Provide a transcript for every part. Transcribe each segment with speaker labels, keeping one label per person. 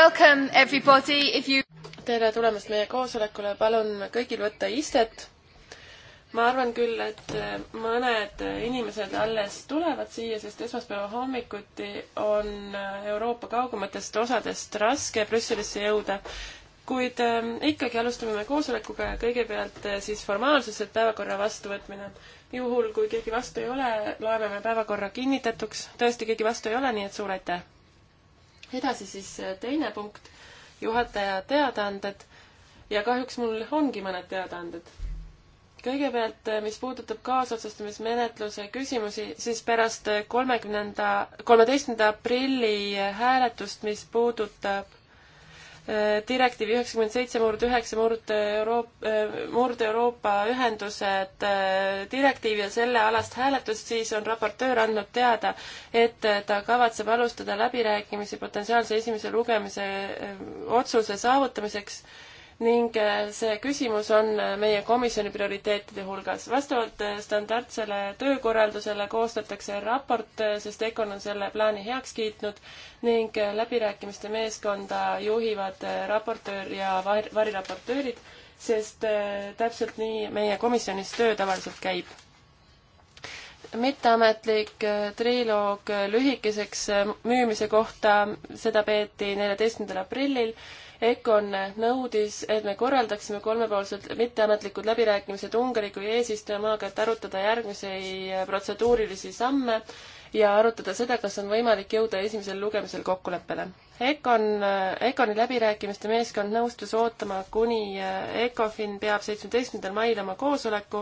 Speaker 1: welcome everybody if you tere tulemast meie koosolekule, palun kõigil võtta istet. ma arvan küll, et eh, mõned inimesed alles tulevad siia, sest esmaspäeva hommikuti on eh, Euroopa kaugematest osadest raske Brüsselisse jõuda. kuid eh, ikkagi alustame me koosolekuga ja kõigepealt siis formaalsused, päevakorra vastuvõtmine juhul, kui keegi vastu ei ole, loeme me päevakorra kinnitatuks. tõesti, keegi vastu ei ole, nii et suur aitäh! edasi siis äh, teine punkt, juhataja teadaanded ja kahjuks mul ongi mõned teadaanded. kõigepealt, äh, mis puudutab kaasotsustamismenetluse küsimusi, siis pärast äh, kolmekümnenda, kolmeteistkümnenda aprilli hääletust, mis puudutab direktiivi üheksakümmend seitse murd üheksa murd Euroop-, murd Euroopa ühendused äh, direktiivi ja sellealast hääletust, siis on raportöör andnud teada, et ta kavatseb alustada läbirääkimisi potentsiaalse esimese lugemise äh, otsuse saavutamiseks ning äh, see küsimus on äh, meie komisjoni prioriteetide hulgas. vastavalt äh, standardsele töökorraldusele koostatakse raport, sest Econ on selle plaani heaks kiitnud ning läbirääkimiste meeskonda juhivad raportöör ja variraportöörid, sest täpselt nii meie komisjonis töö tavaliselt käib mitteametlik triloog lühikeseks müümise kohta, seda peeti neljateistkümnendal aprillil EKON nõudis, et me korraldaksime kolmepoolsed mitteametlikud läbirääkimised Ungari kui eesistujamaaga, et arutada järgmisi protseduurilisi samme ja arutada seda, kas on võimalik jõuda esimesel lugemisel kokkuleppele. Econ, Econi läbirääkimiste meeskond nõustus ootama, kuni äh, Ecofin peab seitsmeteistkümnendal mail oma koosoleku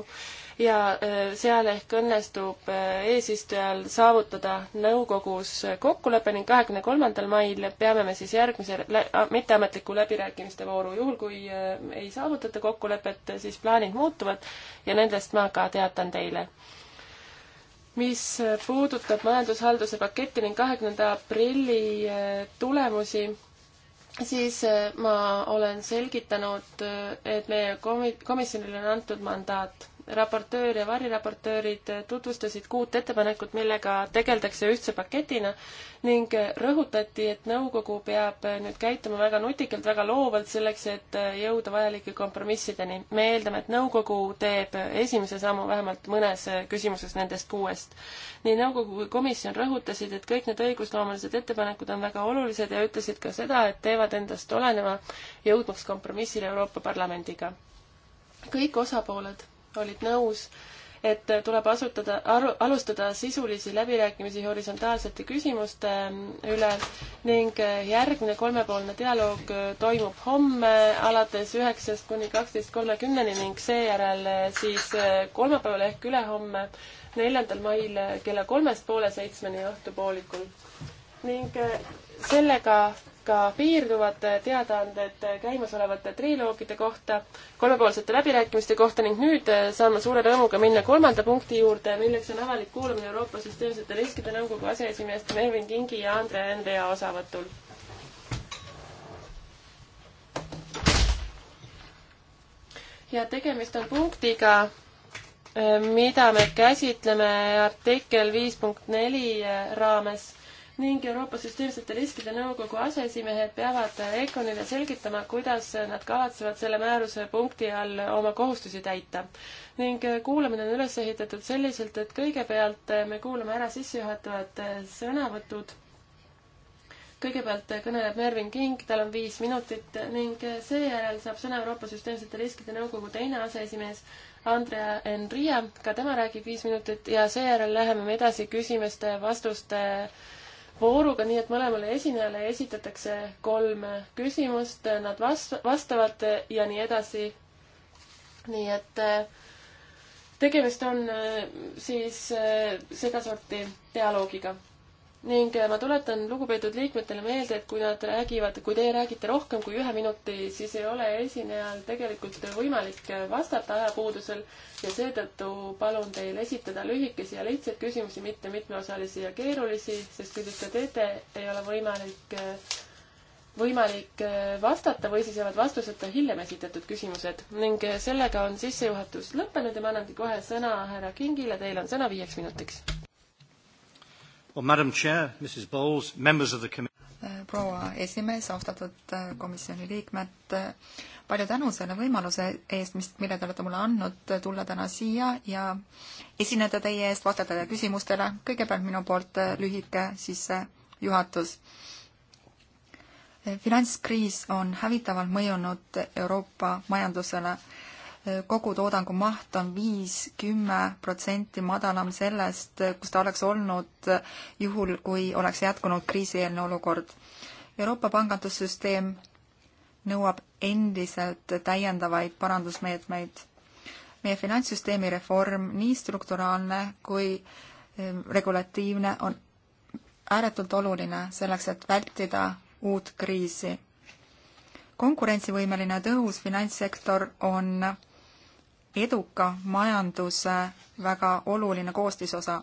Speaker 1: ja äh, seal ehk õnnestub äh, eesistujal saavutada nõukogus kokkulepe ning kahekümne kolmandal mail peame me siis järgmise lä mitteametliku läbirääkimiste vooru. juhul kui ei saavutata kokkulepet, siis plaanid muutuvad ja nendest ma ka teatan teile mis puudutab majandushalduse paketti ning kahekümnenda aprilli eh, tulemusi, siis eh, ma olen selgitanud, eh, et meie komi-, komisjonile on antud mandaat raportöör ja variraportöörid tutvustasid kuut ettepanekut, millega tegeldakse ühtse paketina ning rõhutati, et nõukogu peab nüüd käituma väga nutikalt, väga loovalt selleks, et jõuda vajalike kompromissideni. me eeldame, et nõukogu teeb esimese sammu vähemalt mõnes küsimuses nendest kuuest. nii nõukogu kui komisjon rõhutasid, et kõik need õigusloomelised ettepanekud on väga olulised ja ütlesid ka seda, et teevad endast oleneva jõudmaks kompromissile Euroopa Parlamendiga kõik osapooled olid nõus, et tuleb asutada, alustada sisulisi läbirääkimisi horisontaalsete küsimuste ähm, üle ning äh, järgmine kolmepoolne dialoog äh, toimub homme alates üheksast kuni kaksteist kolmekümneni ning seejärel äh, siis kolmapäeval ehk ülehomme, neljandal mail kella kolmest poole seitsmeni õhtupoolikul. ning sellega ka piirduvad teadaanded käimasolevate triloogide kohta, kolmepoolsete läbirääkimiste kohta ning nüüd saan ma suure rõõmuga minna kolmanda punkti juurde, milleks on avalik kuulamine Euroopa Süsteemsete Riskide Nõukogu aseesimeeste Mervin Kingi ja Andre Envea osavõtul. ja tegemist on punktiga, mida me käsitleme artikkel viis punkt neli raames ning Euroopa Süsteemsete Riskide Nõukogu aseesimehed peavad EKONile selgitama, kuidas nad kavatsevad selle määruse punkti all oma kohustusi täita. ning kuulamine on üles ehitatud selliselt, et kõigepealt me kuulame ära sissejuhatavad sõnavõtud kõigepealt kõneleb Mervin King, tal on viis minutit ning seejärel saab sõna Euroopa Süsteemsete Riskide Nõukogu teine aseesimees Andrea Enria, ka tema räägib viis minutit ja seejärel läheme me edasi küsimuste-vastuste vooruga, nii et mõlemale esinejale esitatakse kolm küsimust, nad vas-, vastavad ja nii edasi. nii et äh, tegemist on äh, siis äh, sedasorti dialoogiga ning ma tuletan lugupeetud liikmetele meelde, et kui nad räägivad, kui teie räägite rohkem kui ühe minuti, siis ei ole esinejal tegelikult võimalik vastata ajapuudusel ja seetõttu palun teil esitada lühikesi ja lihtsaid küsimusi, mitte mitmeosalisi ja keerulisi, sest kui te seda teete, ei ole võimalik, võimalik vastata või siis jäävad vastuseta hiljem esitatud küsimused. ning sellega on sissejuhatus lõppenud ja ma annangi kohe sõna härra Kingile, teil on sõna viieks minutiks
Speaker 2: Well, Madam Chair, Mrs Bowles, members of the committee
Speaker 1: eh, proua
Speaker 2: esimees, austatud eh, komisjoni liikmed, eh, palju tänu selle võimaluse eest, mis, mille te olete mulle andnud tulla täna siia ja esineda teie eest, vastata teie küsimustele. kõigepealt minu poolt lühike sissejuhatus. finantskriis on hävitavalt mõjunud Euroopa majandusele kogutoodangu maht on viis, kümme protsenti madalam sellest, kus ta oleks olnud juhul, kui oleks jätkunud kriisieelne olukord. Euroopa pangandussüsteem nõuab endiselt täiendavaid parandusmeetmeid. meie finantssüsteemi reform, nii strukturaalne kui ehm, regulatiivne, on ääretult oluline selleks, et vältida uut kriisi. konkurentsivõimeline tõhus finantssektor on eduka majanduse väga oluline koostisosa.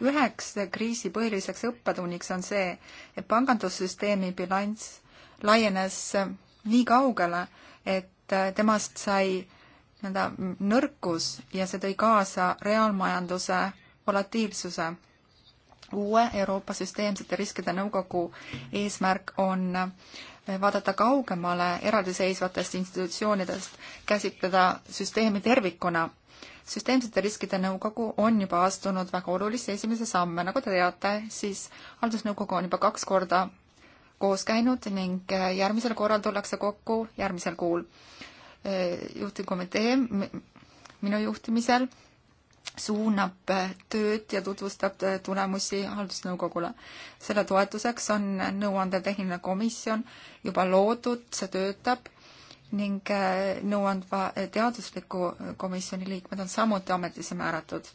Speaker 2: üheks kriisi põhiliseks õppetunniks on see, et pangandussüsteemi bilanss laienes nii kaugele, et temast sai nii-öelda nõrkus ja see tõi kaasa reaalmajanduse volatiilsuse. uue Euroopa Süsteemsete Riskide Nõukogu eesmärk on äh, vaadata kaugemale eraldiseisvatest institutsioonidest, käsitleda süsteemi tervikuna. süsteemsete riskide nõukogu on juba astunud väga olulisi esimesi samme, nagu te teate, siis haldusnõukogu on juba kaks korda koos käinud ning äh, järgmisel korral tullakse kokku järgmisel kuul. Äh, juhtivkomitee minu juhtimisel suunab tööd ja tutvustab tulemusi haldusnõukogule. selle toetuseks on Nõuandetehniline Komisjon juba loodud, see töötab ning eh, nõuandva teadusliku komisjoni liikmed on samuti ametisse määratud.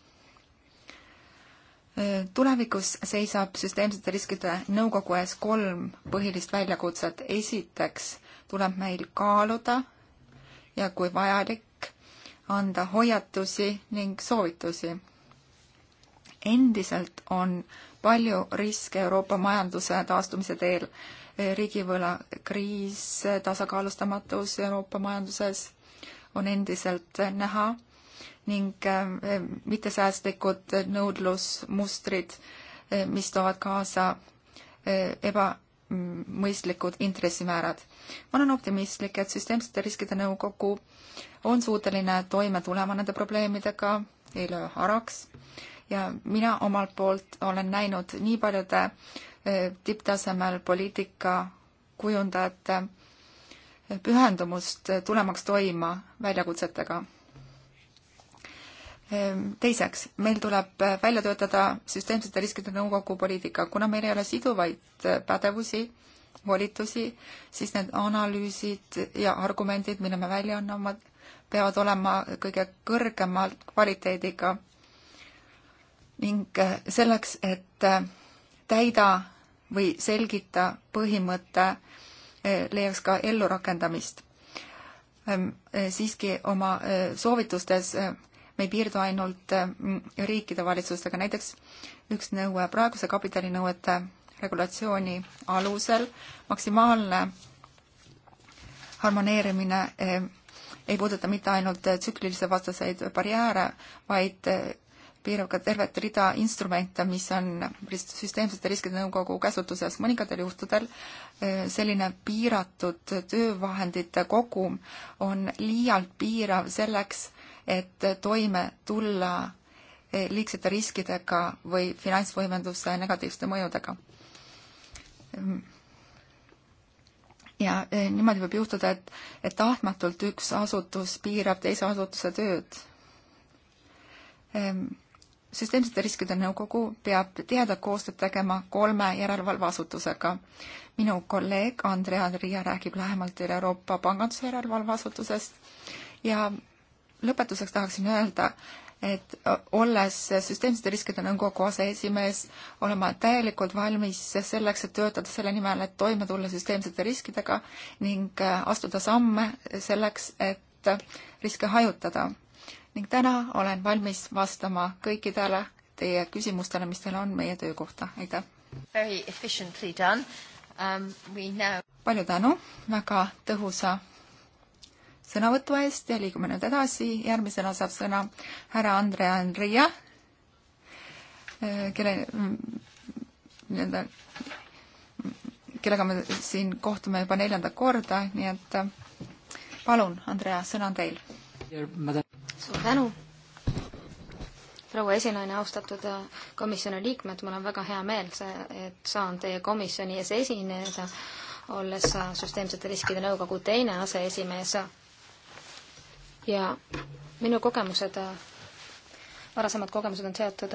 Speaker 2: Eh, tulevikus seisab süsteemsete riskide nõukogu ees kolm põhilist väljakutset. esiteks tuleb meil kaaluda ja kui vajalik, anda hoiatusi ning soovitusi. endiselt on palju riske Euroopa majanduse taastumise teel, riigivõlakriis, tasakaalustamatus Euroopa majanduses on endiselt näha ning eh, mittesäästlikud nõudlusmustrid, eh, mis toovad kaasa eh, eba, mõistlikud intressimäärad. ma olen optimistlik, et süsteemsete riskide nõukogu on suuteline toime tulema nende probleemidega, ei löö haraks ja mina omalt poolt olen näinud nii paljude eh, tipptasemel poliitika kujundajate pühendumust tulemaks toima väljakutsetega Ehm, teiseks, meil tuleb äh, välja töötada süsteemsete riskide nõukogu poliitika, kuna meil ei ole siduvaid äh, pädevusi, volitusi, siis need analüüsid ja argumendid, mille me välja anname, peavad olema kõige kõrgema kvaliteediga. ning äh, selleks, et täida või selgita põhimõte leiaks ka ellurakendamist. Ehm, siiski oma soovitustes me ei piirdu ainult mm, riikide valitsustega, näiteks üks nõue praeguse kapitalinõuete regulatsiooni alusel maksimaalne harmoneerimine eh, ei puuduta mitte ainult tsüklilise vastaseid barjääre, vaid eh, piirab ka tervet rida instrumente, mis on süsteemsete riskide nõukogu käsutuses. mõningatel juhtudel eh, selline piiratud töövahendite kogum on liialt piirav selleks, et toime tulla eh, liigsete riskidega või finantsvõimenduse negatiivsete mõjudega. Ehm, ja eh, niimoodi võib juhtuda, et, et tahtmatult üks asutus piirab teise asutuse tööd. Ehm, süsteemsete riskide nõukogu peab tihedat koostööd tegema kolme järelevalveasutusega. minu kolleeg Andrea Riia räägib lähemalt teile Euroopa Panganduse järelevalveasutusest ja lõpetuseks tahaksin öelda, et olles süsteemsete riskide nõukogu aseesimees, olen ma täielikult valmis selleks, et töötada selle nimel, et toime tulla süsteemsete riskidega ning äh, astuda samme selleks, et riske hajutada. ning täna olen valmis vastama kõikidele teie küsimustele, mis teil on meie töö kohta, aitäh!
Speaker 3: Very efficiently done um,, we know
Speaker 2: palju tänu väga tõhusa sõnavõtu eest ja liigume nüüd edasi. järgmisena saab sõna härra Andre Andria, äh, kelle mm, nii-öelda, kellega me siin kohtume juba neljandat korda, nii et äh, palun, Andrea, sõna on teil.
Speaker 3: suur tänu proua esinaine, austatud äh, komisjoni liikmed, mul on väga hea meel, et saan teie komisjoni ees esineda, olles süsteemsete riskide nõukogu teine aseesimees ja minu kogemused, varasemad kogemused on seotud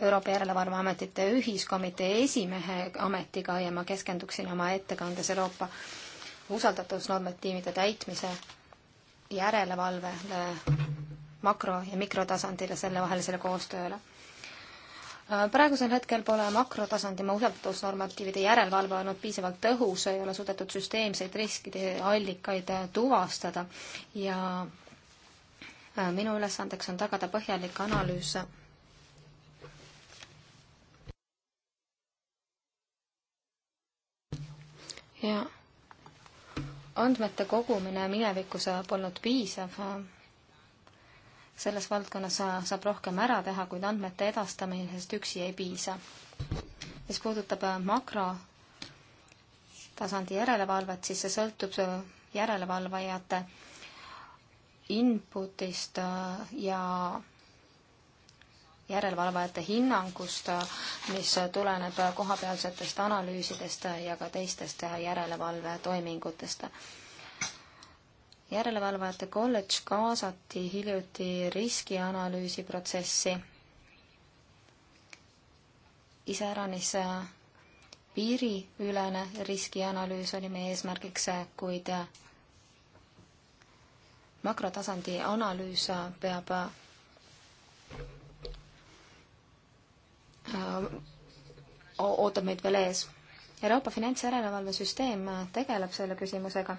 Speaker 3: Euroopa Järelevalveametite Ühiskomitee esimehe ametiga ja ma keskenduksin oma ettekandes Euroopa usaldatavusnormatiivide täitmise järelevalvele makro- ja mikrotasandile, sellevahelisele koostööle praegusel hetkel pole makrotasandi usaldatavusnormatiivide järelevalve olnud piisavalt tõhus, ei ole suudetud süsteemseid riskide allikaid tuvastada ja minu ülesandeks on tagada põhjalik analüüs ja andmete kogumine minevikus polnud piisav. selles valdkonnas saab rohkem ära teha, kuid andmete edastamisest üksi ei piisa. mis puudutab makrotasandi järelevalvet, siis see sõltub järelevalvajate inputist äh, ja järelevalvajate hinnangust, äh, mis tuleneb kohapealsetest analüüsidest ja ka teistest järelevalvetoimingutest. järelevalvajate kolledž kaasati hiljuti riskianalüüsi protsessi iseäranis äh, piiriülene riskianalüüs oli meie eesmärgiks, kuid makrotasandi analüüs peab äh, ootab meid veel ees. Euroopa finantsjärelevalvesüsteem tegeleb selle küsimusega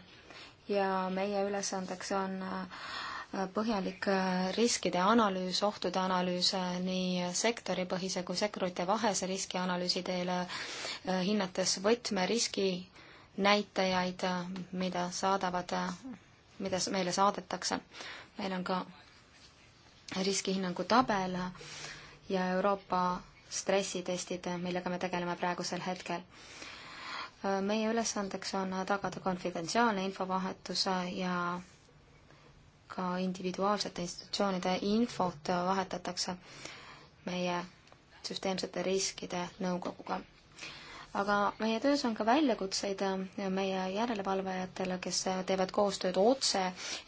Speaker 3: ja meie ülesandeks on äh, põhjalik äh, riskide analüüs, ohtude analüüs nii sektoripõhise kui sektorite vahese riskianalüüsi teel, hinnates võtmeriski näitajaid, mida saadavad mida meile saadetakse. meil on ka riskihinnangu tabel ja Euroopa stressitestid, millega me tegeleme praegusel hetkel. meie ülesandeks on tagada konfidentsiaalne infovahetus ja ka individuaalsete institutsioonide infot vahetatakse meie süsteemsete riskide nõukoguga aga meie töös on ka väljakutseid äh, meie järelevalvajatele, kes äh, teevad koostööd otse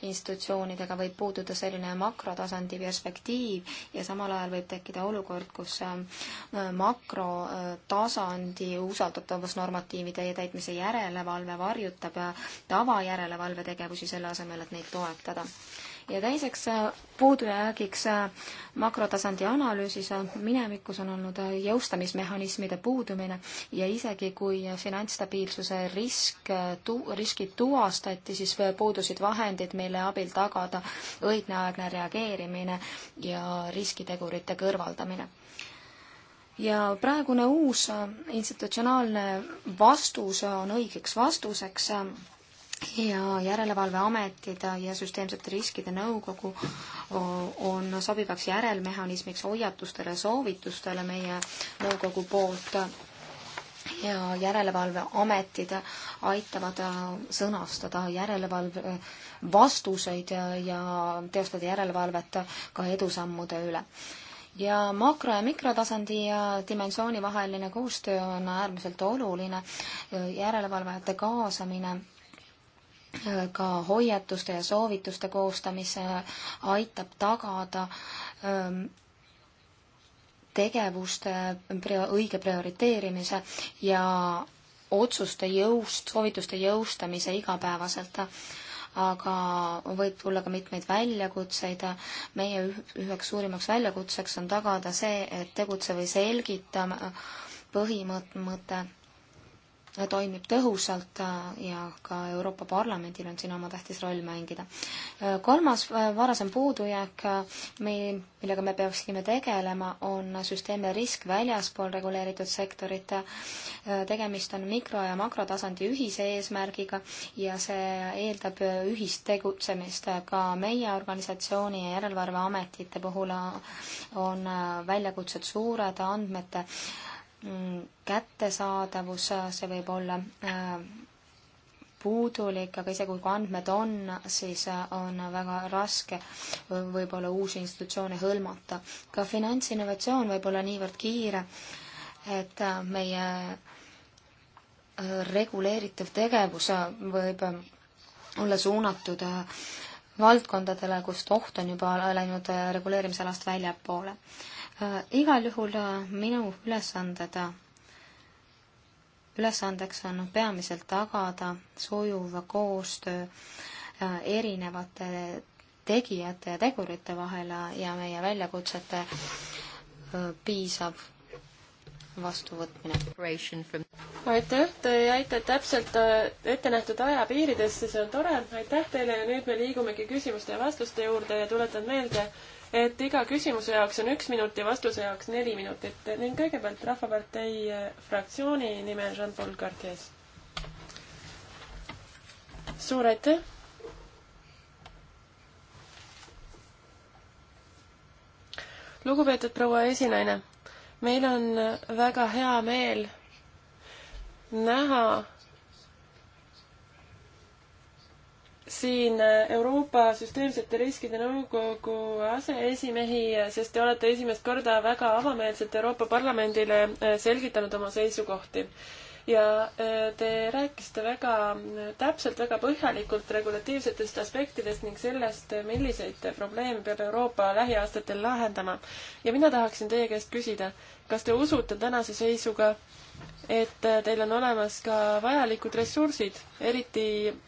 Speaker 3: institutsioonidega, võib puududa selline makrotasandi perspektiiv ja samal ajal võib tekkida olukord, kus äh, makrotasandi usaldatavusnormatiivide täitmise järelevalve varjutab tavajärelevalve tegevusi selle asemel, et neid toetada ja teiseks äh, puudujäägiks äh, makrotasandi analüüsis äh, minevikus on olnud jõustamismehhanismide puudumine ja isegi kui finantsstabiilsuse risk tu,, riskid tuvastati, siis puudusid vahendid, mille abil tagada õigneaegne reageerimine ja riskitegurite kõrvaldamine ja praegune uus institutsionaalne vastus on õigeks vastuseks ja Järelevalveametid ja Süsteemsete Riskide Nõukogu on sobivaks järelmehhanismiks hoiatustele, soovitustele meie nõukogu poolt ja järelevalveametid aitavad sõnastada järelevalve vastuseid ja, ja teostada järelevalvet ka edusammude üle ja makro- ja mikrotasandi ja dimensiooni vaheline koostöö on äärmiselt oluline, järelevalvajate kaasamine ka hoiatuste ja soovituste koostamise aitab tagada ähm, tegevuste õige prioriteerimise ja otsuste jõust, soovituste jõustamise igapäevaselt. aga võib tulla ka mitmeid väljakutseid. meie üheks suurimaks väljakutseks on tagada see, et tegutse või selgita põhimõte toimib tõhusalt äh, ja ka Euroopa Parlamendil on siin oma tähtis roll mängida. Äh, kolmas äh, varasem puudujääk, millega me peaksime tegelema, on süsteemne risk väljaspool reguleeritud sektorit. tegemist on mikro- ja makrotasandi ühise eesmärgiga ja see eeldab ühist tegutsemist. ka meie organisatsiooni ja järelevalveametite puhul on väljakutsed suured andmete Mm, kättesaadavus, see võib olla äh, puudulik, aga isegi kui andmed on, siis äh, on väga raske äh, võib-olla uusi institutsioone hõlmata. ka finantsinnovatsioon võib olla niivõrd kiire, et meie reguleeritav tegevus võib olla suunatud valdkondadele, kust oht on juba läinud reguleerimisalast väljapoole. Äh, igal juhul äh, minu ülesanded, äh, ülesandeks on peamiselt tagada sujuv koostöö erinevate tegijate ja tegurite vahel ja meie väljakutsete piisav vastuvõtmine. aitäh, te jäite täpselt ettenähtud
Speaker 1: ajapiiridesse, see on tore, aitäh teile ja nüüd me liigumegi küsimuste ja vastuste juurde ja tuletan meelde, et iga küsimuse jaoks on üks minut ja vastuse jaoks neli minutit ning kõigepealt Rahvapartei fraktsiooni nimel Jean-Paul Cartier. suur aitäh! lugupeetud proua esinaine, meil on väga hea meel näha siin Euroopa Süsteemsete Riskide Nõukogu aseesimehi, sest te olete esimest korda väga avameelselt Euroopa Parlamendile eh, selgitanud oma seisukohti. ja eh, te rääkisite väga eh, täpselt, väga põhjalikult regulatiivsetest aspektidest ning sellest, milliseid probleeme peab Euroopa lähiaastatel lahendama. ja mina tahaksin teie käest küsida, kas te usute tänase seisuga, et äh, teil on olemas ka vajalikud ressursid, eriti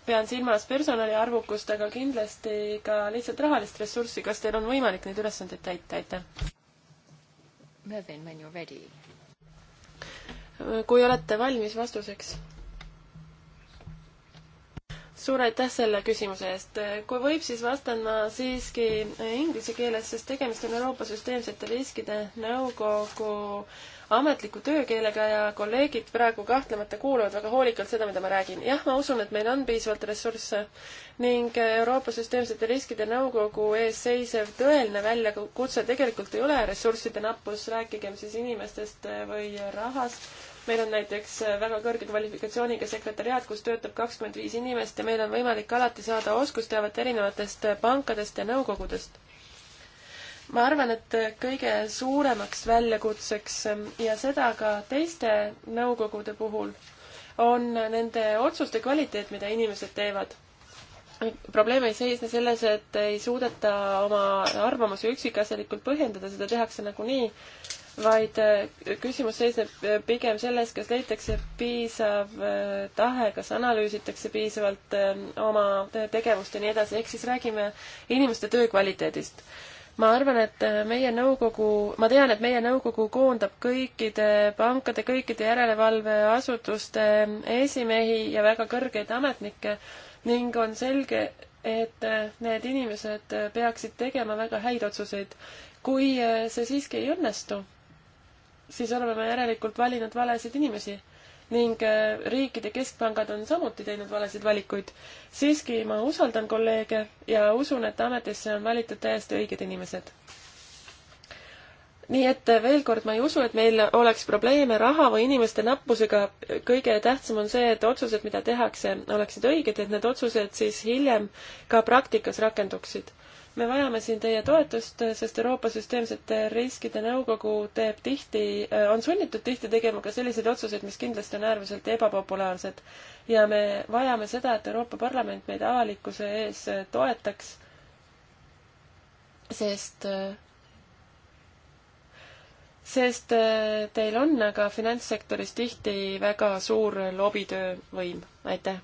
Speaker 1: pean silmas personali arvukust, aga kindlasti ka lihtsalt rahalist ressurssi, kas teil on võimalik neid ülesandeid täita, aitäh!
Speaker 3: Mervin, when you are ready.
Speaker 1: kui olete valmis vastuseks? suur aitäh selle küsimuse eest. kui võib, siis vastan ma siiski inglise keeles, sest tegemist on Euroopa Süsteemsete Riskide Nõukogu ametliku töökeelega ja kolleegid praegu kahtlemata kuulavad väga hoolikalt seda, mida ma räägin. jah, ma usun, et meil on piisavalt ressursse ning Euroopa Süsteemsete Riskide Nõukogu ees seisev tõeline väljakutse tegelikult ei ole ressursside nappus, rääkigem siis inimestest või rahast. meil on näiteks väga kõrge kvalifikatsiooniga sekretäriaat, kus töötab kakskümmend viis inimest ja meil on võimalik alati saada oskusteavet erinevatest pankadest ja nõukogudest ma arvan, et kõige suuremaks väljakutseks ähm, ja seda ka teiste nõukogude puhul on nende otsuste kvaliteet, mida inimesed teevad. probleem ei seisne selles, et ei suudeta oma arvamusi üksikasjalikult põhjendada, seda tehakse nagunii, vaid äh, küsimus seisneb äh, pigem selles, kas leitakse piisav äh, tahe, kas analüüsitakse piisavalt ähm, oma tegevust ja nii edasi, ehk siis räägime inimeste töö kvaliteedist ma arvan, et äh, meie nõukogu, ma tean, et meie nõukogu koondab kõikide pankade, kõikide järelevalveasutuste esimehi ja väga kõrgeid ametnikke ning on selge, et äh, need inimesed äh, peaksid tegema väga häid otsuseid. kui see siiski ei õnnestu, siis oleme me järelikult valinud valesid inimesi ning äh, riikide keskpangad on samuti teinud valesid valikuid. siiski ma usaldan kolleege ja usun, et ametisse on valitud täiesti õiged inimesed. nii et äh, veel kord, ma ei usu, et meil oleks probleeme raha või inimeste nappusega. kõige tähtsam on see, et otsused, mida tehakse, oleksid õiged, et need otsused siis hiljem ka praktikas rakenduksid me vajame siin teie toetust, sest Euroopa Süsteemsete Riskide Nõukogu teeb tihti, äh, on sunnitud tihti tegema ka selliseid otsuseid, mis kindlasti on äärmiselt ebapopulaarsed. ja me vajame seda, et Euroopa Parlament meid avalikkuse ees äh, toetaks, sest äh, sest teil on aga finantssektoris tihti väga suur lobitöövõim. aitäh!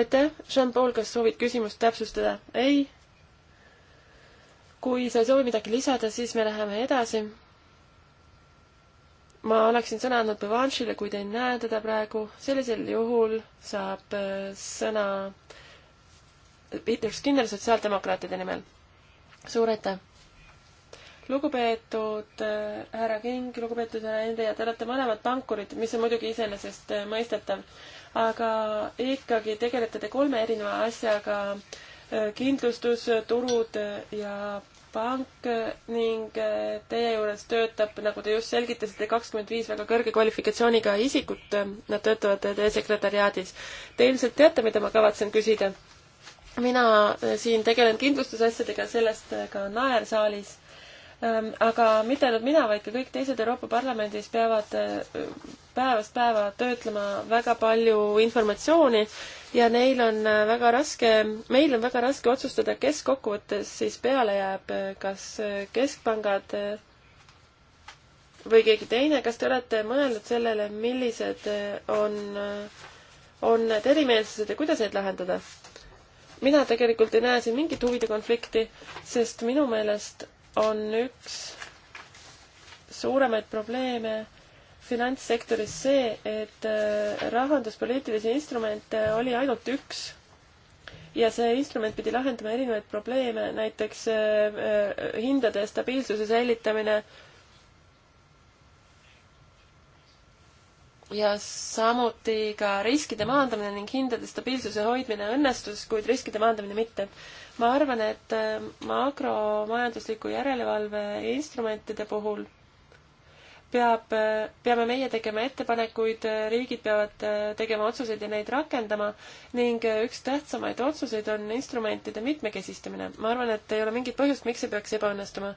Speaker 1: aitäh, Jean-Paul, kas soovid küsimust täpsustada? ei? kui sa ei soovi midagi lisada, siis me läheme edasi. ma oleksin sõna andnud Bevanšile, kuid ei näe teda praegu. sellisel juhul saab äh, sõna Peter Skinner sotsiaaldemokraatide nimel. suur aitäh! lugupeetud äh, härra King, lugupeetud härra Ende ja te olete mõlemad pankurid, mis on muidugi iseenesestmõistetav, äh, aga ikkagi tegelete te kolme erineva asjaga äh, kindlustusturud ja pank ning teie juures töötab, nagu te just selgitasite, kakskümmend viis väga kõrge kvalifikatsiooniga isikut. Nad töötavad teie sekretäriaadis. Te ilmselt teate, mida ma kavatsen küsida? mina siin tegelen kindlustusasjadega, sellest ka naersaalis ehm, aga mitte ainult mina, vaid ka kõik teised Euroopa Parlamendis peavad ehm, päevast päeva töötlema väga palju informatsiooni ja neil on äh, väga raske, meil on väga raske otsustada, kes kokkuvõttes siis peale jääb, äh, kas äh, keskpangad või keegi teine, kas te olete mõelnud sellele, millised on, on need erimeelsused ja kuidas neid lahendada? mina tegelikult ei näe siin mingit huvide konflikti, sest minu meelest on üks suuremaid probleeme finantssektoris see, et äh, rahanduspoliitilisi instrumente äh, oli ainult üks ja see instrument pidi lahendama erinevaid probleeme, näiteks äh, hindade stabiilsuse säilitamine. ja samuti ka riskide maandamine ning hindade stabiilsuse hoidmine õnnestus, kuid riskide maandamine mitte. ma arvan, et makromajandusliku järelevalve instrumentide puhul peab, peame meie tegema ettepanekuid, riigid peavad äh, tegema otsuseid ja neid rakendama ning äh, üks tähtsamaid otsuseid on instrumentide mitmekesistamine. ma arvan, et ei ole mingit põhjust, miks see peaks ebaõnnestuma.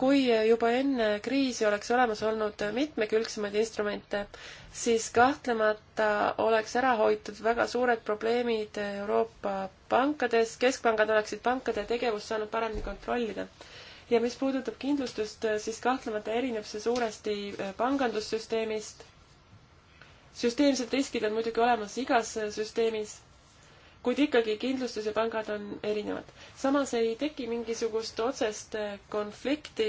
Speaker 1: kui äh, juba enne kriisi oleks olemas olnud mitmekülgsemaid instrumente, siis kahtlemata oleks ära hoitud väga suured probleemid Euroopa pankades, keskpangad oleksid pankade tegevust saanud paremini kontrollida ja mis puudutab kindlustust, äh, siis kahtlemata erineb see suuresti äh, pangandussüsteemist. süsteemsed riskid on muidugi olemas igas äh, süsteemis, kuid ikkagi kindlustus ja pangad on erinevad. samas ei teki mingisugust otsest konflikti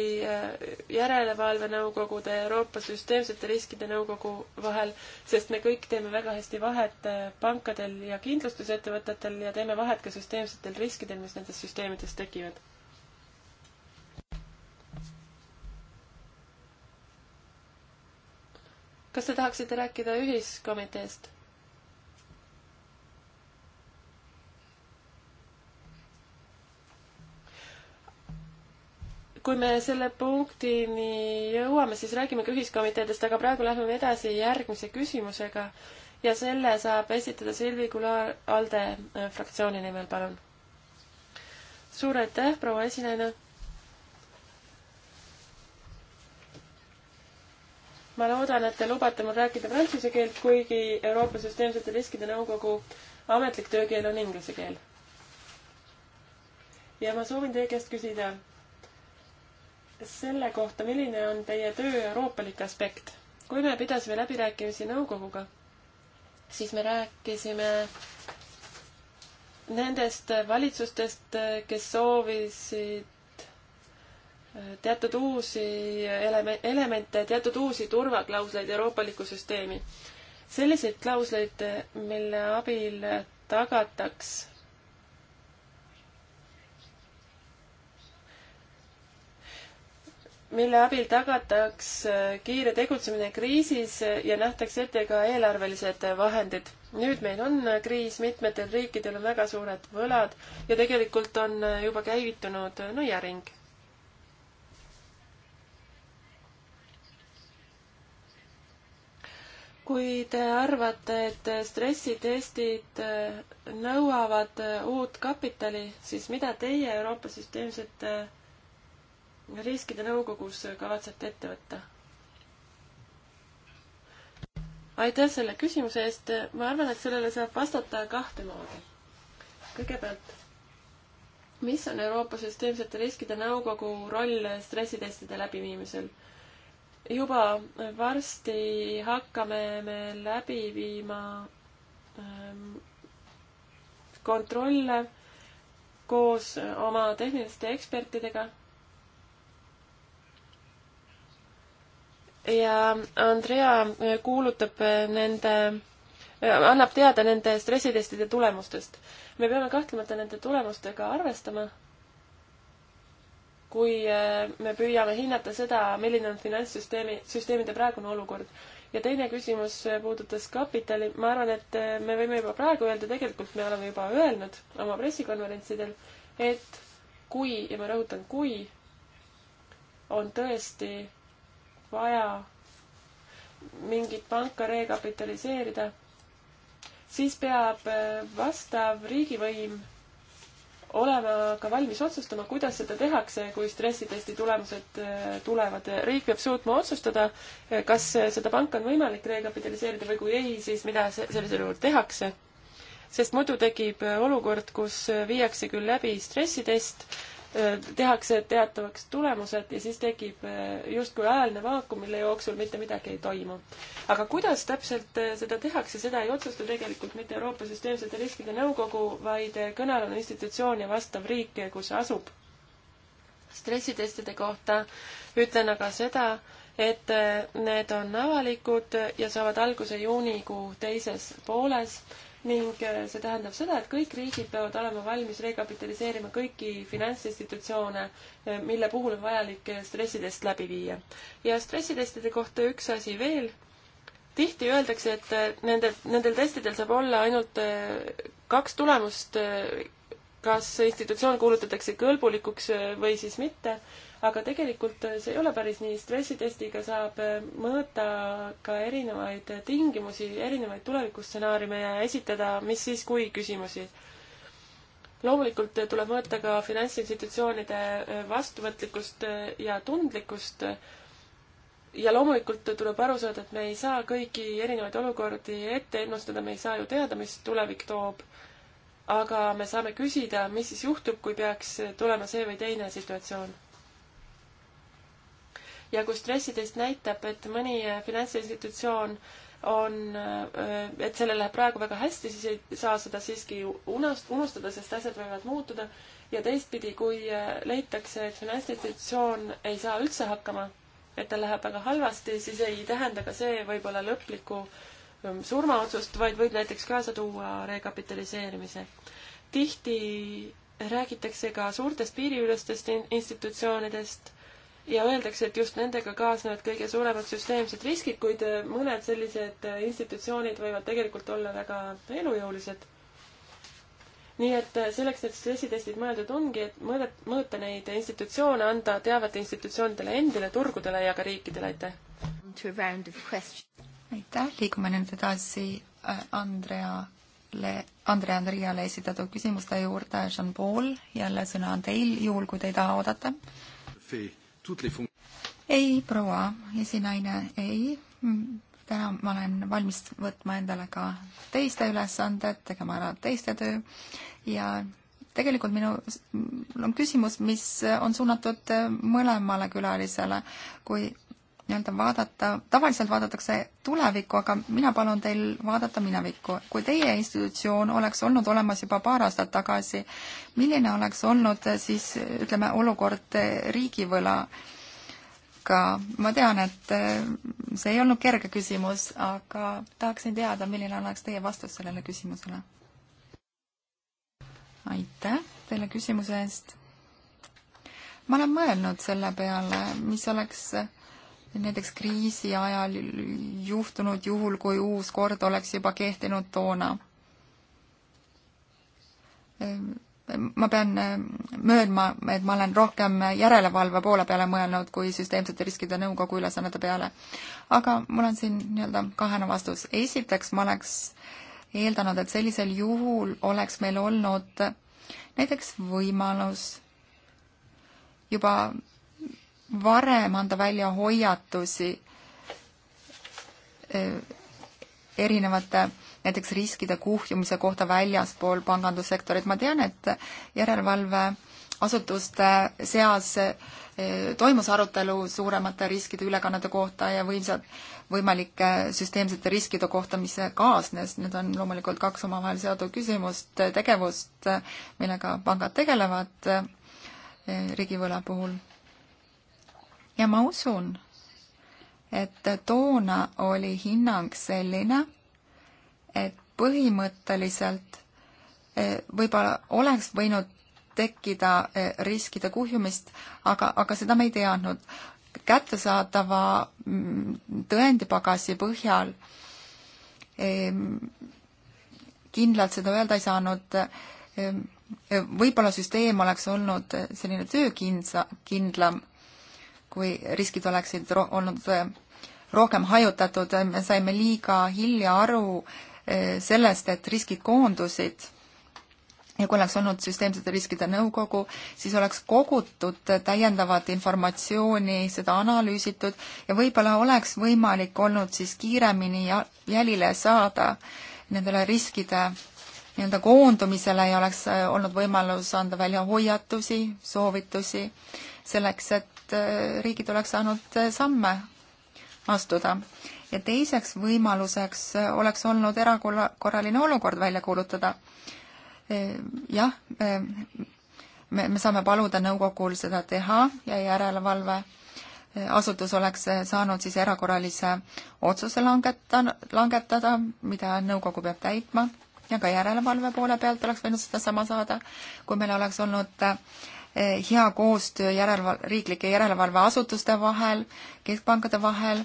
Speaker 1: järelevalvenõukogude ja Euroopa süsteemsete riskide nõukogu vahel, sest me kõik teeme väga hästi vahet pankadel ja kindlustusettevõtetel ja teeme vahet ka süsteemsetel riskidel, mis nendest süsteemidest tekivad kas te tahaksite rääkida ühiskomiteest? kui me selle punktini jõuame, siis räägime ka ühiskomiteedest, aga praegu läheme edasi järgmise küsimusega ja selle saab esitada Silvi Kular ALDE äh, fraktsiooni nimel, palun. suur aitäh, proua esinaine ma loodan, et te lubate mul rääkida prantsuse keelt, kuigi Euroopa Süsteemsete Riskide Nõukogu ametlik töökeel on inglise keel. ja ma soovin teie käest küsida selle kohta, milline on teie töö euroopalik aspekt. kui me pidasime läbirääkimisi nõukoguga, siis me rääkisime nendest valitsustest, kes soovisid teatud uusi eleme-, elemente, teatud uusi turvaklausleid euroopalikku süsteemi. selliseid klausleid, mille abil tagataks mille abil tagataks kiire tegutsemine kriisis ja nähtakse ette ka eelarvelised vahendid. nüüd meil on kriis, mitmetel riikidel on väga suured võlad ja tegelikult on juba käivitunud nõiaring no kui te arvate, et stressitestid äh, nõuavad äh, uut kapitali, siis mida teie Euroopa Süsteemsete äh, Riskide Nõukogus kavatsete ette võtta? aitäh selle küsimuse eest, ma arvan, et sellele saab vastata kahte moodi. kõigepealt, mis on Euroopa Süsteemsete Riskide Nõukogu roll stressitestide läbiviimisel? juba varsti hakkame me läbi viima ähm, kontrolle koos oma tehniliste ekspertidega. ja Andrea kuulutab nende, äh, annab teada nende stressitestide tulemustest. me peame kahtlemata nende tulemustega arvestama kui äh, me püüame hinnata seda, milline on finantssüsteemi, süsteemide praegune olukord. ja teine küsimus äh, puudutas kapitali. ma arvan, et äh, me võime juba praegu öelda, tegelikult me oleme juba öelnud oma pressikonverentsidel, et kui, ja ma rõhutan, kui on tõesti vaja mingit panka rekapitaliseerida, siis peab vastav riigivõim olema ka valmis otsustama, kuidas seda tehakse, kui stressitesti tulemused äh, tulevad. riik peab suutma otsustada, äh, kas äh, seda panka on võimalik rekapitaliseerida või kui ei, siis mida sellisel juhul tehakse. sest muidu tekib olukord, kus viiakse küll läbi stressitest, tehakse teatavaks tulemused ja siis tekib justkui ajaline vaakum, mille jooksul mitte midagi ei toimu. aga kuidas täpselt seda tehakse, seda ei otsusta tegelikult mitte Euroopa Süsteemsete Riskide Nõukogu, vaid kõnealune institutsioon ja vastav riik, kus see asub. stressitestide kohta ütlen aga seda, et need on avalikud ja saavad alguse juunikuu teises pooles ning äh, see tähendab seda, et kõik riigid peavad olema valmis rekapitaliseerima kõiki finantsinstitutsioone, äh, mille puhul on vajalik äh, stressitest läbi viia. ja stressitestide kohta üks asi veel. tihti öeldakse, et nende, nendel testidel saab olla ainult kaks tulemust, kas institutsioon kuulutatakse kõlbulikuks või siis mitte aga tegelikult see ei ole päris nii, stressitestiga saab äh, mõõta ka erinevaid tingimusi, erinevaid tulevikustsenaariume ja esitada mis siis kui küsimusi. loomulikult tuleb mõõta ka finantsinstitutsioonide äh, vastuvõtlikkust äh, ja tundlikkust ja loomulikult tuleb aru saada, et me ei saa kõiki erinevaid olukordi ette ennustada, me ei saa ju teada, mis tulevik toob. aga me saame küsida, mis siis juhtub, kui peaks tulema see või teine situatsioon ja kui stressitest näitab, et mõni äh, finantsinstitutsioon on, äh, et sellel läheb praegu väga hästi, siis ei saa seda siiski unust-, unustada, sest asjad võivad muutuda. ja teistpidi, kui äh, leitakse, et finantsinstitutsioon ei saa üldse hakkama, et tal läheb väga halvasti, siis ei tähenda ka see võib-olla lõplikku ähm, surmaotsust, vaid võib näiteks kaasa tuua rekapitaliseerimise. tihti räägitakse ka suurtest piiriülestest institutsioonidest ja öeldakse, et just nendega kaasnevad kõige suuremad süsteemsed riskid, kuid äh, mõned sellised äh, institutsioonid võivad tegelikult olla väga elujõulised. nii et äh, selleks need stressitestid mõeldud ongi, et mõõda, mõõta neid institutsioone, anda teavet institutsioonidele endile, turgudele ja ka riikidele, aitäh!
Speaker 2: aitäh, liigume nüüd edasi Andreale, Andrea Andriale esitatud küsimuste juurde, Jean-Paul, jälle sõna on teil, juhul kui te ei taha oodata. Fee ei, proua esinaine, ei. täna ma olen valmis võtma endale ka teiste ülesanded, tegema ära teiste töö ja tegelikult minu, mul on küsimus, mis on suunatud mõlemale külalisele. kui nii-öelda vaadata, tavaliselt vaadatakse tulevikku, aga mina palun teil vaadata minevikku. kui teie institutsioon oleks olnud olemas juba paar aastat tagasi, milline oleks olnud eh, siis ütleme, olukord eh, riigivõlaga? ma tean, et eh, see ei olnud kerge küsimus, aga tahaksin teada, milline oleks teie vastus sellele küsimusele? aitäh teile küsimuse eest! ma olen mõelnud selle peale, mis oleks näiteks kriisi ajal juhtunud juhul, kui uus kord oleks juba kehtinud toona. ma pean möönma, et ma olen rohkem järelevalve poole peale mõelnud kui süsteemsete riskide nõukogu ülesannete peale. aga mul on siin nii-öelda kahene vastus. esiteks ma oleks eeldanud, et sellisel juhul oleks meil olnud näiteks võimalus juba varem anda välja hoiatusi eh, erinevate näiteks riskide kuhjumise kohta väljaspool pangandussektorit. ma tean, et järelevalveasutuste seas eh, toimus arutelu suuremate riskide ülekannete kohta ja võimsad, võimalike süsteemsete riskide kohta, mis kaasnes. Need on loomulikult kaks omavahel seotud küsimust, tegevust, millega pangad tegelevad eh, riigivõla puhul ja ma usun, et toona oli hinnang selline, et põhimõtteliselt e, võib-olla oleks võinud tekkida e, riskide kuhjumist, aga, aga seda me ei teadnud. kättesaadava mm, tõendipagasi põhjal e, kindlalt seda öelda ei saanud. võib-olla süsteem oleks olnud selline töökindla, kindlam kui riskid oleksid ro olnud äh, rohkem hajutatud, äh, me saime liiga hilja aru äh, sellest, et riskid koondusid ja kui oleks olnud süsteemsete riskide nõukogu, siis oleks kogutud täiendavat informatsiooni, seda analüüsitud ja võib-olla oleks võimalik olnud siis kiiremini jälile saada nendele riskide nii-öelda koondumisele ja oleks olnud võimalus anda välja hoiatusi, soovitusi selleks, et et äh, riigid oleks saanud äh, samme astuda. ja teiseks võimaluseks äh, oleks olnud erakorraline olukord välja kuulutada. jah, me, me saame paluda nõukogul seda teha ja järelevalve asutus oleks saanud siis erakorralise otsuse langeta, langetada, mida nõukogu peab täitma ja ka järelevalve poole pealt oleks võinud sedasama saada, kui meil oleks olnud äh, Eh, hea koostöö järeleval-, riiklike järelevalveasutuste vahel, keskpankade vahel,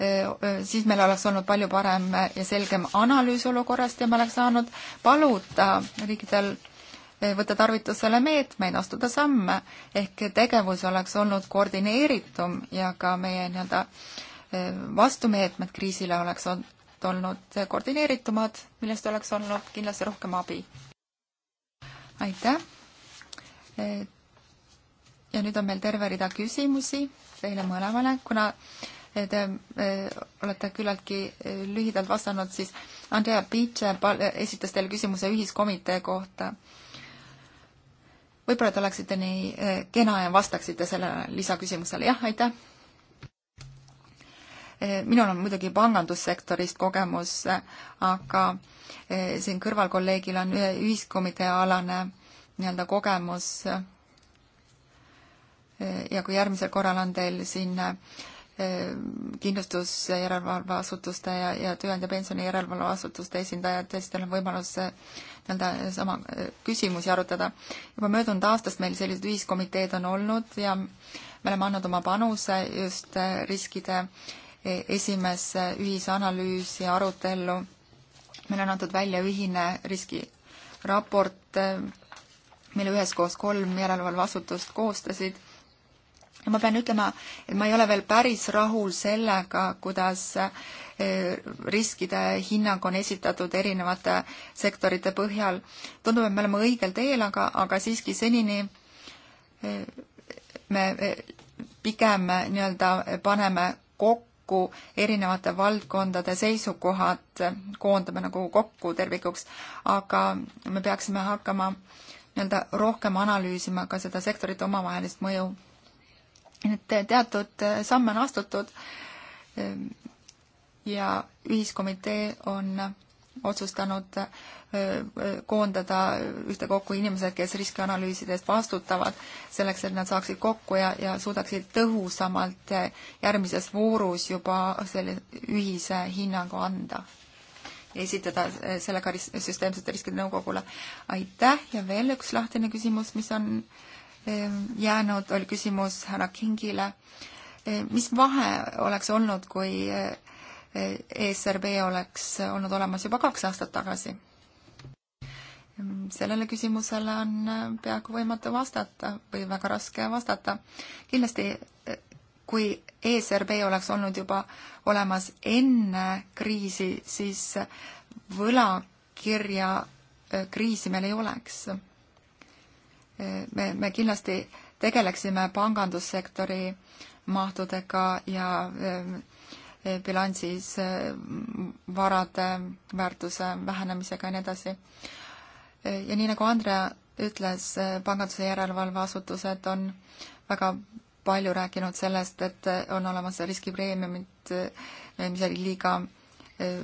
Speaker 2: eh, eh, siis meil oleks olnud palju parem ja selgem analüüs olukorrast ja me oleks saanud paluda riikidel võtta tarvitusele meetmeid, astuda samme, ehk tegevus oleks olnud koordineeritum ja ka meie nii-öelda vastumeetmed kriisile oleks olnud koordineeritumad, millest oleks olnud kindlasti rohkem abi. aitäh! ja nüüd on meil terve rida küsimusi teile mõlemale, kuna eh, te eh, olete küllaltki eh, lühidalt vastanud, siis Andrea Piitše esitas teile küsimuse ühiskomitee kohta. võib-olla te oleksite nii kena ja vastaksite sellele lisaküsimusele, jah, aitäh. minul on muidugi pangandussektorist kogemus, aga siin kõrval kolleegil on ühiskomitee alane nii-öelda kogemus. ja kui järgmisel korral on teil siin eh, kindlustusjärelevalveasutuste ja, ja tööandja pensioni järelevalveasutuste esindajad, siis teil on võimalus eh, nii-öelda sama eh, küsimusi arutada. juba möödunud aastast meil sellised ühiskomiteed on olnud ja me oleme andnud oma panuse just riskide esimesse ühisanalüüsi arutellu. meil on antud välja ühine riskiraport mille üheskoos kolm järelevalveasutust koostasid. ja ma pean ütlema, et ma ei ole veel päris rahul sellega, kuidas e, riskide hinnang on esitatud erinevate sektorite põhjal. tundub, et me oleme õigel teel, aga, aga siiski senini e, me e, pigem nii-öelda paneme kokku erinevate valdkondade seisukohad, koondame nagu kokku tervikuks, aga me peaksime hakkama äh, nii-öelda rohkem analüüsima ka seda sektorite omavahelist mõju. et teatud eh, samme on astutud ehm, ja ühiskomitee on otsustanud eh, eh, koondada ühtekokku inimesed, kes riskianalüüsidest vastutavad, selleks et nad saaksid kokku ja, ja suudaksid tõhusamalt järgmises voorus juba selle ühise hinnangu anda esitada eh, selle ka süsteemsete riskide nõukogule. aitäh ja veel üks lahtine küsimus, mis on eh, jäänud, oli küsimus härra Kingile. Eh, mis vahe oleks olnud, kui ESRB e oleks olnud olemas juba kaks aastat tagasi? sellele küsimusele on peaaegu võimatu vastata või väga raske vastata. kindlasti kui ESRB oleks olnud juba olemas enne kriisi, siis võlakirja äh, kriisi meil ei oleks. me, me kindlasti tegeleksime pangandussektori mahtudega ja äh, bilansis äh, varade väärtuse vähenemisega ja nii edasi. ja nii, nagu Andrea ütles, panganduse järelevalveasutused on väga palju rääkinud sellest, et on olemas riskipreemiumid, mis olid liiga eh,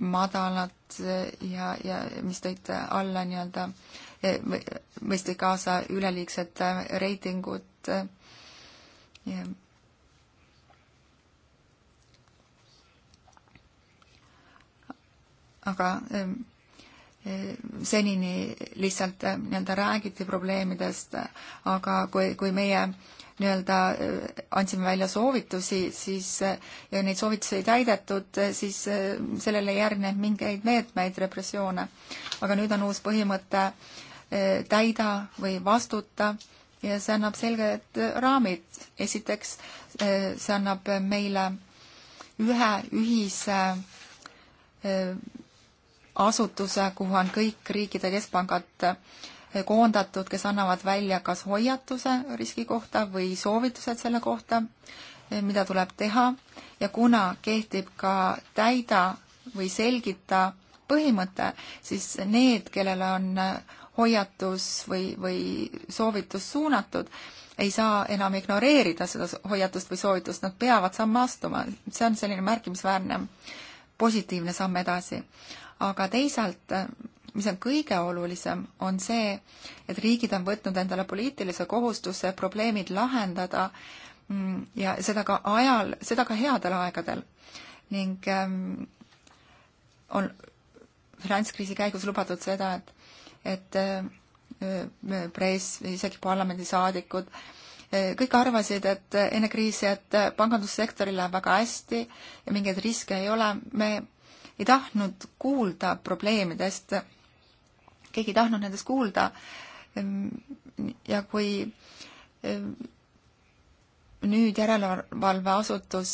Speaker 2: madalad ja, ja mis tõid alla nii-öelda, eh, mõistsid kaasa üleliigsed eh, reitingud. aga senini lihtsalt nii-öelda räägiti probleemidest, aga kui, kui meie nii-öelda äh, andsime välja soovitusi, siis äh, ja neid soovitusi ei täidetud, äh, siis sellele ei järgneb mingeid meetmeid, repressioone. aga nüüd on uus põhimõte täida või vastuta ja see annab selged raamid. esiteks see annab meile ühe ühise asutuse, kuhu on kõik riikide keskpangad koondatud, kes annavad välja kas hoiatuse riski kohta või soovitused selle kohta, eh, mida tuleb teha ja kuna kehtib ka täida või selgita põhimõte, siis need, kellele on hoiatus või, või soovitus suunatud, ei saa enam ignoreerida seda hoiatust või soovitust, nad peavad samme astuma, see on selline märkimisväärne positiivne samm edasi. aga teisalt mis on kõige olulisem, on see, et riigid on võtnud endale poliitilise kohustuse probleemid lahendada mm, ja seda ka ajal, seda ka headel aegadel. ning ähm, on finantskriisi käigus lubatud seda, et, et äh, äh, press, isegi parlamendisaadikud, äh, kõik arvasid, et enne kriisi, et pangandussektoril läheb väga hästi ja mingeid riske ei ole, me ei tahtnud kuulda probleemidest keegi ei tahtnud nendest kuulda. ja kui ehm, nüüd järelevalveasutus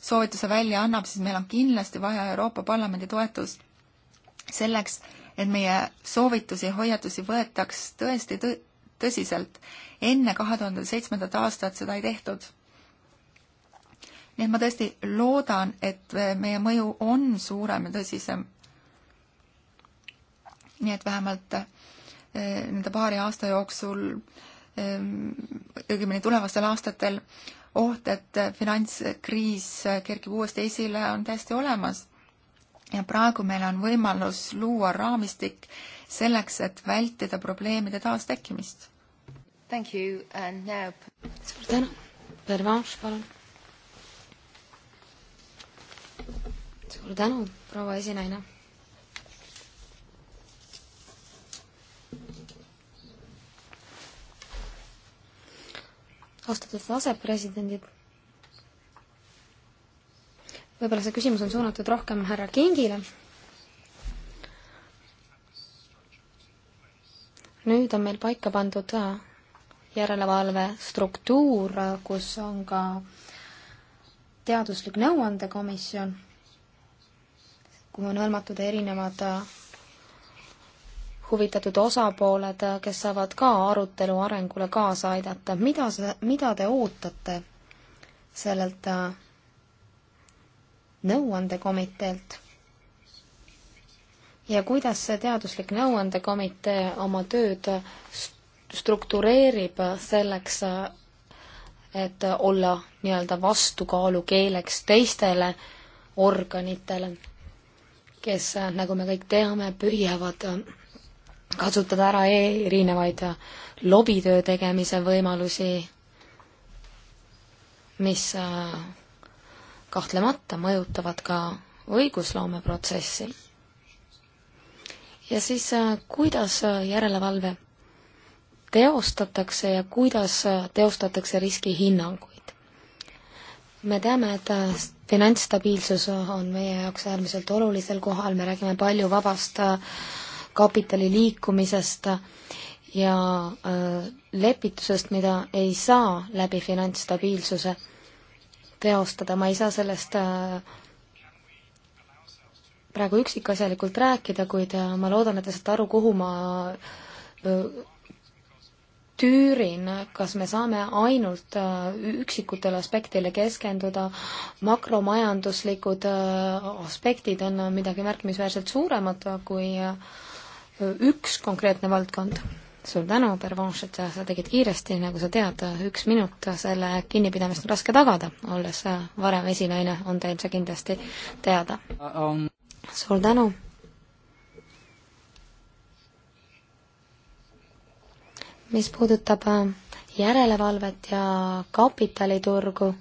Speaker 2: soovituse välja annab, siis meil on kindlasti vaja Euroopa Parlamendi toetust selleks, et meie soovitusi ja hoiatusi võetaks tõesti tõ tõsiselt. enne kahe tuhande seitsmendat aastat seda ei tehtud. nii et ma tõesti loodan, et meie mõju on suurem ja tõsisem nii et vähemalt eh, nende paari aasta jooksul, ehm, õigemini tulevastel aastatel, oht, et finantskriis kerkib uuesti esile, on täiesti olemas. ja praegu meil on võimalus luua raamistik selleks, et vältida probleemide taastekkimist.
Speaker 3: Thank you and now suur tänu, Pervanš, palun. suur tänu, proua esinaine austatud asepresidendid. võib-olla see küsimus on suunatud rohkem härra Kingile. nüüd on meil paika pandud äh, järelevalvestruktuur, äh, kus on ka teaduslik nõuandekomisjon, kuhu on hõlmatud erinevad äh, huvitatud osapooled, kes saavad ka arutelu arengule kaasa aidata. mida see, mida te ootate sellelt äh, nõuandekomiteelt? ja kuidas see teaduslik nõuandekomitee oma tööd struktureerib selleks, äh, et olla nii-öelda vastukaalukeeleks teistele organitele, kes, äh, nagu me kõik teame, püüavad kasutada ära e-, erinevaid lobitöö tegemise võimalusi, mis äh, kahtlemata mõjutavad ka õigusloomeprotsessi. ja siis, äh, kuidas äh, järelevalve teostatakse ja kuidas teostatakse riskihinnanguid. me teame, et finantsstabiilsus on meie jaoks äärmiselt olulisel kohal, me räägime palju vabast kapitali liikumisest ja äh, lepitusest, mida ei saa läbi finantsstabiilsuse teostada, ma ei saa sellest äh, praegu üksikasjalikult rääkida, kuid äh, ma loodan, et te saate aru, kuhu ma tüürin, kas me saame ainult üksikutele aspektile keskenduda, makromajanduslikud aspektid on midagi märkimisväärselt suuremat kui üks konkreetne valdkond. suur tänu, Pervanš, et sa, sa tegid kiiresti, nagu sa tead, üks minut, selle kinnipidamist on raske tagada, olles varem esinaine, on teil see kindlasti teada. suur tänu. mis puudutab äh, järelevalvet ja kapitaliturgu,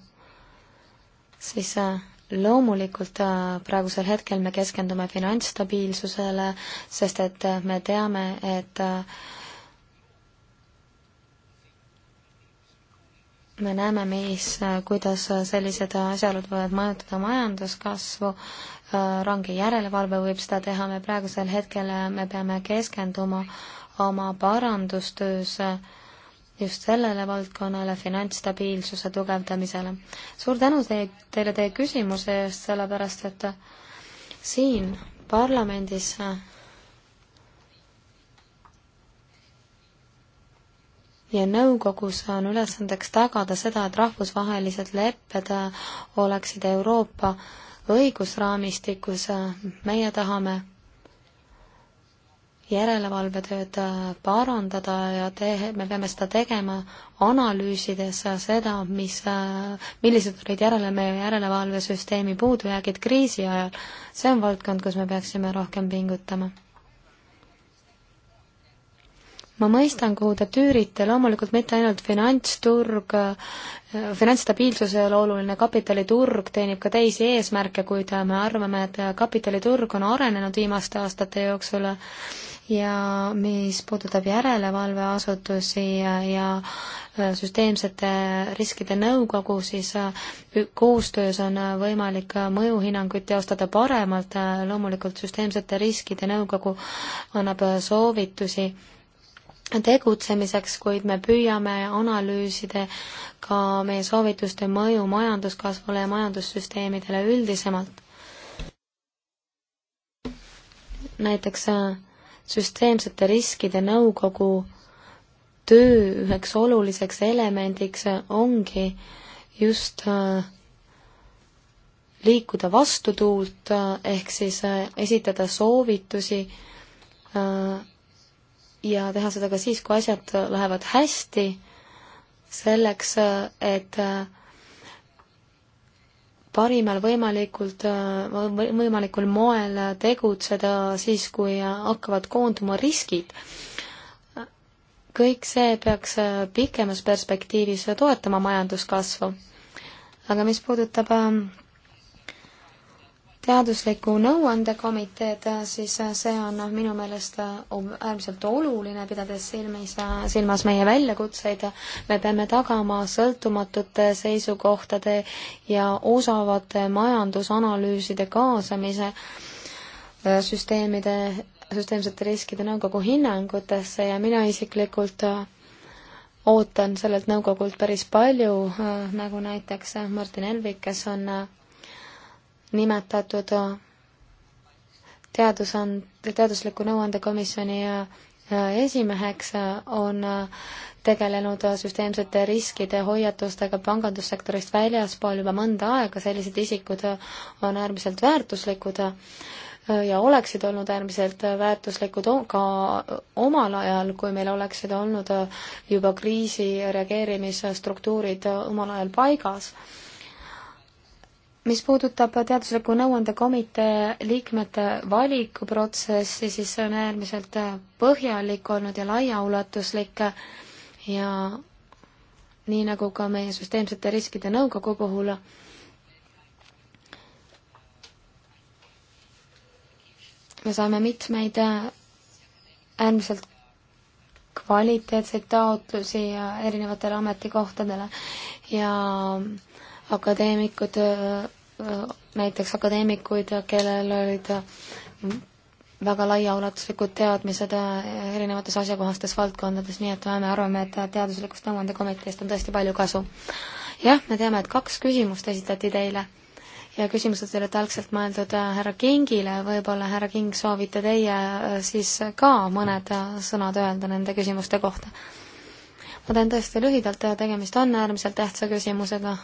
Speaker 3: siis äh, loomulikult äh, praegusel hetkel me keskendume finantsstabiilsusele, sest et äh, me teame, et äh, me näeme, mis, kuidas sellised asjaolud võivad mõjutada majanduskasvu, range järelevalve võib seda teha, me praegusel hetkel, me peame keskenduma oma parandustöös äh, just sellele valdkonnale, finantsstabiilsuse tugevdamisele. suur tänu teie, teile teie küsimuse eest, sellepärast et siin parlamendis ja nõukogus on ülesandeks tagada seda, et rahvusvahelised lepped oleksid Euroopa õigusraamistikus, meie tahame järelevalvetööd äh, parandada ja te-, me peame seda tegema, analüüsides seda, mis, äh, millised olid järele meie järelevalvesüsteemi puudujäägid kriisi ajal. see on valdkond, kus me peaksime rohkem pingutama. ma mõistan, kuhu te tüürite, loomulikult mitte ainult finantsturg, äh, finantsstabiilsus ei ole oluline, kapitaliturg teenib ka teisi eesmärke, kuid me arvame, et kapitaliturg on arenenud viimaste aastate jooksul ja mis puudutab järelevalveasutusi ja, ja äh, süsteemsete riskide nõukogu, siis äh, koostöös on äh, võimalik mõjuhinnanguid teostada paremalt, loomulikult süsteemsete riskide nõukogu annab soovitusi tegutsemiseks, kuid me püüame analüüsida ka meie soovituste mõju majanduskasvule ja majandussüsteemidele üldisemalt. näiteks süsteemsete riskide nõukogu töö üheks oluliseks elemendiks ongi just äh, liikuda vastutuult, äh, ehk siis äh, esitada soovitusi ja teha seda ka siis, kui asjad lähevad hästi, selleks, et äh, parimal võimalikult, võimalikul moel tegutseda siis, kui hakkavad koonduma riskid. kõik see peaks pikemas perspektiivis toetama majanduskasvu. aga mis puudutab ähm, teadusliku nõuandekomiteed, siis see on minu meelest äärmiselt oluline, pidades silmis, silmas meie väljakutseid. me peame tagama sõltumatute seisukohtade ja osavate majandusanalüüside kaasamise äh, süsteemide, süsteemsete riskide nõukogu hinnangutesse ja mina isiklikult äh, ootan sellelt nõukogult päris palju, äh, nagu näiteks Martin Helvik, kes on nimetatud äh, teadusand-, teadusliku nõuandekomisjoni äh, äh, esimeheks on tegelenud süsteemsete riskide hoiatustega pangandussektorist väljaspool juba mõnda aega, sellised isikud on äärmiselt väärtuslikud ja oleksid olnud äärmiselt väärtuslikud ka omal ajal, kui meil oleksid olnud juba kriisi reageerimisstruktuurid omal ajal paigas mis puudutab teadusliku nõuandekomitee liikmete valikuprotsessi, siis see on äärmiselt põhjalik olnud ja laiaulatuslik ja nii nagu ka meie süsteemsete riskide nõukogu puhul, me saame mitmeid äärmiselt kvaliteetseid taotlusi erinevatele ametikohtadele ja, erinevatel akadeemikud, äh, äh, näiteks akadeemikuid, kellel olid äh, väga laiaulatuslikud teadmised erinevates asjakohastes valdkondades, nii et me arvame, et teaduslikust nõuandekomiteest on tõesti palju kasu. jah, me teame, et kaks küsimust esitati teile ja küsimused olid algselt mõeldud härra Kingile, võib-olla härra King, soovite teie siis ka mõned sõnad öelda nende küsimuste kohta? ma teen tõesti lühidalt, tegemist on äärmiselt tähtsa küsimusega.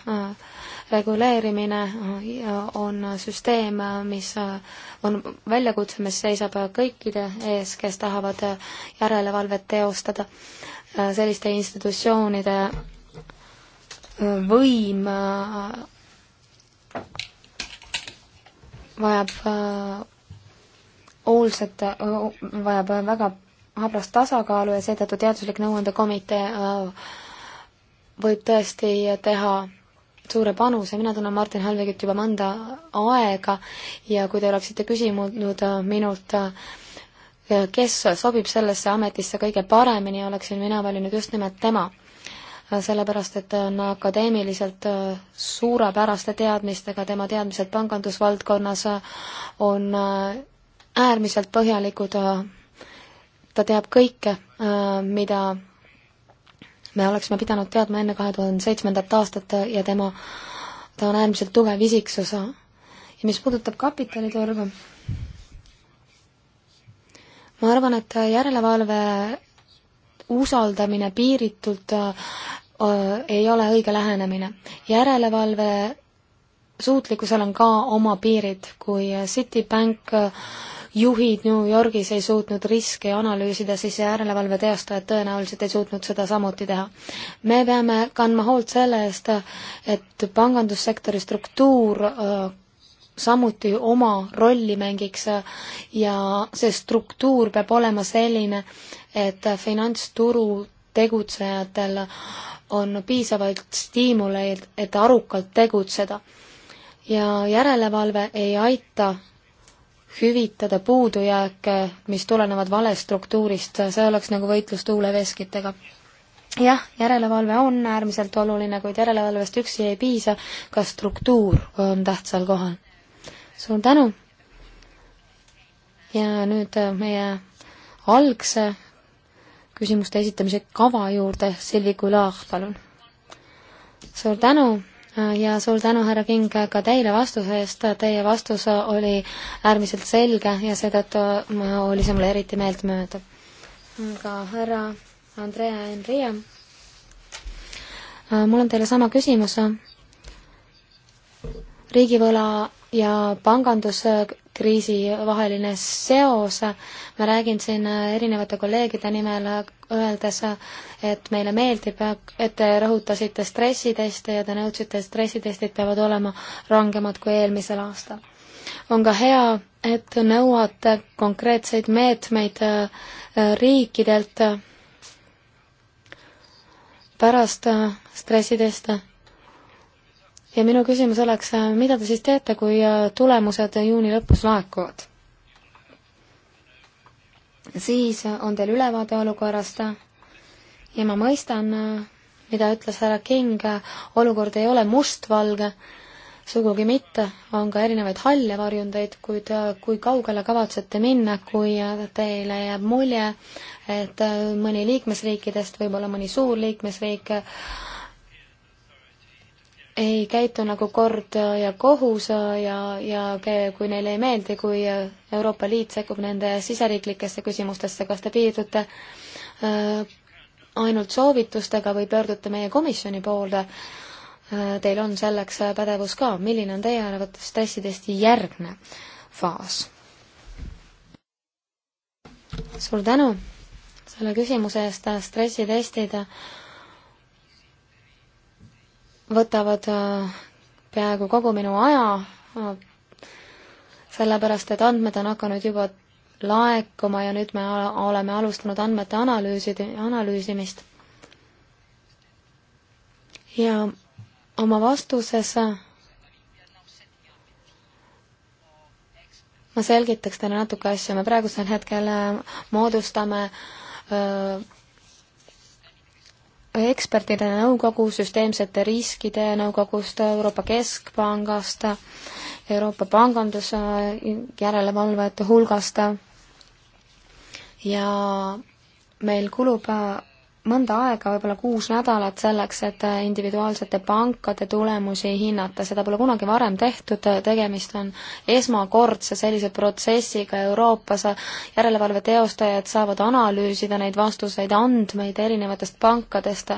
Speaker 3: reguleerimine äh, on süsteem, mis äh, on väljakutse, mis seisab kõikide ees, kes tahavad äh, järelevalvet teostada. selliste institutsioonide võim vajab hoolsat, vajab väga habrast tasakaalu ja seetõttu Teaduslik Nõuandekomitee äh, võib tõesti teha suure panuse, mina tunnen Martin Helvegit juba mõnda aega ja kui te oleksite küsinud äh, minult, äh, kes sobib sellesse ametisse kõige paremini, oleksin mina valinud just nimelt tema. sellepärast, et ta on akadeemiliselt suurepäraste teadmistega, tema teadmised pangandusvaldkonnas on äärmiselt põhjalikud ta teab kõike, äh, mida me oleksime pidanud teadma enne kahe tuhande seitsmendat aastat ja tema, ta on äärmiselt tugev isiksus. ja mis puudutab kapitaliturgu, ma arvan, et järelevalve usaldamine piiritult äh, ei ole õige lähenemine. järelevalve suutlikkusel on ka oma piirid, kui Citibank juhid New Yorgis ei suutnud riske analüüsida, siis järelevalve teostajad tõenäoliselt ei suutnud seda samuti teha. me peame kandma hoolt selle eest, et pangandussektori struktuur äh, samuti oma rolli mängiks ja see struktuur peab olema selline, et finantsturu tegutsejatel on piisavalt stiimuleid, et arukalt tegutseda. ja järelevalve ei aita hüvitada puudujääke, mis tulenevad valestruktuurist, see oleks nagu võitlus tuuleveskitega. jah, järelevalve on äärmiselt oluline, kuid järelevalvest üksi ei piisa, ka struktuur on tähtsal kohal. suur tänu! ja nüüd äh, meie algse küsimuste esitamise kava juurde, Silvi Kular, palun! suur tänu! ja suur tänu, härra King, ka teile vastuse eest, teie vastus oli äärmiselt selge ja seetõttu oli see mulle eriti meeltmööda. aga härra Andrea Enria, mul on teile sama küsimus. riigivõla ja panganduskriisi vaheline seos, ma räägin siin erinevate kolleegide nimel, öeldes, et meile meeldib, et te rõhutasite stressiteste ja te nõudsite, et stressitestid peavad olema rangemad kui eelmisel aastal. on ka hea, et nõuate konkreetseid meetmeid äh, riikidelt pärast äh, stressiteste ja minu küsimus oleks, äh, mida te siis teete, kui tulemused juuni lõpus laekuvad? siis on teil ülevaade olukorrast ja ma mõistan, mida ütles härra King, olukord ei ole mustvalge, sugugi mitte, on ka erinevaid halle varjundeid, kuid kui kaugele kavatsete minna, kui teile jääb mulje, et mõni liikmesriikidest, võib-olla mõni suur liikmesriik ei käitu nagu kord ja kohus ja, ja kui neile ei meeldi, kui Euroopa Liit sekkub nende siseriiklikesse küsimustesse, kas te piirdute äh, ainult soovitustega või pöördute meie komisjoni poolde? Äh, teil on selleks pädevus ka, milline on teie arvates stressitesti järgne faas? suur tänu selle küsimuse eest, stressitestid võtavad äh, peaaegu kogu minu aja, äh, sellepärast et andmed on hakanud juba laekuma ja nüüd me oleme alustanud andmete analüüside, analüüsimist. ja oma vastuses ma selgitaks teile natuke asja, me praegusel hetkel äh, moodustame öö, ekspertide nõukogu, süsteemsete riskide nõukogust, Euroopa Keskpangast, Euroopa Panganduse järelevalvajate hulgast ja meil kulub mõnda aega, võib-olla kuus nädalat selleks, et individuaalsete pankade tulemusi hinnata, seda pole kunagi varem tehtud, tegemist on esmakordse sellise protsessiga Euroopas, järelevalve teostajad saavad analüüsida neid vastuseid, andmeid erinevatest pankadest,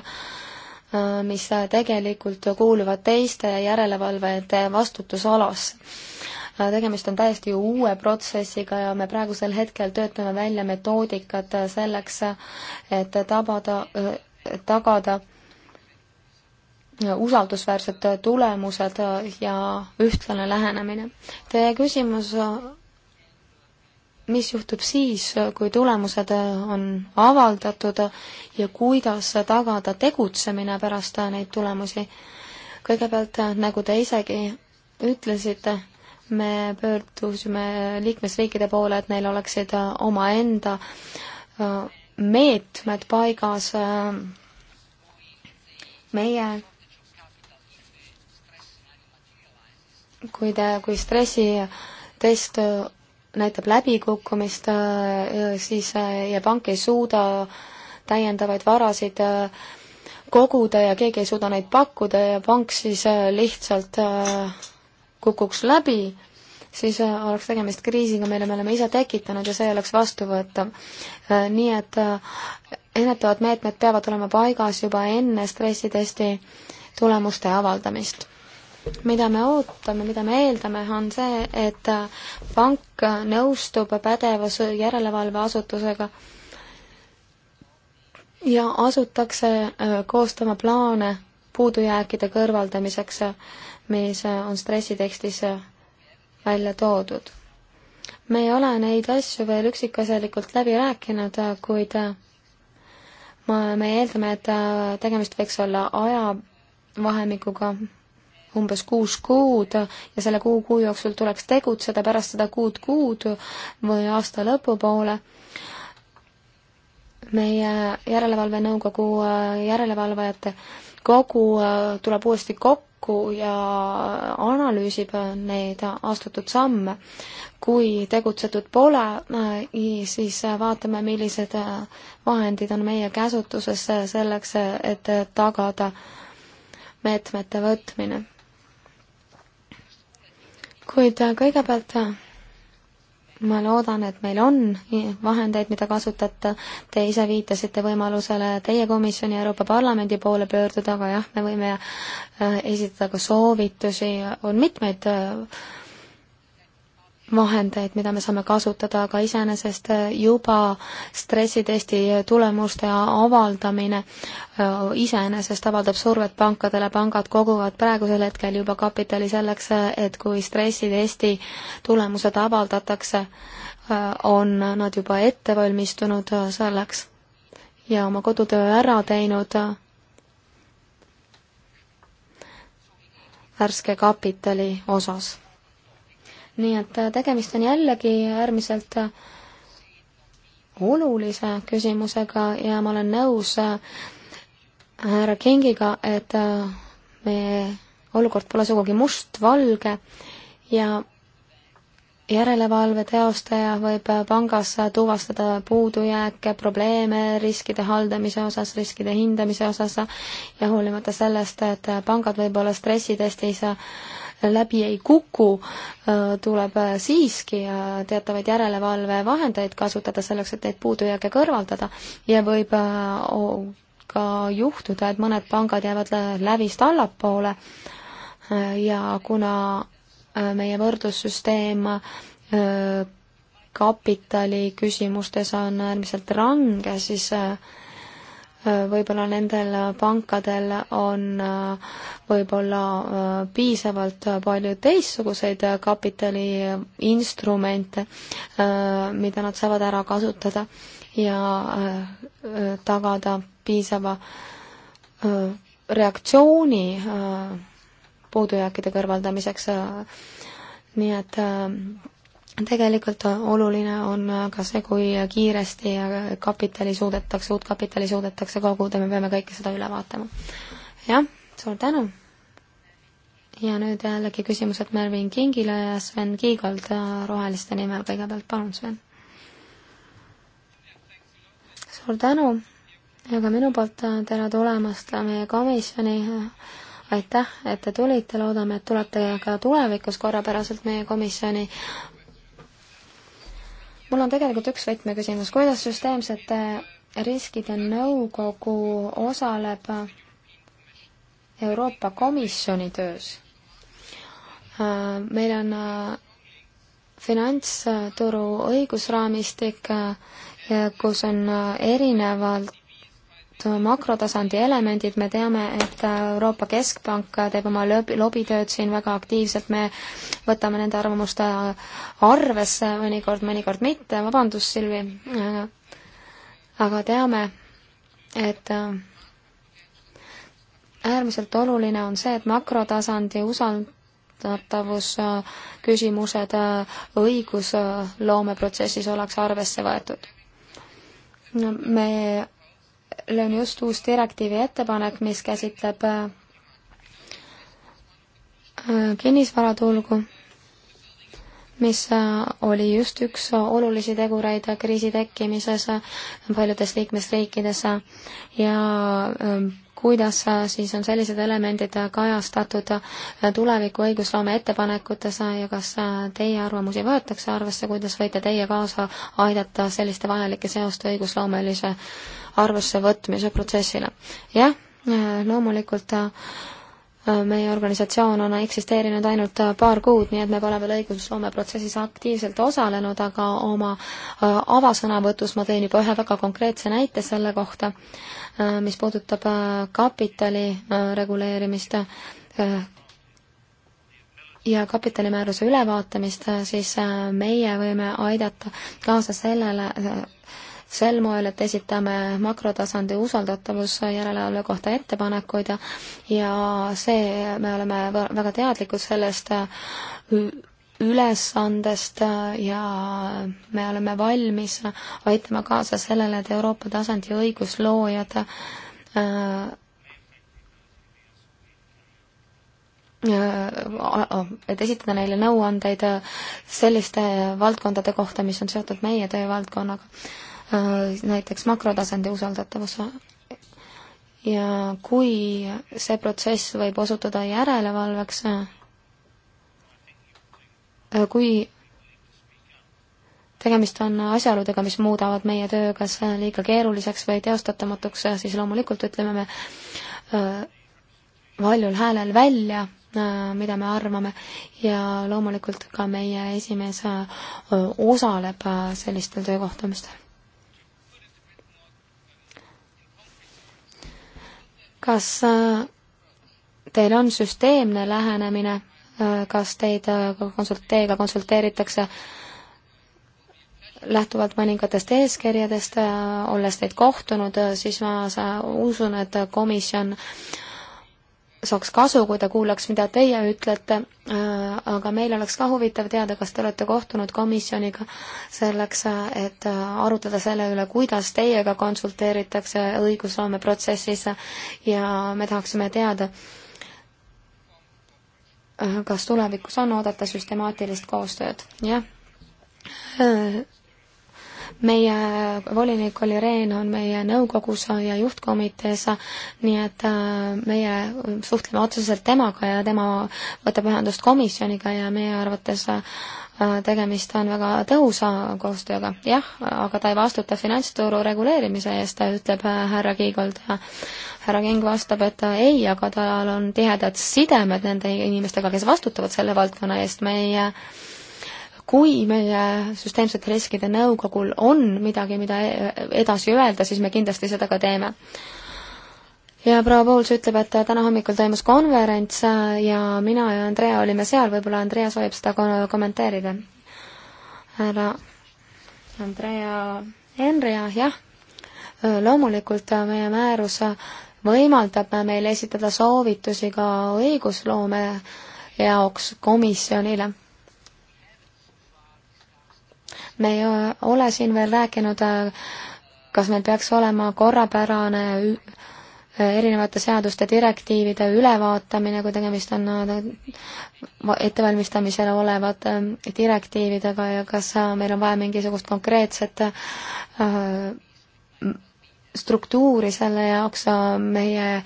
Speaker 3: mis tegelikult kuuluvad teiste järelevalvajate vastutusalasse Äh, tegemist on täiesti uue protsessiga ja me praegusel hetkel töötame välja metoodikad äh, selleks, äh, et tabada, tagada usaldusväärsed tulemused ja ühtlane lähenemine. Teie küsimus mis juhtub siis, kui tulemused on avaldatud ja kuidas tagada tegutsemine pärast neid tulemusi. kõigepealt, nagu te isegi ütlesite, me pöördusime liikmesriikide poole, et neil oleksid äh, omaenda äh, meetmed paigas. Äh, meie, kui te, kui stressitest näitab läbikukkumist, siis ja pank ei suuda täiendavaid varasid koguda ja keegi ei suuda neid pakkuda ja pank siis lihtsalt äh, kukuks läbi, siis äh, oleks tegemist kriisiga, mille me oleme ise tekitanud ja see oleks vastuvõetav. Äh, nii et äh, ennetavad meetmed peavad olema paigas juba enne stressitesti tulemuste avaldamist. mida me ootame, mida me eeldame, on see, et pank nõustub pädeva järelevalveasutusega ja asutakse koostama plaane puudujääkide kõrvaldamiseks mis äh, on stressitekstis äh, välja toodud. me ei ole neid asju veel üksikasjalikult läbi rääkinud, äh, kuid ma, me eeldame, et tegemist võiks olla ajavahemikuga umbes kuus kuud ja selle kuu kuu jooksul tuleks tegutseda pärast seda kuud kuud või aasta lõpupoole. meie järelevalvenõukogu järelevalvajate kogu tuleb uuesti kokku kokku ja analüüsib neid astutud samme. kui tegutsetud pole, äh, siis vaatame, millised äh, vahendid on meie käsutuses selleks, et tagada meetmete võtmine. kuid kõigepealt ma loodan, et meil on vahendeid, mida kasutada, te ise viitasite võimalusele teie komisjoni Euroopa Parlamendi poole pöörduda, aga jah, me võime äh, esitada ka soovitusi, on mitmeid äh, vahendeid, mida me saame kasutada, aga iseenesest äh, juba stressitesti tulemuste avaldamine äh, iseenesest avaldab survet pankadele, pangad koguvad praegusel hetkel juba kapitali selleks, äh, et kui stressitesti tulemused avaldatakse, on nad juba ette valmistunud selleks ja oma kodutöö ära teinud värske kapitali osas nii et äh, tegemist on jällegi äärmiselt äh, olulise küsimusega ja ma olen nõus äh, härra Kingiga, et meie olukord pole sugugi mustvalge ja järelevalve teostaja võib pangas tuvastada puudujääke, probleeme riskide haldamise osas, riskide hindamise osas ja hoolimata sellest, et pangad võib-olla stressitestis läbi ei kuku, äh, tuleb siiski äh, teatavaid järelevalvevahendeid kasutada selleks, et neid puudujääke kõrvaldada ja võib äh, ka juhtuda, et mõned pangad jäävad lävist allapoole ja kuna meie võrdlussüsteem kapitali küsimustes on äärmiselt range, siis võib-olla nendel pankadel on äh, võib-olla äh, piisavalt palju teistsuguseid kapitaliinstrumente, äh, mida nad saavad ära kasutada ja tagada piisava reaktsiooni puudujääkide kõrvaldamiseks. nii et tegelikult oluline on ka see, kui kiiresti kapitali suudetakse, uut kapitali suudetakse koguda, me peame kõike seda üle vaatama. jah, suur tänu! ja nüüd jällegi küsimused Mervin Kingile ja Sven Kiigold Roheliste nimel kõigepealt, palun Sven! suur tänu ja ka minu poolt tere tulemast meie komisjoni aitäh, et te tulite, loodame, et tulete ka tulevikus korrapäraselt meie komisjoni mul on tegelikult üks võtmeküsimus, kuidas süsteemsete riskide nõukogu osaleb Euroopa Komisjoni töös? Äh, meil on äh, finantsturu õigusraamistik, äh, kus on erinevalt makrotasandi elemendid, me teame, et Euroopa Keskpank teeb oma lobi, lobitööd siin väga aktiivselt, me võtame nende arvamuste arvesse mõnikord, mõnikord mitte, vabandust, Silvi, aga teame, et äärmiselt oluline on see, et makrotasandi usaldatavus küsimused õigusloomeprotsessis oleks arvesse võetud. me meil on just uus direktiivi ettepanek, mis käsitleb äh, kinnisvaraturgu, mis äh, oli just üks olulisi tegureid kriisi tekkimises äh, paljudes liikmesriikides ja kuidas siis on sellised elemendid kajastatud tuleviku õigusloome ettepanekutes ja kas teie arvamusi võetakse arvesse, kuidas võite teie kaasa aidata selliste vajalike seoste õigusloomelise arvesse võtmise protsessile. jah, loomulikult äh, meie organisatsioon on eksisteerinud ainult äh, paar kuud, nii et me pole veel õigusloome protsessis aktiivselt osalenud, aga oma äh, avasõnavõtus ma tõin juba ühe väga konkreetse näite selle kohta, mis puudutab kapitali reguleerimist ja kapitalimääruse ülevaatamist, siis meie võime aidata kaasa sellele, sel moel, et esitame makrotasandi usaldatavuse järelevalve kohta ettepanekuid ja ja see, me oleme väga teadlikud sellest ülesandest ja me oleme valmis aitama kaasa sellele, et Euroopa tasandi õigusloojad äh, äh, et esitada neile nõuandeid selliste valdkondade kohta, mis on seotud meie töövaldkonnaga Äh, näiteks makrotasandi usaldatavus. ja kui see protsess võib osutuda järelevalveks, äh, kui tegemist on asjaoludega, mis muudavad meie töö kas liiga keeruliseks või teostatamatuks, siis loomulikult ütleme me äh, valjul häälel välja, mida me arvame ja loomulikult ka meie esimees osaleb sellistel töökohtumistel. kas äh, teil on süsteemne lähenemine, äh, kas teid äh, konsult-, teiega konsulteeritakse lähtuvalt mõningatest eeskirjadest, olles teid kohtunud, siis ma usun, et komisjon saaks kasu, kui ta kuulaks, mida teie ütlete, äh, aga meil oleks ka huvitav teada, kas te olete kohtunud komisjoniga selleks, äh, et äh, arutleda selle üle, kuidas teiega konsulteeritakse õigusloome protsessis ja me tahaksime teada, kas tulevikus on oodata süstemaatilist koostööd, jah? meie volinik oli Reen, on meie nõukogus ja juhtkomitees, nii et äh, meie suhtleme otseselt temaga ja tema võtab ühendust komisjoniga ja meie arvates äh, tegemist on väga tõhusa koostööga, jah, aga ta ei vastuta finantsturu reguleerimise eest, ütleb äh, härra Kiigold. härra King vastab, et ei, aga tal on tihedad sidemed nende inimestega, kes vastutavad selle valdkonna eest, me ei kui meie süsteemsete riskide nõukogul on midagi, mida e-, edasi öelda, siis me kindlasti seda ka teeme. ja proua Pools ütleb, et täna hommikul toimus konverents ja mina ja Andrea olime seal, võib-olla Andrea soovib seda kommenteerida. härra Andrea Henria, jah, loomulikult meie määrus võimaldab meil esitada soovitusi ka õigusloome jaoks komisjonile me ei ole siin veel rääkinud, äh, kas meil peaks olema korrapärane erinevate seaduste direktiivide ülevaatamine, kui tegemist on äh, ettevalmistamisel olevate äh, direktiividega ja kas meil on vaja mingisugust konkreetset struktuuri selle jaoks, meie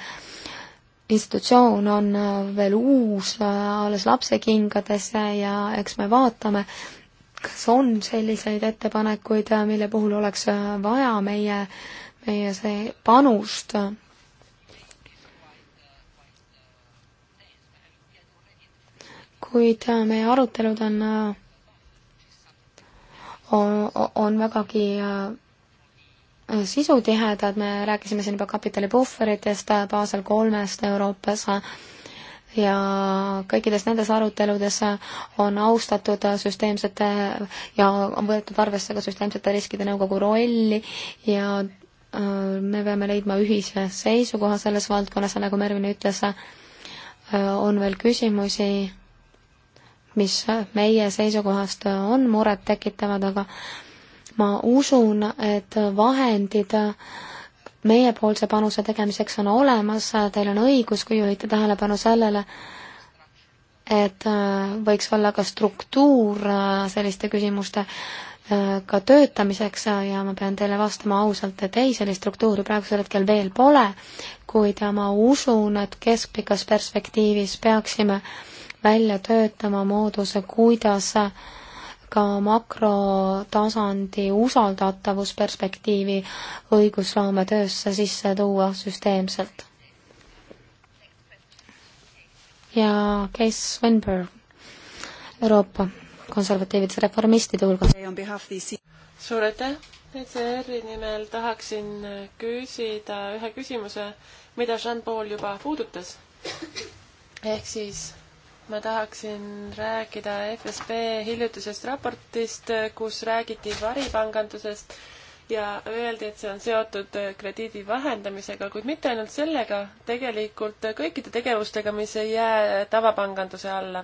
Speaker 3: institutsioon on veel uus, alles lapsekingades ja eks me vaatame, kas on selliseid ettepanekuid, mille puhul oleks vaja meie, meie see panust kuid meie arutelud on, on, on vägagi äh, sisutihedad, me rääkisime siin juba kapitalipuhveritest, Basel kolmest Euroopas, ja kõikides nendes aruteludes on austatud süsteemsete ja on võetud arvesse ka süsteemsete riskide nõukogu rolli ja äh, me peame leidma ühise seisukoha selles valdkonnas ja nagu Mervin ütles, äh, on veel küsimusi, mis meie seisukohast on muret tekitavad, aga ma usun, et vahendid äh, meiepoolse panuse tegemiseks on olemas, teil on õigus, kui juhite tähelepanu sellele, et äh, võiks olla ka struktuur äh, selliste küsimuste äh, ka töötamiseks ja ma pean teile vastama ausalt, et ei, sellist struktuuri praegusel hetkel veel pole, kuid ma usun, et keskpikas perspektiivis peaksime välja töötama mooduse, kuidas äh, ka makrotasandi usaldatavusperspektiivi õigusloome töösse sisse tuua süsteemselt. ja Keis Svenberg Euroopa konservatiivide reformistide hulgas.
Speaker 1: suur aitäh, ECR-i nimel tahaksin küsida ühe küsimuse, mida Jean-Paul juba puudutas. ehk siis ma tahaksin rääkida FSB hiljutisest raportist, kus räägiti varipangandusest ja öeldi, et see on seotud krediidi vahendamisega, kuid mitte ainult sellega, tegelikult kõikide tegevustega, mis ei jää tavapanganduse alla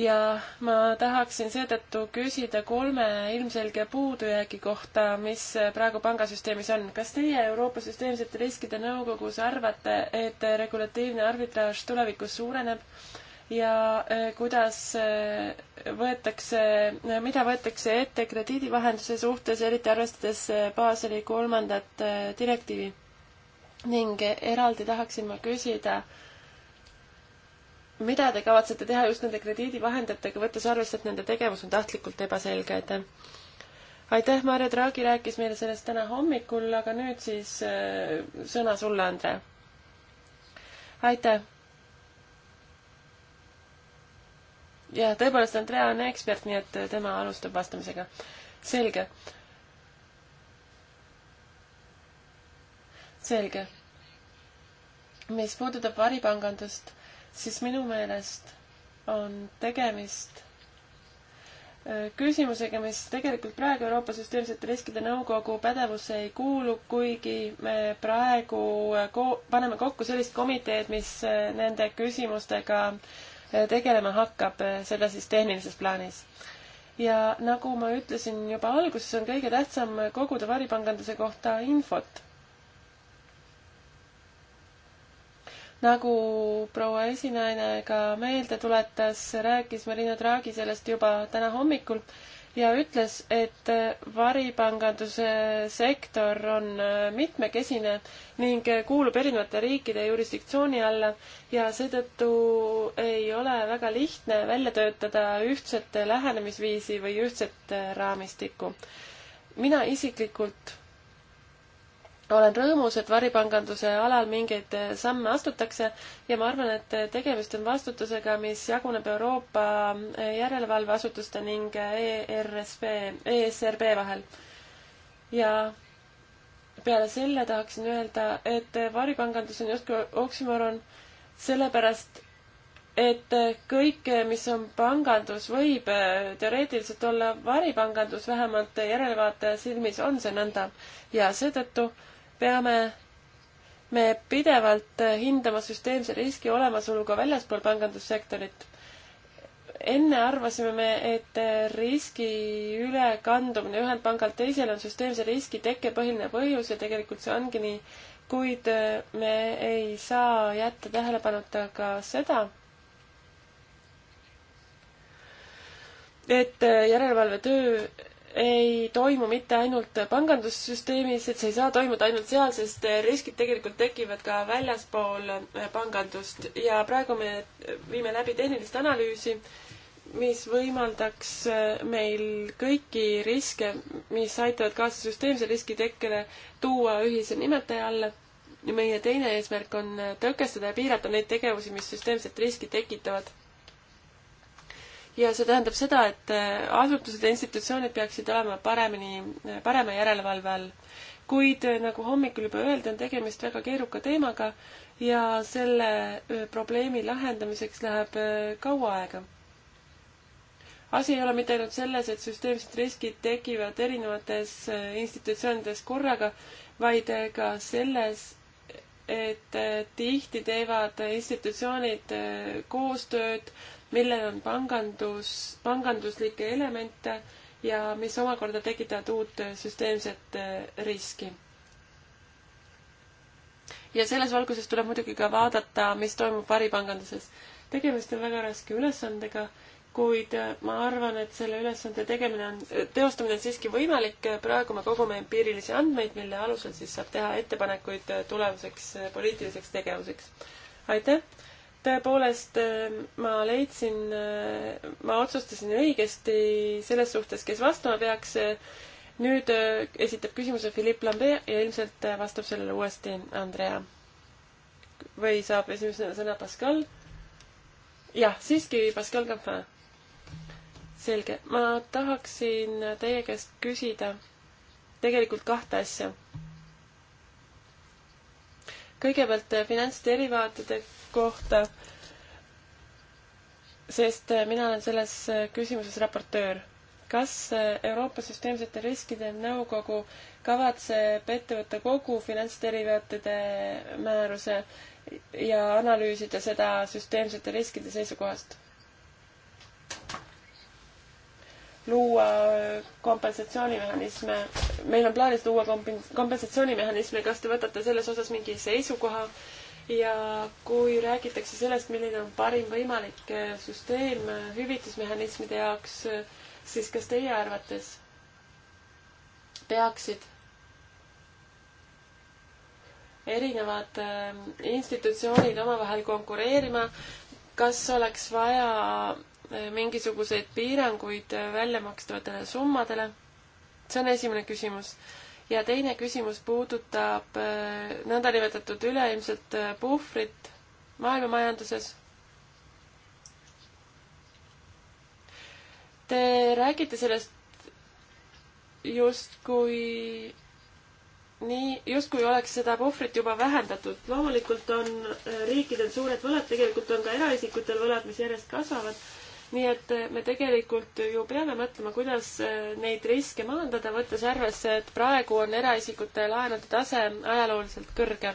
Speaker 1: ja ma tahaksin seetõttu küsida kolme ilmselge puudujäägi kohta, mis praegu pangasüsteemis on. kas teie Euroopa Süsteemsete Riskide Nõukogus arvate, et regulatiivne arbitraaž tulevikus suureneb ja äh, kuidas äh, võetakse, äh, mida võetakse ette krediidivahenduse suhtes, eriti arvestades Baseli kolmandat direktiivi? ning eraldi tahaksin ma küsida äh, mida te kavatsete teha just nende krediidivahendajatega, võttes arvesse, et nende tegevus on tahtlikult ebaselge, aitäh! aitäh, Maarja Draagi rääkis meile sellest täna hommikul, aga nüüd siis äh, sõna sulle, Andre. aitäh! ja tõepoolest, Andrea on ekspert, nii et äh, tema alustab vastamisega. selge. selge. mis puudutab varipangandust siis minu meelest on tegemist äh, küsimusega, mis tegelikult praegu Euroopa Süsteemsete Riskide Nõukogu pädevusse ei kuulu, kuigi me praegu äh, ko-, paneme kokku sellist komiteed, mis äh, nende küsimustega tegelema hakkab, seda siis tehnilises plaanis. ja nagu ma ütlesin juba alguses, on kõige tähtsam koguda varipanganduse kohta infot nagu proua esinaine ka meelde tuletas, rääkis Marina Draghi sellest juba täna hommikul ja ütles, et varipanganduse sektor on mitmekesine ning kuulub erinevate riikide jurisdiktsiooni alla ja seetõttu ei ole väga lihtne välja töötada ühtset lähenemisviisi või ühtset raamistikku. mina isiklikult olen rõõmus, et varipanganduse alal mingeid samme astutakse ja ma arvan, et tegemist on vastutusega, mis jaguneb Euroopa järelevalveasutuste ning ERSB, ESRB vahel. ja peale selle tahaksin öelda, et varipangandus on justkui oksümoron, sellepärast et kõik, mis on pangandus, võib teoreetiliselt olla varipangandus, vähemalt järelevaataja silmis on see nõnda. ja seetõttu peame me pidevalt hindama süsteemse riski olemasolu ka väljaspool pangandussektorit. enne arvasime me, et riski ülekandumine ühelt pangalt teisele on süsteemse riski tekke põhiline põhjus ja tegelikult see ongi nii, kuid me ei saa jätta tähelepanuta ka seda, et järelevalvetöö ei toimu mitte ainult pangandussüsteemis, et see ei saa toimuda ainult seal, sest riskid tegelikult tekivad ka väljaspool äh, pangandust ja praegu me viime läbi tehnilist analüüsi, mis võimaldaks äh, meil kõiki riske, mis aitavad kaasa süsteemse riski tekkele, tuua ühise nimetaja alla. meie teine eesmärk on tõkestada ja piirata neid tegevusi, mis süsteemset riski tekitavad ja see tähendab seda, et äh, asutused ja institutsioonid peaksid olema paremini, äh, parema järelevalve all. kuid äh, nagu hommikul juba öeldi, on tegemist väga keeruka teemaga ja selle probleemi lahendamiseks läheb kaua aega asi ei ole mitte ainult selles, et süsteemsed riskid tekivad erinevates institutsioonides korraga, vaid ka selles, et tihti teevad institutsioonid koostööd millel on pangandus, panganduslikke elemente ja mis omakorda tekitavad uut süsteemset eh, riski. ja selles valguses tuleb muidugi ka vaadata, mis toimub varipanganduses. tegemist on väga raske ülesandega, kuid eh, ma arvan, et selle ülesande tegemine on, eh, teostamine on siiski võimalik, praegu me kogume empiirilisi andmeid, mille alusel siis saab teha ettepanekuid tulevaseks poliitiliseks tegevuseks. aitäh! tõepoolest äh, ma leidsin, äh, ma otsustasin õigesti selles suhtes, kes vastama peaks. nüüd äh, esitab küsimuse Philippe Lambert ja ilmselt vastab sellele uuesti Andrea. või saab esimesena sõna Pascal? jah, siiski Pascal Campin. selge, ma tahaksin teie käest küsida tegelikult kahte asja kõigepealt eh, finantsderivaatide kohta, sest eh, mina olen selles eh, küsimuses raportöör. kas Euroopa Süsteemsete Riskide Nõukogu kavatseb ette võtta kogu finantsderivaatide määruse ja analüüsida seda süsteemsete riskide seisukohast? luua kompensatsioonimehhanisme, meil on plaanis luua kompensatsioonimehhanisme, kas te võtate selles osas mingi seisukoha ja kui räägitakse sellest, milline on parim võimalik eh, süsteem eh, hüvitusmehhanismide jaoks, eh, siis kas teie arvates peaksid erinevad institutsioonid omavahel konkureerima, kas oleks vaja mingisuguseid piiranguid väljamakstavatele summadele? see on esimene küsimus. ja teine küsimus puudutab äh, nõndanimetatud üleilmset äh, puhvrit maailmamajanduses. Te räägite sellest justkui nii, justkui oleks seda puhvrit juba vähendatud. loomulikult on äh, riikidel suured võlad, tegelikult on ka eraisikutel võlad, mis järjest kasvavad nii et me tegelikult ju peame mõtlema, kuidas äh, neid riske maandada, võttes arvesse, et praegu on eraisikute laenude tase ajalooliselt kõrge.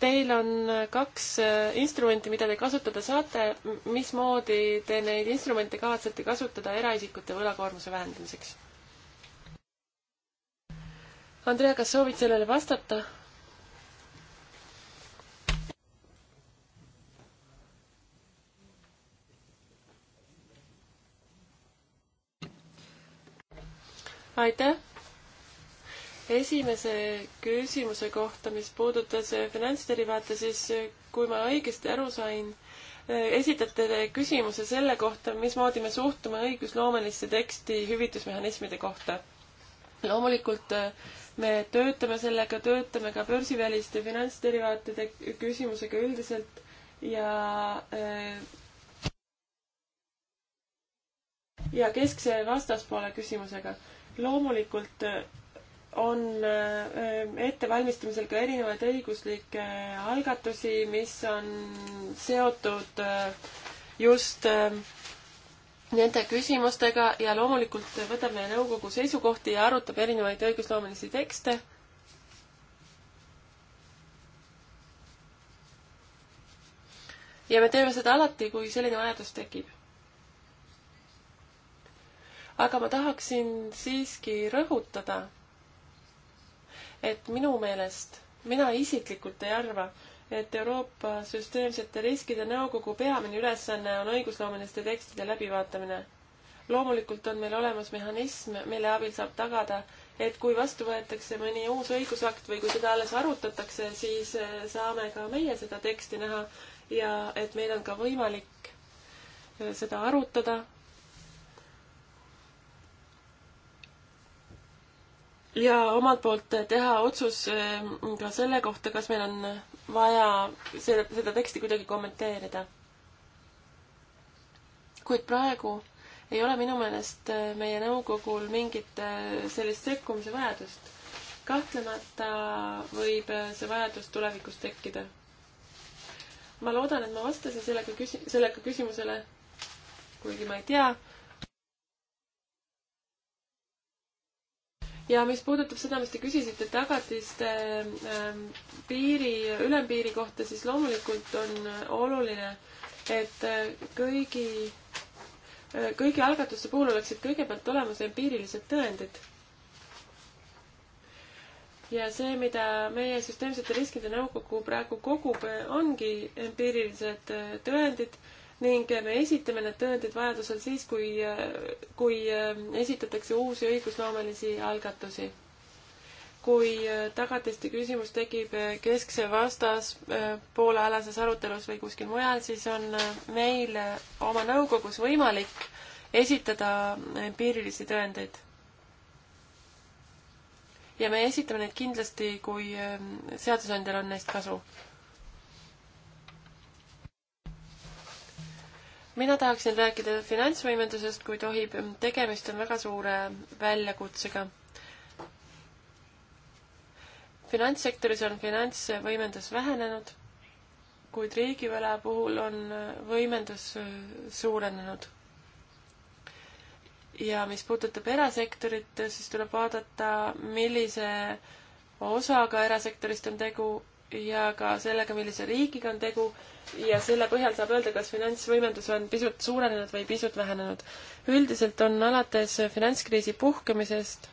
Speaker 1: Teil on äh, kaks äh, instrumenti, mida te kasutada saate. mismoodi te neid instrumente kavatsete kasutada eraisikute võlakoormuse vähendamiseks? Andrea, kas soovid sellele vastata? aitäh! esimese küsimuse kohta, mis puudutas äh, finantsterivaates, siis äh, kui ma õigesti aru sain, äh, esitate te küsimuse selle kohta, mismoodi me suhtume õigusloomelisse teksti hüvitusmehhanismide kohta. loomulikult me töötame sellega, töötame ka börsiväliste finantsterivaatide küsimusega üldiselt ja ja keskse vastaspoole küsimusega loomulikult äh, on äh, ettevalmistamisel ka erinevaid õiguslikke äh, algatusi, mis on seotud just nende küsimustega ja loomulikult võtab meie nõukogu seisukohti ja arutab erinevaid õigusloomelisi tekste. ja me teeme seda alati, kui selline vajadus tekib aga ma tahaksin siiski rõhutada, et minu meelest, mina isiklikult ei arva, et Euroopa Süsteemsete Riskide Nõukogu peamine ülesanne on õigusloomeliste tekstide läbivaatamine. loomulikult on meil olemas mehhanism, mille abil saab tagada, et kui vastu võetakse mõni uus õigusakt või kui seda alles arutatakse, siis eh, saame ka meie seda teksti näha ja et meil on ka võimalik eh, seda arutada ja omalt poolt teha otsus eh, ka selle kohta, kas meil on vaja seda, seda teksti kuidagi kommenteerida. kuid praegu ei ole minu meelest meie nõukogul mingit eh, sellist sekkumise vajadust. kahtlemata võib eh, see vajadus tulevikus tekkida. ma loodan, et ma vastasin sellega küsi-, sellega küsimusele, kuigi ma ei tea ja mis puudutab seda, mis te küsisite tagatiste ähm, piiri, ülempiiri kohta, siis loomulikult on oluline, et äh, kõigi, äh, kõigi algatuste puhul oleksid kõigepealt olemas empiirilised tõendid. ja see, mida meie süsteemsete riskide nõukogu praegu kogub, äh, ongi empiirilised tõendid ning me esitame need tõendid vajadusel siis, kui, kui äh, esitatakse uusi õigusloomelisi algatusi. kui äh, tagatiste küsimus tekib äh, keskse vastaspoolealases arutelus või kuskil mujal, siis on meil oma nõukogus võimalik esitada empiirilisi tõendeid. ja me esitame neid kindlasti, kui seadusandjal on neist kasu mina tahaksin rääkida finantsvõimendusest, kui tohib. tegemist on väga suure väljakutsega. finantssektoris on finantsvõimendus vähenenud, kuid riigivõla puhul on võimendus suurenenud. ja mis puudutab erasektorit, siis tuleb vaadata, millise osaga erasektorist on tegu ja ka sellega, millise riigiga on tegu ja selle põhjal saab öelda, kas finantsvõimendus on pisut suurenenud või pisut vähenenud. üldiselt on alates finantskriisi puhkemisest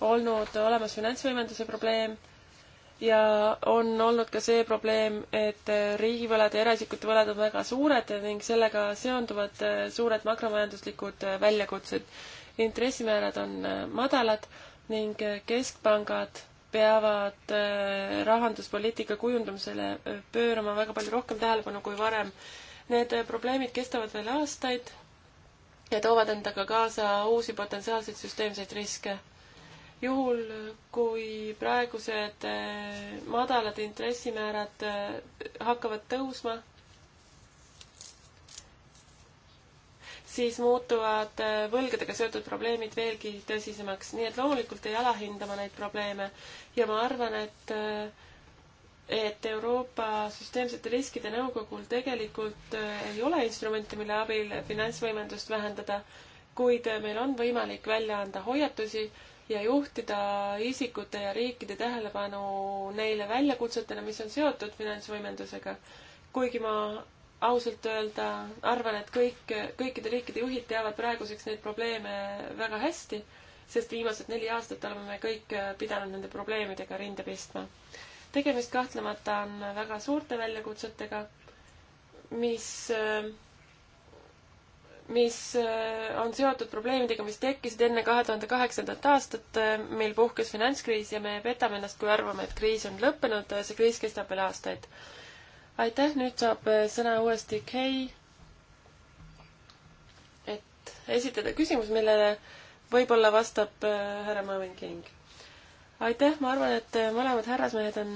Speaker 1: olnud olemas finantsvõimenduse probleem ja on olnud ka see probleem, et riigivõlad ja eraisikute võlad on väga suured ning sellega seonduvad suured makromajanduslikud väljakutsed. intressimäärad on madalad ning keskpangad peavad äh, rahanduspoliitika kujundamisele äh, pöörama väga palju rohkem tähelepanu kui varem. Need äh, probleemid kestavad veel aastaid ja toovad endaga kaasa uusi potentsiaalseid süsteemseid riske. juhul, kui praegused madalad intressimäärad hakkavad tõusma siis muutuvad äh, võlgadega seotud probleemid veelgi tõsisemaks. nii et loomulikult ei alahinda ma neid probleeme ja ma arvan, et äh, et Euroopa Süsteemsete Riskide Nõukogul tegelikult äh, ei ole instrumente, mille abil finantsvõimendust vähendada, kuid meil on võimalik välja anda hoiatusi ja juhtida isikute ja riikide tähelepanu neile väljakutsetele, mis on seotud finantsvõimendusega. kuigi ma ausalt öelda arvan, et kõik, kõikide riikide juhid teavad praeguseks neid probleeme väga hästi, sest viimased neli aastat oleme me kõik pidanud nende probleemidega rinde pistma. tegemist kahtlemata on väga suurte väljakutsetega, mis, mis on seotud probleemidega, mis tekkisid enne kahe tuhande kaheksandat aastat, mil puhkes finantskriis ja me petame ennast, kui arvame, et kriis on lõppenud, see kriis kestab veel aastaid aitäh, nüüd saab äh, sõna uuesti Kei, et esitada küsimus, millele võib-olla vastab äh, härra Marvin King. aitäh, ma arvan, et äh, mõlemad härrasmehed on,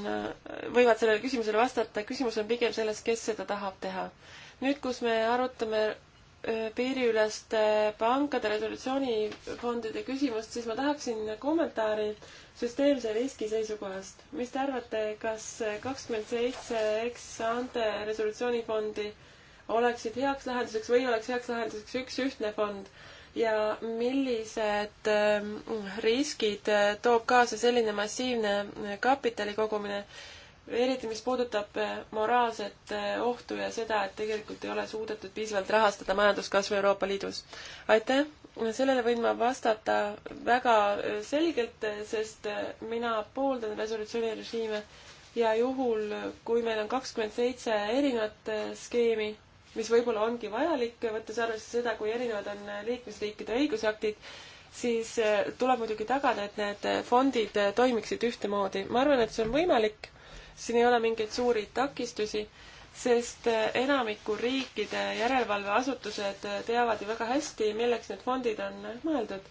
Speaker 1: võivad sellele küsimusele vastata, küsimus on pigem selles, kes seda tahab teha. nüüd, kus me arutame Äh, piiriüleste pankade resolutsioonifondide küsimust, siis ma tahaksin kommentaari süsteemse riski seisukohast. mis te arvate, kas kakskümmend seitse ex-ante resolutsioonifondi oleksid heaks lahenduseks või oleks heaks lahenduseks üks ühtne fond? ja millised ähm, riskid äh, toob kaasa selline massiivne kapitali kogumine eriti mis puudutab eh, moraalset eh, ohtu ja seda, et tegelikult ei ole suudetud piisavalt rahastada majanduskasvu Euroopa Liidus. aitäh, sellele võin ma vastata väga eh, selgelt, sest mina pooldan resolutsioonirežiime ja juhul, kui meil on kakskümmend seitse erinevat skeemi, mis võib-olla ongi vajalik, võttes arvesse seda, kui erinevad on liikmesriikide õigusaktid, siis tuleb muidugi tagada, et need fondid toimiksid ühtemoodi. ma arvan, et see on võimalik siin ei ole mingeid suuri takistusi, sest äh, enamiku riikide järelevalveasutused äh, teavad ju väga hästi, milleks need fondid on mõeldud.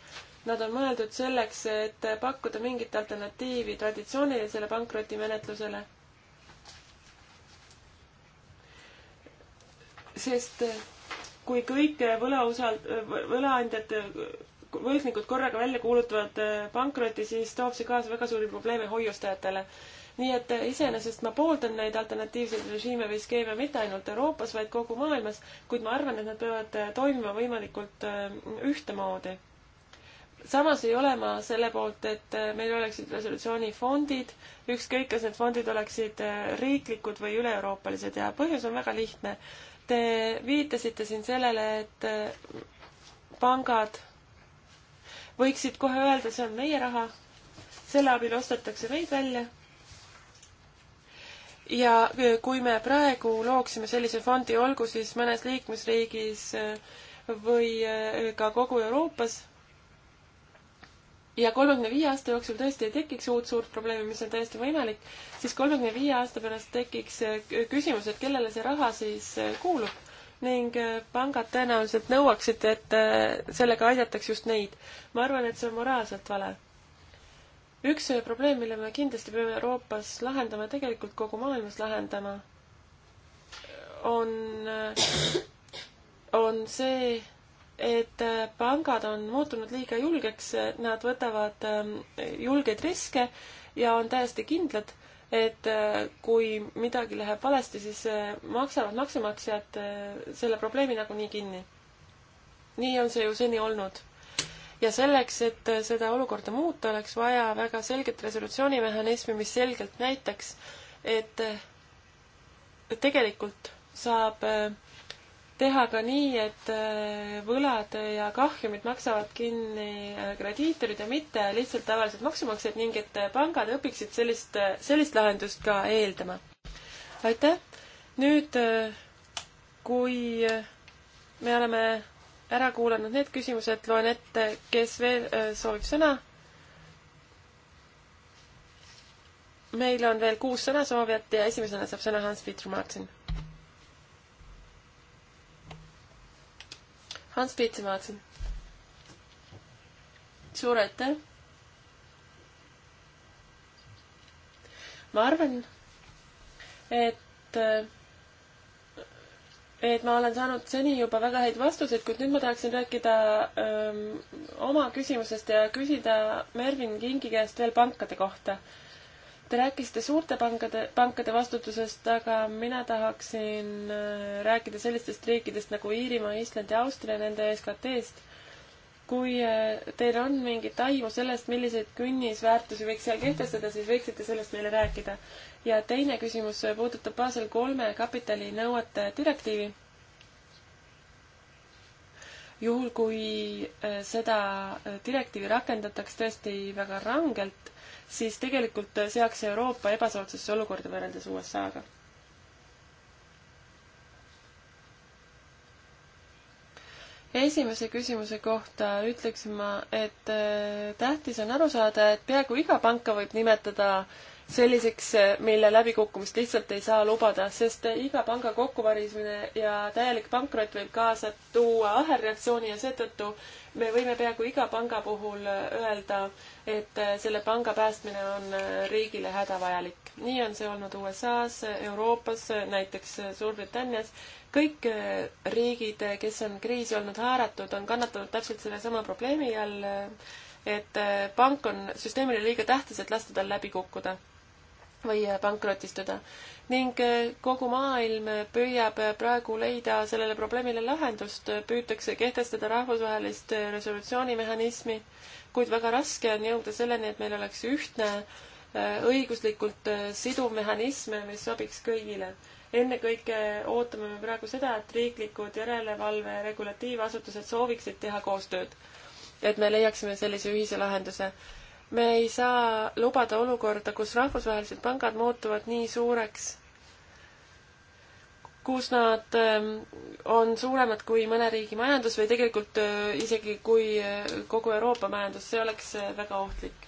Speaker 1: Nad on mõeldud selleks, et äh, pakkuda mingit alternatiivi traditsioonilisele pankrotimenetlusele sest kui kõik võlausald-, võlaandjad, võlgnikud korraga välja kuulutavad pankrotti, siis toob see kaasa väga suuri probleeme hoiustajatele nii et eh, iseenesest ma pooldan neid alternatiivseid režiime või skeeme mitte ainult Euroopas, vaid kogu maailmas, kuid ma arvan, et nad peavad eh, toimima võimalikult eh, ühtemoodi. samas ei ole ma selle poolt, et meil oleksid resolutsioonifondid, ükskõik, kas need fondid oleksid riiklikud või üle-euroopalised ja põhjus on väga lihtne. Te viitasite siin sellele, et pangad võiksid kohe öelda, see on meie raha, selle abil ostetakse meid välja ja äh, kui me praegu looksime sellise fondi, olgu siis mõnes liikmesriigis äh, või äh, ka kogu Euroopas, ja kolmekümne viie aasta jooksul tõesti ei tekiks uut suurt probleemi, mis on täiesti võimalik, siis kolmekümne viie aasta pärast tekiks küsimus, et kellele see raha siis kuulub ning pangad tõenäoliselt nõuaksid, et sellega aidataks just neid. ma arvan, et see on moraalselt vale üks probleem, mille me kindlasti peame Euroopas lahendama, tegelikult kogu maailmas lahendama, on, on see, et pangad on muutunud liiga julgeks, nad võtavad ähm, julgeid riske ja on täiesti kindlad, et äh, kui midagi läheb valesti, siis äh, maksavad maksumaksjad äh, selle probleemi nagunii kinni. nii on see ju seni olnud ja selleks, et seda olukorda muuta, oleks vaja väga selget resolutsioonimehhanismi, mis selgelt näitaks, et tegelikult saab äh, teha ka nii, et äh, võlad ja kahjumid maksavad kinni äh, krediitorid ja mitte lihtsalt tavalised maksumaksjad ning et pangad õpiksid sellist, sellist lahendust ka eeldama. aitäh! nüüd, kui me oleme ära kuulanud need küsimused, loen ette, kes veel äh, soovib sõna. meil on veel kuus sõnasoovijat ja esimesena saab sõna Hans-Peter Martin. Hans-Peter Martin. suur aitäh. ma arvan, et äh, et ma olen saanud seni juba väga häid vastuseid, kuid nüüd ma tahaksin rääkida öö, ähm, oma küsimusest ja küsida Mervin Kingi käest veel pankade kohta. Te rääkisite suurte pankade, pankade vastutusest, aga mina tahaksin äh, rääkida sellistest riikidest nagu Iirimaa, Island ja Austria nende SKT-st. kui äh, teil on mingit aimu sellest, milliseid künnisväärtusi võiks seal kehtestada, siis võiksite sellest meile rääkida ja teine küsimus puudutab Basel kolme kapitalinõuete direktiivi. juhul, kui äh, seda äh, direktiivi rakendataks tõesti väga rangelt, siis tegelikult äh, seaks Euroopa ebasoodsasse olukorda võrreldes USA-ga esimese küsimuse kohta ütleksin ma, et tähtis on aru saada, et peaaegu iga panka võib nimetada selliseks, mille läbikukkumist lihtsalt ei saa lubada, sest iga panga kokkuvarismine ja täielik pankrot võib kaasa tuua ahelreaktsiooni ja seetõttu me võime peaaegu iga panga puhul öelda, et selle panga päästmine on riigile hädavajalik. nii on see olnud USA-s, Euroopas, näiteks Suurbritannias. kõik riigid, kes on kriisi olnud haaratud, on kannatanud täpselt sellesama probleemi all, et pank on süsteemile liiga tähtis, et lasta tal läbi kukkuda või äh, pankrotistuda. ning äh, kogu maailm püüab äh, praegu leida sellele probleemile lahendust, püütakse kehtestada rahvusvahelist resolutsioonimehhanismi, kuid väga raske on jõuda selleni, et meil oleks ühtne õiguslikult siduv mehhanism, mis sobiks kõigile ennekõike ootame me praegu seda, et riiklikud järelevalve regulatiivasutused sooviksid teha koostööd. et me leiaksime sellise ühise lahenduse me ei saa lubada olukorda, kus rahvusvahelised pangad muutuvad nii suureks, kus nad ähm, on suuremad kui mõne riigi majandus või tegelikult äh, isegi kui äh, kogu Euroopa majandus, see oleks äh, väga ohtlik.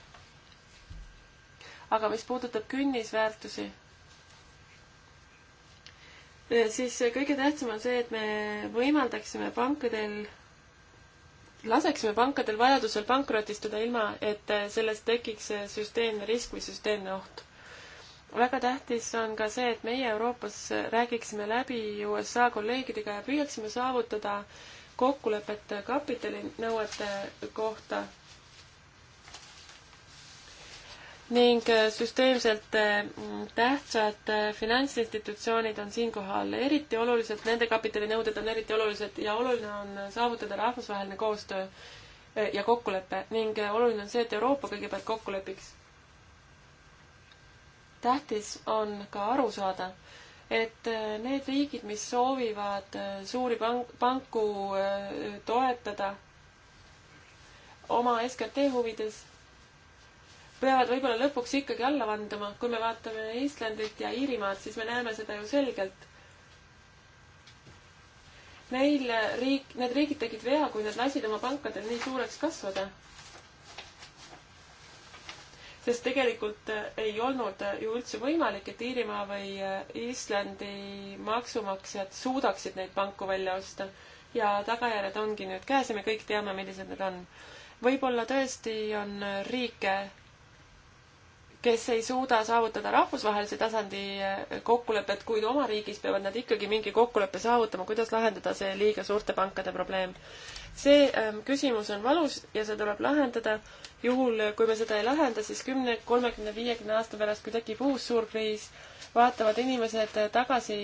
Speaker 1: aga mis puudutab künnisväärtusi, siis kõige tähtsam on see, et me võimaldaksime pankadel laseksime pankadel vajadusel pankrotistuda, ilma et sellest tekiks süsteemne risk või süsteemne oht. väga tähtis on ka see, et meie Euroopas räägiksime läbi USA kolleegidega ja püüaksime saavutada kokkulepet kapitalinõuete kohta ning äh, süsteemselt äh, tähtsad äh, finantsinstitutsioonid on siinkohal eriti olulised, nende kapitalinõuded on eriti olulised ja oluline on saavutada rahvusvaheline koostöö ja kokkulepe ning oluline on see, et Euroopa kõigepealt kokku lepiks. tähtis on ka aru saada, et need riigid, mis soovivad suuri pank-, panku toetada oma SKT huvides peavad võib-olla lõpuks ikkagi alla vanduma. kui me vaatame Islandit ja Iirimaad, siis me näeme seda ju selgelt. Neil riik, need riigid tegid vea, kui nad lasid oma pankadel nii suureks kasvada. sest tegelikult eh, ei olnud ju üldse võimalik, et Iirimaa või eh, Islandi maksumaksjad suudaksid neid panku välja osta. ja tagajärjed ongi nüüd käes ja me kõik teame, millised need on võib-olla tõesti on riike, kes ei suuda saavutada rahvusvahelise tasandi kokkulepet, kuid oma riigis peavad nad ikkagi mingi kokkuleppe saavutama, kuidas lahendada see liiga suurte pankade probleem. see ähm, küsimus on valus ja see tuleb lahendada. juhul, kui me seda ei lahenda, siis kümne, kolmekümne, viiekümne aasta pärast, kui tekib uus suur kriis, vaatavad inimesed tagasi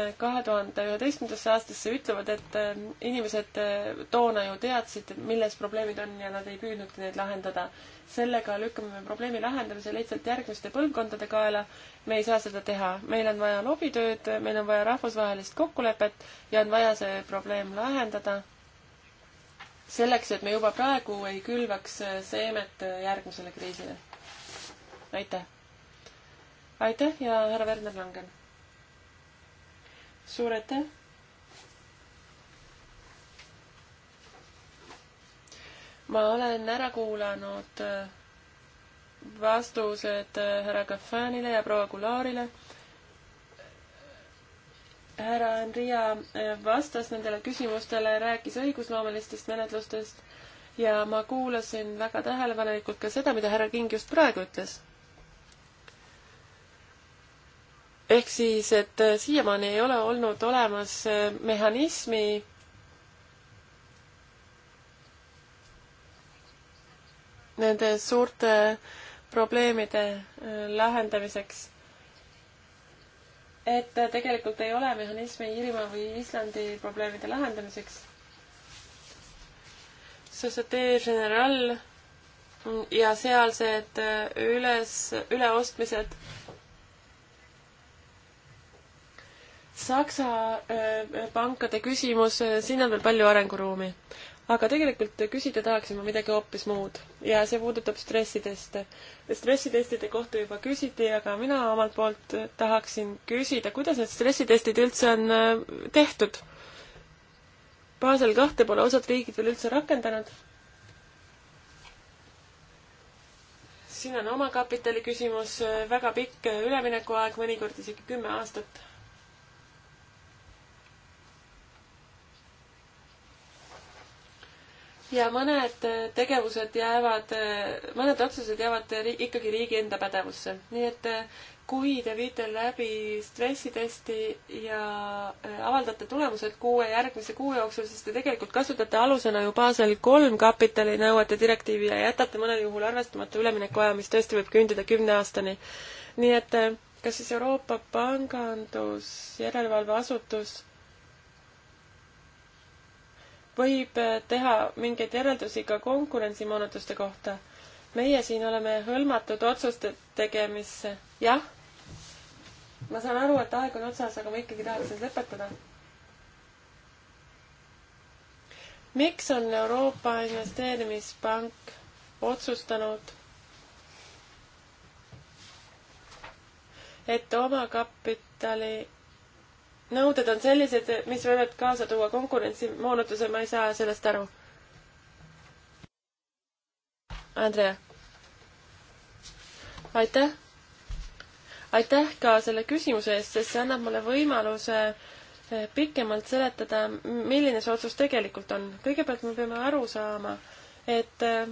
Speaker 1: eh, kahe tuhande üheteistkümnendasse aastasse, ütlevad, et eh, inimesed eh, toona ju teadsid, milles probleemid on ja nad ei püüdnudki neid lahendada. sellega lükkame me probleemi lahendamise lihtsalt järgmiste põlvkondade kaela. me ei saa seda teha, meil on vaja lobitööd, meil on vaja rahvusvahelist kokkulepet ja on vaja see probleem lahendada. selleks, et me juba praegu ei külvaks seemet järgmisele kriisile. aitäh! aitäh ja härra Werner Langen. suur aitäh. ma olen ära kuulanud äh, vastused äh, härra Kafanile ja proua Gularile härra Andrea äh, vastas nendele küsimustele, rääkis õigusloomelistest menetlustest ja ma kuulasin väga tähelepanelikult ka seda, mida härra King just praegu ütles. ehk siis, et äh, siiamaani ei ole olnud olemas äh, mehhanismi, nende suurte äh, probleemide lahendamiseks. et tegelikult ei ole mehhanismi Iirimaa või Islandi probleemide lahendamiseks. Societe General ja sealsed üles, üleostmised Saksa äh, pankade küsimus, äh, siin on veel palju arenguruumi. aga tegelikult küsida tahaksin ma midagi hoopis muud ja see puudutab stressiteste. stressitestide kohta juba küsiti, aga mina omalt poolt tahaksin küsida, kuidas need stressitestid üldse on äh, tehtud? Basel kahte pole osad riigid veel üldse rakendanud. siin on omakapitali küsimus, väga pikk üleminekuaeg, mõnikord isegi kümme aastat ja mõned äh, tegevused jäävad, äh, mõned otsused jäävad ikkagi riigi enda pädevusse. nii et äh, kui te viite läbi stressitesti ja avaldate tulemused kuue järgmise kuu jooksul, siis te tegelikult kasutate alusena ju baasel kolm kapitalinõuete direktiivi ja jätate mõnel juhul arvestamata üleminekuaja, mis tõesti võib kündida kümne aastani. nii et kas siis Euroopa Pangandusjärelevalveasutus võib äh, teha mingeid järeldusi ka konkurentsimoonutuste kohta. meie siin oleme hõlmatud otsuste tegemisse. jah? ma saan aru, et aeg on otsas, aga ma ikkagi tahaksin lõpetada. miks on Euroopa Investeerimispank otsustanud, et omakapitali nõuded on sellised, mis võivad kaasa tuua konkurentsimoonutuse, ma ei saa sellest aru. Andrea. aitäh. aitäh ka selle küsimuse eest, sest see annab mulle võimaluse eh, pikemalt seletada, milline see otsus tegelikult on. kõigepealt me peame aru saama, et eh,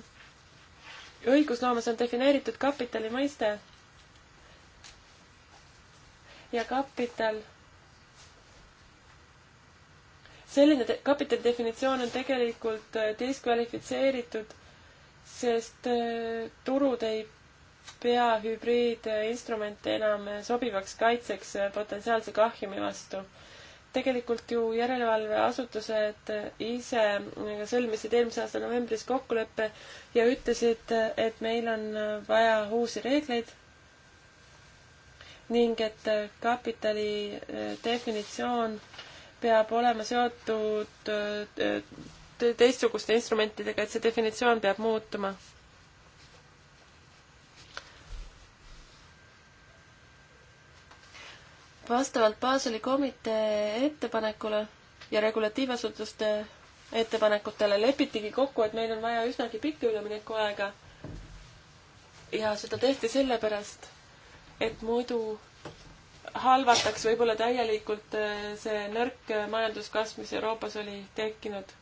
Speaker 1: õigusloomes on defineeritud kapitali mõiste ja kapital selline kapitali definitsioon on tegelikult äh, diskvalifitseeritud, sest äh, turud ei pea hübriidinstrumente enam äh, sobivaks kaitseks potentsiaalse kahjumi vastu. tegelikult ju järelevalveasutused ise sõlmisid eelmise aasta novembris kokkuleppe ja ütlesid, et meil on vaja uusi reegleid ning et kapitali definitsioon äh, peab olema seotud äh, äh, teistsuguste instrumentidega, et see definitsioon peab muutuma. vastavalt Baseli komitee ettepanekule ja regulatiivasutuste ettepanekutele lepitigi kokku, et meil on vaja üsnagi pikka üleminekuaega. ja seda tehti sellepärast, et muidu halvataks võib-olla täielikult äh, see nõrk äh, majanduskasv, mis Euroopas oli tekkinud.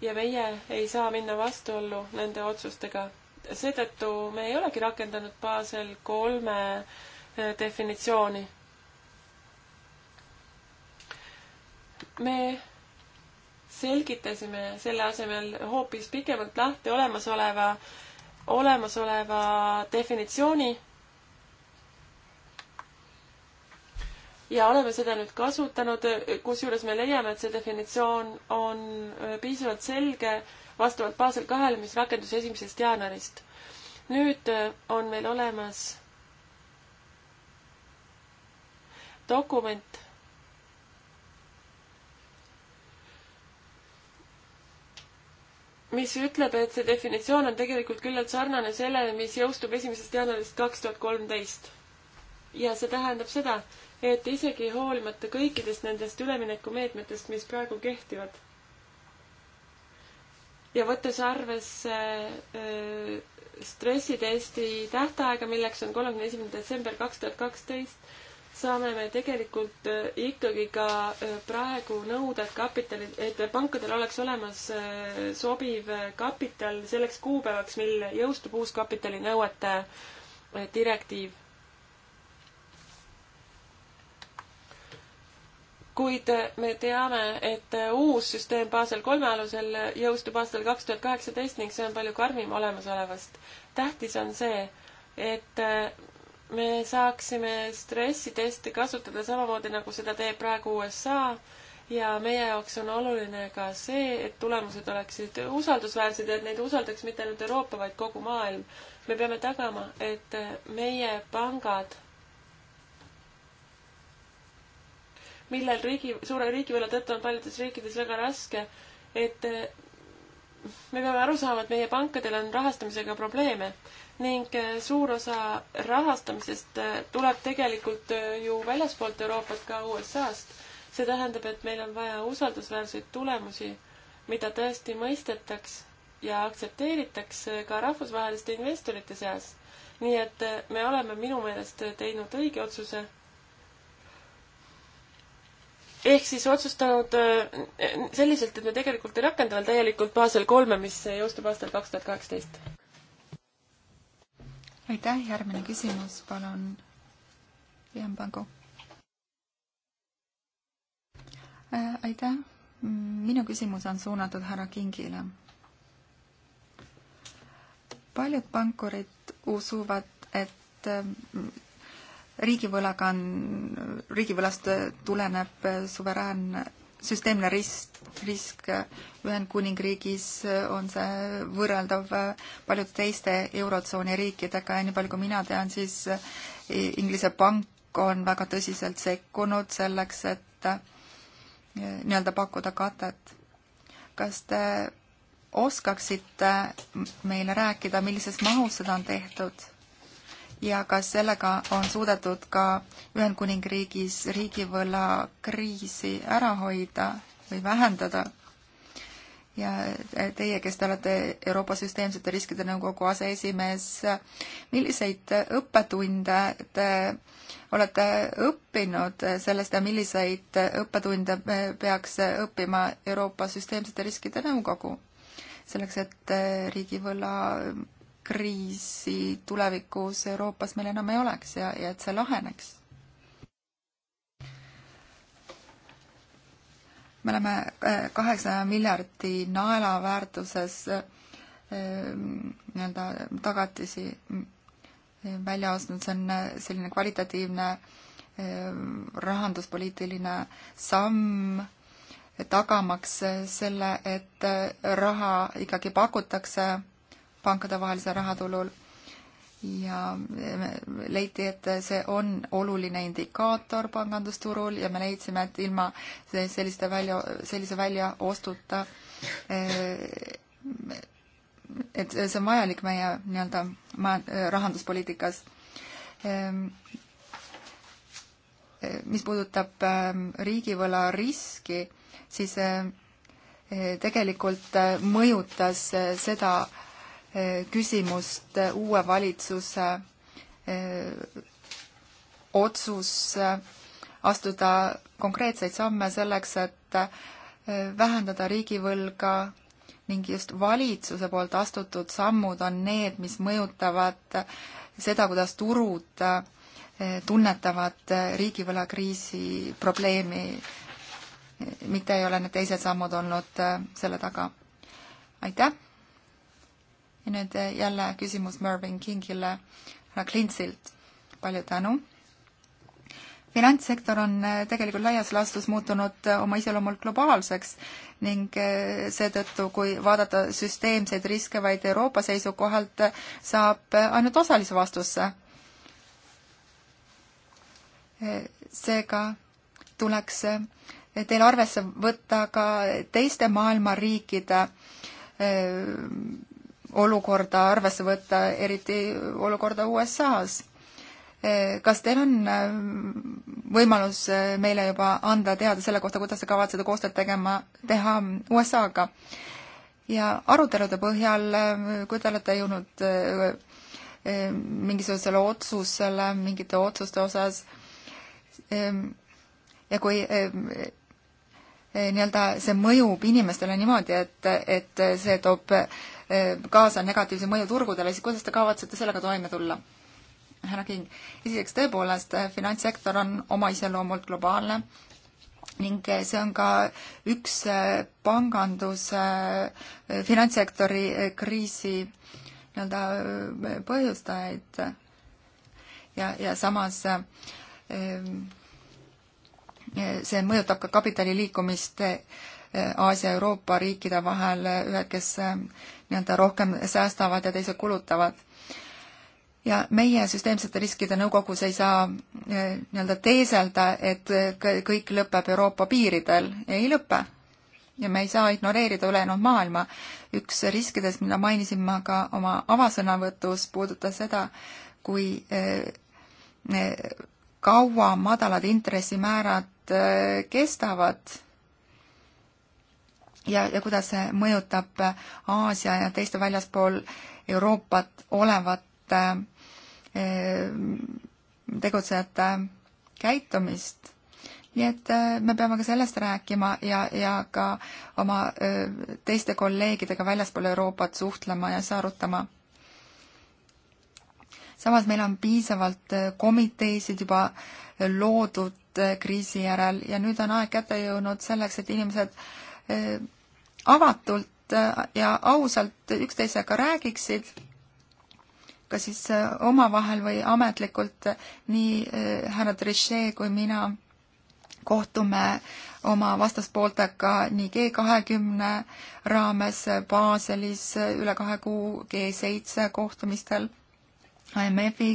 Speaker 1: ja meie ei saa minna vastuollu nende otsustega. seetõttu me ei olegi rakendanud baasel kolme äh, definitsiooni. me selgitasime selle asemel hoopis pikemalt lahti olemasoleva, olemasoleva definitsiooni ja oleme seda nüüd kasutanud, kusjuures me leiame, et see definitsioon on äh, piisavalt selge vastavalt baasel kahele, mis rakendus esimesest jaanuarist. nüüd äh, on meil olemas dokument, mis ütleb, et see definitsioon on tegelikult küllalt sarnane sellele, mis jõustub esimesest jaanuarist kaks tuhat kolmteist. ja see tähendab seda, et et isegi hoolimata kõikidest nendest üleminekumeetmetest, mis praegu kehtivad ja võttes arvesse äh, stressitesti tähtaega, milleks on kolmekümne esimene detsember kaks tuhat kaksteist, saame me tegelikult äh, ikkagi ka äh, praegu nõuda, et kapitalid, et pankadel oleks olemas äh, sobiv kapital selleks kuupäevaks, mil jõustub uus kapitalinõuete direktiiv kuid eh, me teame, et eh, uus süsteem Basel kolme alusel jõustub aastal kaks tuhat kaheksateist ning see on palju karmim olemasolevast. tähtis on see, et eh, me saaksime stressiteste kasutada samamoodi, nagu seda teeb praegu USA ja meie jaoks on oluline ka see, et tulemused oleksid usaldusväärsed ja et neid usaldaks mitte ainult Euroopa, vaid kogu maailm. me peame tagama, et meie pangad millel riigi, suure riigivõla tõttu on paljudes riikides väga raske, et eh, me peame aru saama, et meie pankadel on rahastamisega probleeme ning eh, suur osa rahastamisest eh, tuleb tegelikult ju väljaspoolt Euroopat, ka USA-st. see tähendab, et meil on vaja usaldusväärseid tulemusi, mida tõesti mõistetaks ja aktsepteeritaks ka rahvusvaheliste investorite seas. nii et me oleme minu meelest teinud õige otsuse ehk siis otsustanud äh, selliselt, et me tegelikult ei rakenda veel täielikult baasel kolme, mis jõustub aastal kaks tuhat kaheksateist.
Speaker 2: aitäh, järgmine küsimus, palun. Jan Pangu. Äh, aitäh, minu küsimus on suunatud härra Kingile. paljud pankurid usuvad, et äh, riigivõlaga on, riigivõlast tuleneb suveräänne süsteemne risk, risk Ühendkuningriigis on see võrreldav paljude teiste Eurotsooni riikidega ja nii palju, kui mina tean, siis Inglise Pank on väga tõsiselt sekkunud selleks, et eh, nii-öelda pakkuda katet. kas te oskaksite meile rääkida, millises mahus seda on tehtud? ja kas sellega on suudetud ka Ühendkuningriigis riigivõla kriisi ära hoida või vähendada? ja teie, kes te olete Euroopa Süsteemsete Riskide Nõukogu aseesimees, milliseid õppetunde te olete õppinud sellest ja milliseid õppetunde peaks õppima Euroopa Süsteemsete Riskide Nõukogu selleks, et riigivõla kriisi tulevikus Euroopas meil enam ei oleks ja, ja et see laheneks. me oleme äh, kaheksasaja miljardi naela väärtuses äh, nii-öelda tagatisi mm, äh, välja ostnud, see on selline kvalitatiivne rahanduspoliitiline samm tagamaks selle, et raha ikkagi pakutakse pankadevahelisel rahatulul ja leiti, et see on oluline indikaator pangandusturul ja me leidsime, et ilma selliste välja, sellise väljaostuta, eh, et see on vajalik meie nii-öelda rahanduspoliitikas. Ehm, eh, mis puudutab ehm, riigivõla riski, siis eh, tegelikult mõjutas seda Eh, küsimust eh, uue valitsuse eh, otsus astuda konkreetseid samme selleks, et vähendada riigivõlga ning just valitsuse poolt astutud sammud on need, mis mõjutavad seda, kuidas turud tunnetavad riigivõlakriisi probleemi, mitte ei ole need teised sammud olnud selle taga. aitäh! ja nüüd eh, jälle küsimus Mervyn Kingile, härra Klintsilt. palju tänu. finantssektor on eh, tegelikult laias laastus muutunud eh, oma iseloomult globaalseks ning seetõttu, kui vaadata süsteemseid riske vaid Euroopa seisukohalt, saab ainult osalise vastusse. seega tuleks teil arvesse võtta ka teiste maailma riikide olukorda arvesse võtta, eriti olukorda USA-s. kas teil on äh, võimalus äh, meile juba anda teada selle kohta, kuidas te kavatsete koostööd tegema, teha USA-ga? ja arutelude põhjal, äh, kui te olete jõudnud mingisugusele otsusele mingite otsuste osas ähm, ja kui ähm, nii-öelda see mõjub inimestele niimoodi, et, et see toob Eh, kaasa negatiivse mõju turgudele, siis kuidas te kavatsete sellega toime tulla? härra King, esiteks tõepoolest, eh, finantssektor on oma iseloomult globaalne ning eh, see on ka üks panganduse finantssektori kriisi nii-öelda põhjustajaid ja, ja samas see mõjutab ka kapitali liikumist Aasia-Euroopa riikide vahel, ühed, kes äh, nii-öelda rohkem säästavad ja teised kulutavad ja meie süsteemsete riskide nõukogus ei saa äh, nii-öelda teeselda, et äh, kõik lõpeb Euroopa piiridel, ei lõpe. ja me ei saa ignoreerida ülejäänud maailma. üks riskidest, mida mainisin ma ka oma avasõnavõtus, puudutas seda, kui kaua madalad intressimäärad kestavad ja, ja kuidas see mõjutab Aasia ja teiste väljaspool Euroopat olevate eh, tegutsejate käitumist. nii et eh, me peame ka sellest rääkima ja, ja ka oma eh, teiste kolleegidega väljaspool Euroopat suhtlema ja asja arutama. samas meil on piisavalt komiteesid juba loodud kriisi järel ja nüüd on aeg kätte jõudnud selleks, et inimesed avatult äh, ja ausalt üksteisega räägiksid, kas siis äh, omavahel või ametlikult, äh, nii härra Trichet kui mina kohtume oma vastaspooltega nii G kahekümne raames, Baselis üle kahe kuu G seitse kohtumistel, IMF-i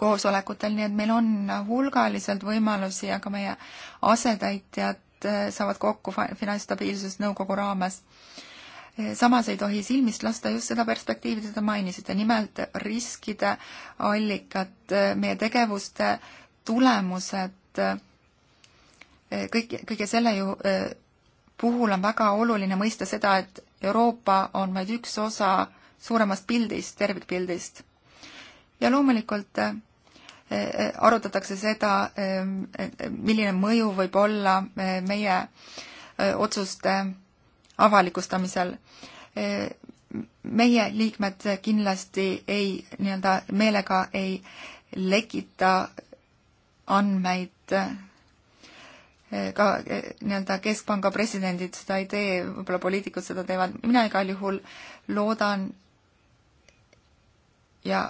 Speaker 2: koosolekutel, nii et meil on hulgaliselt võimalusi ja ka meie asetäitjad Eh, saavad kokku finantsstabiilsusnõukogu raames. Eh, samas ei tohi silmist lasta just seda perspektiivi, seda mainisite, nimelt riskide allikad, eh, meie tegevuste tulemused, kõik, kõige selle ju puhul on väga oluline mõista seda, et Euroopa on vaid üks osa suuremast pildist, tervikpildist. ja loomulikult Äh, äh, arutatakse seda, ähm, milline mõju võib olla äh, meie otsuste avalikustamisel. meie liikmed kindlasti ei, nii-öelda meelega ei lekita andmeid ka nii-öelda keskpanga presidendid seda ei tee, võib-olla poliitikud seda teevad, mina igal juhul loodan ja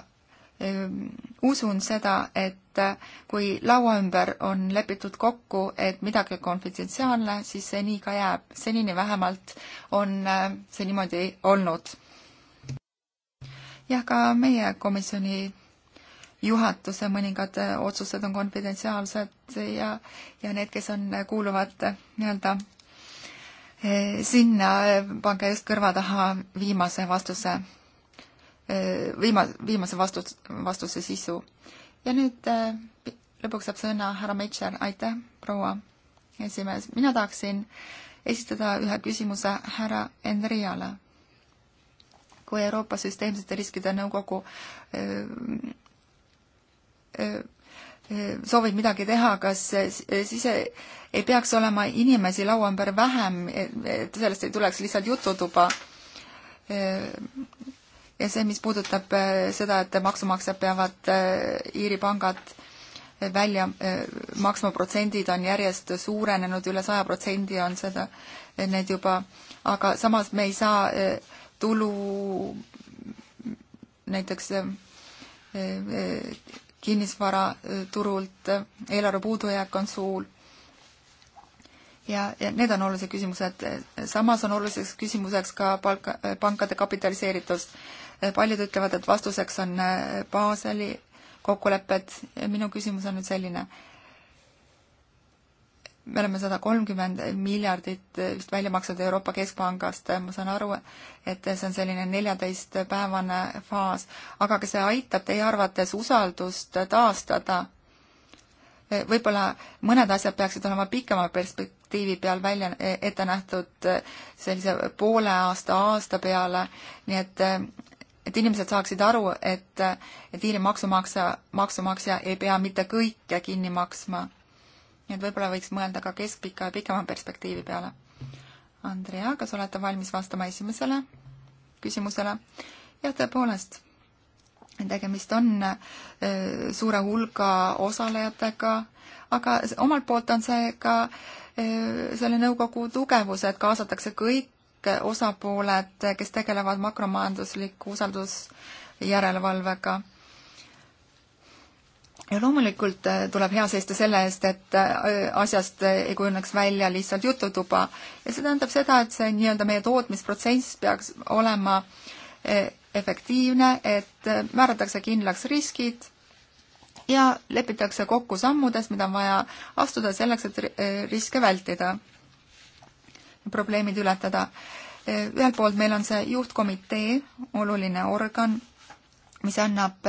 Speaker 2: usun seda, et äh, kui laua ümber on lepitud kokku, et midagi on konfidentsiaalne, siis see nii ka jääb. senini vähemalt on äh, see niimoodi olnud. jah, ka meie komisjoni juhatuse mõningad äh, otsused on konfidentsiaalsed ja, ja need, kes on, kuuluvad nii-öelda sinna, pange just kõrva taha viimase vastuse Äh, viima-, viimase vastus, vastuse sisu. ja nüüd äh, lõpuks saab sõna härra Mitchell, aitäh, proua esimees, mina tahaksin esitada ühe küsimuse härra Enriale. kui Euroopa Süsteemsete Riskide Nõukogu öö, äh, öö, soovib midagi teha, kas siis ei peaks olema inimesi laua ümber vähem, et sellest ei tuleks lihtsalt jututuba? ja see, mis puudutab äh, seda, et maksumaksjad peavad äh, Iiri pangad äh, välja maksma, protsendid on järjest suurenenud, üle saja protsendi on seda, need juba, aga samas me ei saa tulu näiteks kinnisvaraturult, eelarve puudujääk on suur. ja, ja need on olulised küsimused, samas on oluliseks küsimuseks ka palka, pankade kapitaliseeritus paljud ütlevad, et vastuseks on äh, Baseli kokkulepped, minu küsimus on nüüd selline. me oleme sada kolmkümmend miljardit vist välja maksnud Euroopa Keskpangast, ma saan aru, et see on selline neljateistpäevane faas, aga kas see aitab teie arvates usaldust taastada? võib-olla mõned asjad peaksid olema pikema perspektiivi peal välja ette nähtud sellise poole aasta, aasta peale, nii et et inimesed saaksid aru, et, et Iiri maksumaksja, maksumaksja ei pea mitte kõike kinni maksma. nii et võib-olla võiks mõelda ka keskpika ja pikema perspektiivi peale. Andrea, kas olete valmis vastama esimesele küsimusele? jah, tõepoolest, tegemist on suure hulga osalejatega, aga omalt poolt on see ka selle nõukogu tugevus, et kaasatakse kõik kõik osapooled, kes tegelevad makromajandusliku usaldusjärelevalvega. ja loomulikult tuleb hea seista selle eest, et asjast ei kujuneks välja lihtsalt jututuba ja see tähendab seda, et see nii-öelda meie tootmisprotsess peaks olema efektiivne, et määratakse kindlaks riskid ja lepitakse kokku sammudes, mida on vaja astuda selleks, et riske vältida probleemid ületada. ühelt poolt meil on see juhtkomitee, oluline organ, mis annab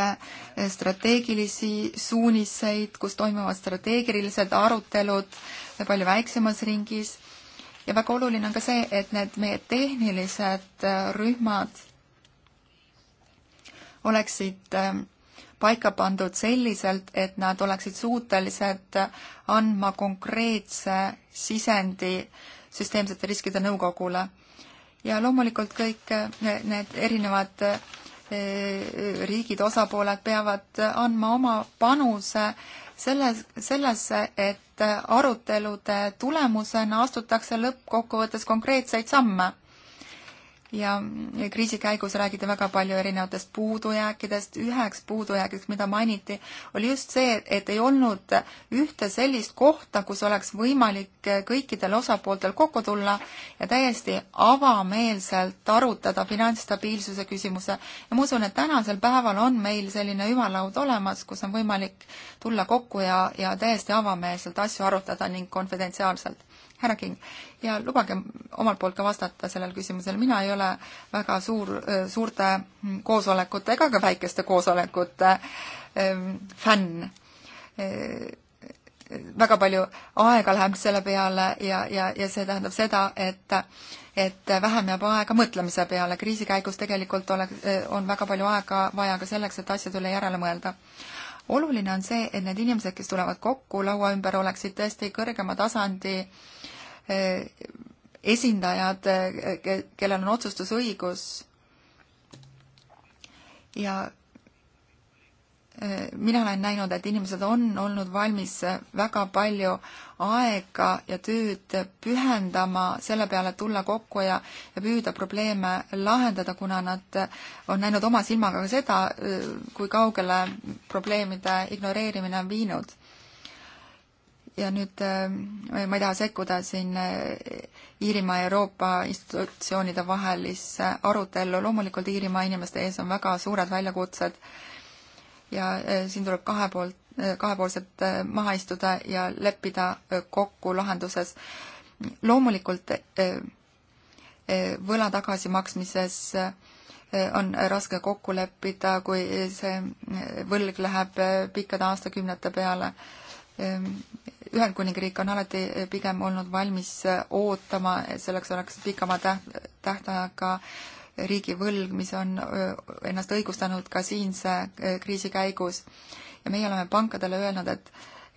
Speaker 2: strateegilisi suuniseid, kus toimuvad strateegilised arutelud palju väiksemas ringis ja väga oluline on ka see, et need meie tehnilised rühmad oleksid ähm, paika pandud selliselt, et nad oleksid suutelised andma konkreetse sisendi süsteemsete riskide nõukogule. ja loomulikult kõik eh, need erinevad eh, riigid, osapooled peavad andma oma panuse selles, sellesse, et arutelude tulemusena astutakse lõppkokkuvõttes konkreetseid samme ja kriisi käigus räägiti väga palju erinevatest puudujääkidest. üheks puudujäägiks, mida mainiti, oli just see, et ei olnud ühte sellist kohta, kus oleks võimalik kõikidel osapooltel kokku tulla ja täiesti avameelselt arutada finantsstabiilsuse küsimuse. ja ma usun, et tänasel päeval on meil selline ümarlaud olemas, kus on võimalik tulla kokku ja, ja täiesti avameelselt asju arutada ning konfidentsiaalselt härra King. ja lubage omalt poolt ka vastata sellele küsimusele, mina ei ole väga suur, äh, suurte koosolekute ega ka väikeste koosolekute ähm, fänn äh, väga palju aega läheb selle peale ja, ja, ja see tähendab seda, et et vähem jääb aega mõtlemise peale. kriisi käigus tegelikult oleks, äh, on väga palju aega vaja ka selleks, et asjade üle järele mõelda. oluline on see, et need inimesed, kes tulevad kokku laua ümber, oleksid tõesti kõrgema tasandi äh, Eh, esindajad, eh, kellel on otsustusõigus. ja eh, mina olen näinud, et inimesed on olnud valmis väga palju aega ja tööd pühendama selle peale, et tulla kokku ja, ja püüda probleeme lahendada, kuna nad on näinud oma silmaga ka seda, kui kaugele probleemide ignoreerimine on viinud ja nüüd äh, ma ei taha sekkuda siin äh, Iirimaa ja Euroopa institutsioonide vahelisse arutellu, loomulikult Iirimaa inimeste ees on väga suured väljakutsed ja äh, siin tuleb kahe poolt, kahepoolselt maha istuda ja leppida kokku lahenduses. loomulikult võla tagasimaksmises on raske kokku leppida, kui see võlg läheb pikkade aastakümnete peale ehm, Ühendkuningriik on alati pigem olnud valmis ootama, selleks oleks pikama täht-, tähtajaga riigivõlg, mis on ennast õigustanud ka siinse kriisi käigus. ja meie oleme pankadele öelnud, et,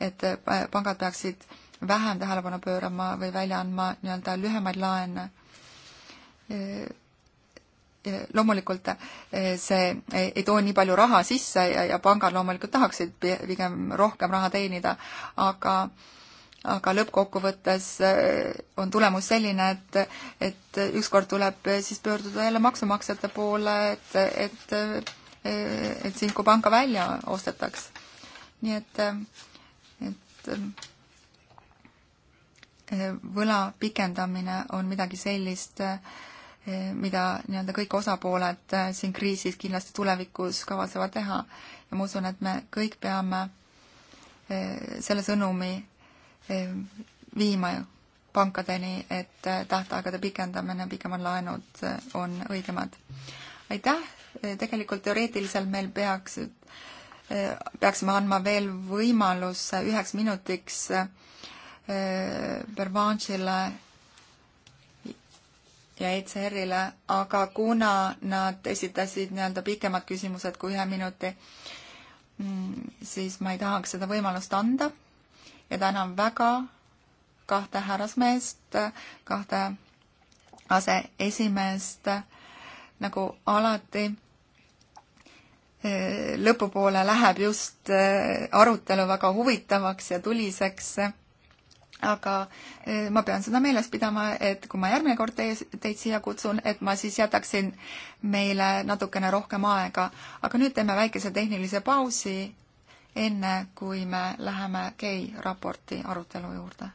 Speaker 2: et äh, pangad peaksid vähem tähelepanu pöörama või välja andma nii-öelda lühemaid laene loomulikult eh, see ei, eh, ei too nii palju raha sisse ja, ja pangad loomulikult tahaksid pigem rohkem raha teenida, aga aga lõppkokkuvõttes eh, on tulemus selline, et, et ükskord tuleb siis pöörduda jälle maksumaksjate poole, et, et, et sind kui panka välja ostetaks. nii et, et võla pikendamine on midagi sellist, Eh, mida nii-öelda kõik osapooled eh, siin kriisis kindlasti tulevikus kavatsevad teha. ja ma usun, et me kõik peame eh, selle sõnumi viima pankadeni, et tähtaegade pikendamine, pikemad laenud on õigemad. aitäh, tegelikult teoreetiliselt meil peaks, peaksime andma veel võimaluse üheks minutiks Bervanšile ja ECR-ile, aga kuna nad esitasid nii-öelda pikemad küsimused kui ühe minuti, mm, siis ma ei tahaks seda võimalust anda ja tänan väga kahte härrasmeest, kahte aseesimeest, nagu alati e, lõpupoole läheb just e, arutelu väga huvitavaks ja tuliseks aga e, ma pean seda meeles pidama, et kui ma järgmine kord teie, teid siia kutsun, et ma siis jätaksin meile natukene rohkem aega. aga nüüd teeme väikese tehnilise pausi, enne kui me läheme gei raporti arutelu juurde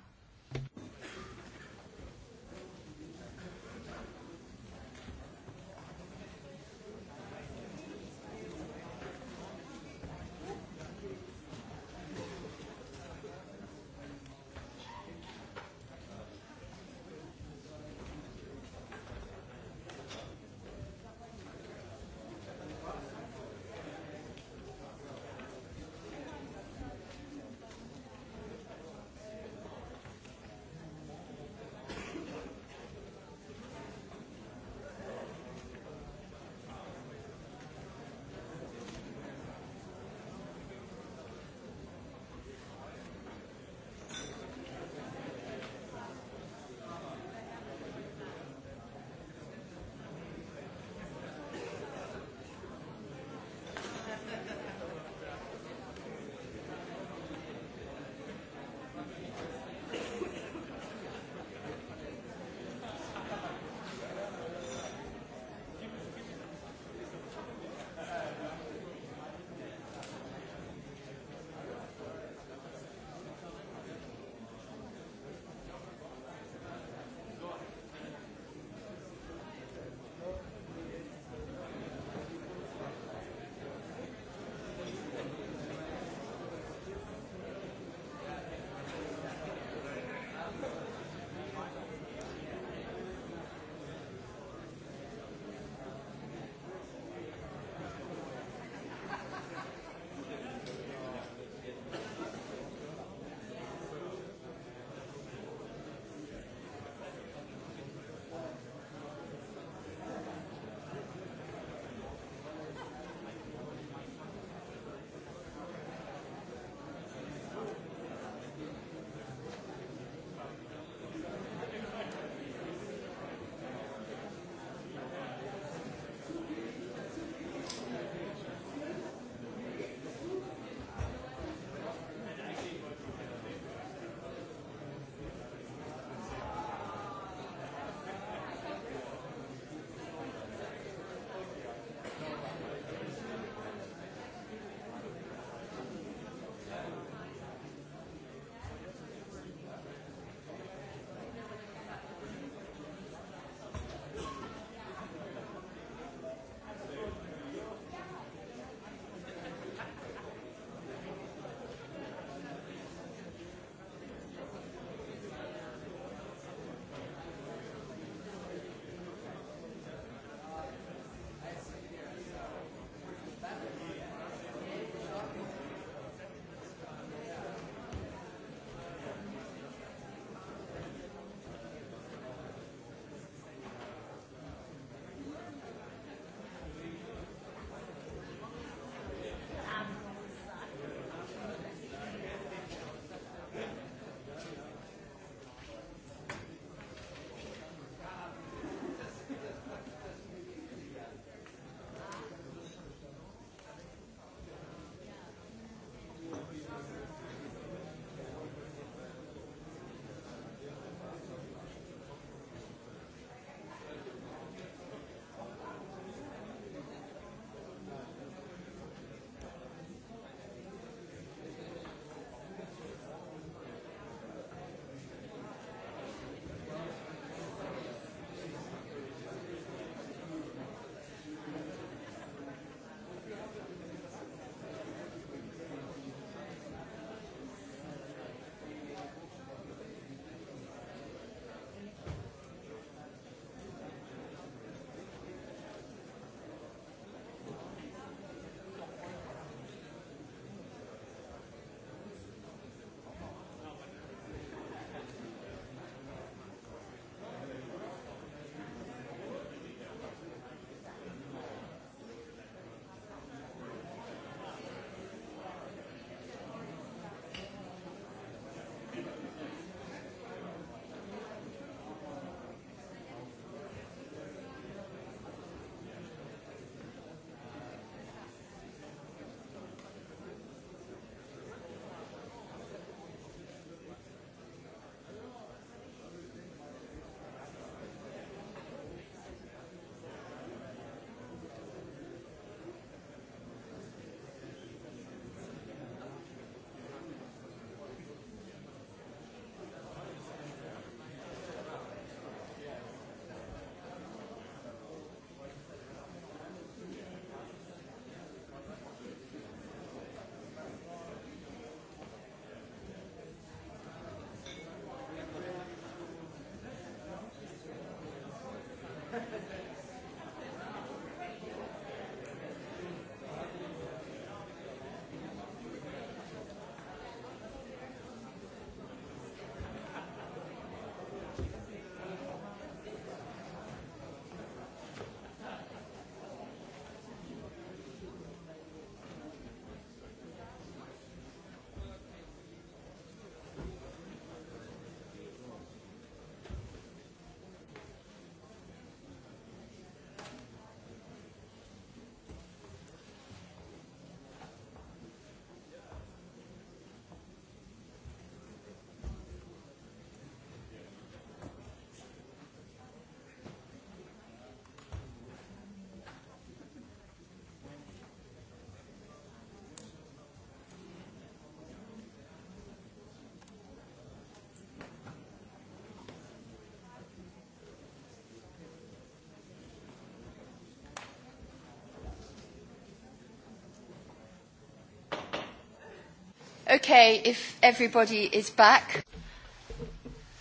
Speaker 3: okay if everybody is back.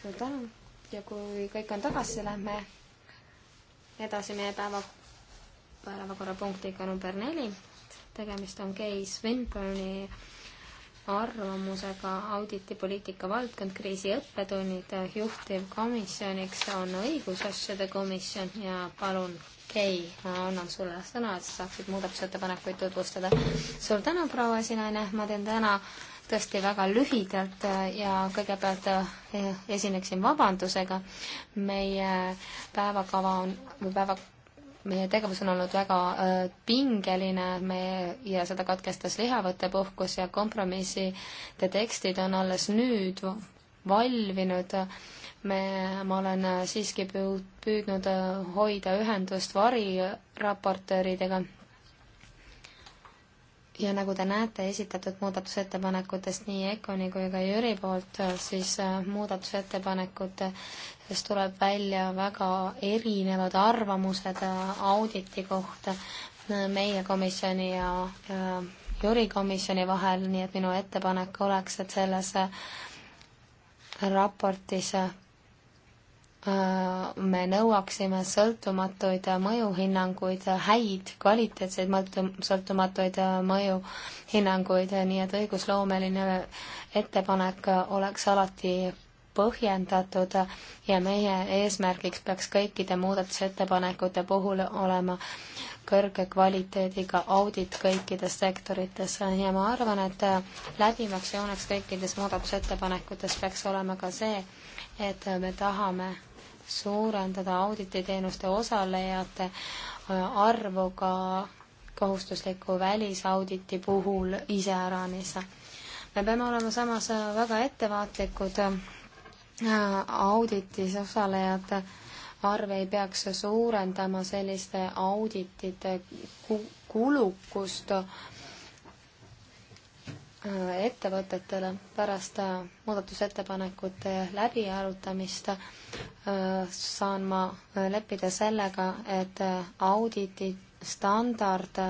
Speaker 3: suur tänu ja kui kõik on tagasi, lähme edasi meie päeva, päevakorrapunktiga number neli. tegemist on Kei Swinburne'i arvamusega auditipoliitika valdkond kriisi õppetunnid. juhtivkomisjoniks on õigusasjade komisjon ja palun okei okay,, ma annan sulle sõna, et sa saaksid muudatusettepanekuid tutvustada. suur tänu, proua esinaine, ma teen täna tõesti väga lühidalt äh, ja kõigepealt äh, esineksin vabandusega. meie päevakava on, või päeva, meie tegevus on olnud väga äh, pingeline, me, ja seda katkestas lihavõttepuhkus ja kompromisside tekstid on alles nüüd valvinud. me, ma olen siiski püüdnud hoida ühendust variraportööridega ja nagu te näete esitatud muudatusettepanekutest nii Econi kui ka Jüri poolt, äh, siis äh, muudatusettepanekutest tuleb välja väga erinevad arvamused äh, auditi kohta meie komisjoni ja, ja Jüri komisjoni vahel, nii et minu ettepanek oleks, et selles raportis Äh, me nõuaksime sõltumatuid mõjuhinnanguid, häid, kvaliteetseid sõltumatuid mõjuhinnanguid, nii et õigusloomeline ettepanek oleks alati põhjendatud ja meie eesmärgiks peaks kõikide muudatusettepanekute puhul olema kõrge kvaliteediga audit kõikides sektorites ja ma arvan, et läbimaks jooneks kõikides muudatusettepanekutes peaks olema ka see, et me tahame suurendada audititeenuste osalejate äh, arvu ka kohustusliku välisauditi puhul iseäranis. me peame olema samas äh, väga ettevaatlikud, äh, auditis osalejate arv ei peaks suurendama selliste auditite kulukust, Äh, ettevõtetele pärast äh, muudatusettepanekute läbiarutamist äh, saan ma leppida sellega, et auditi standard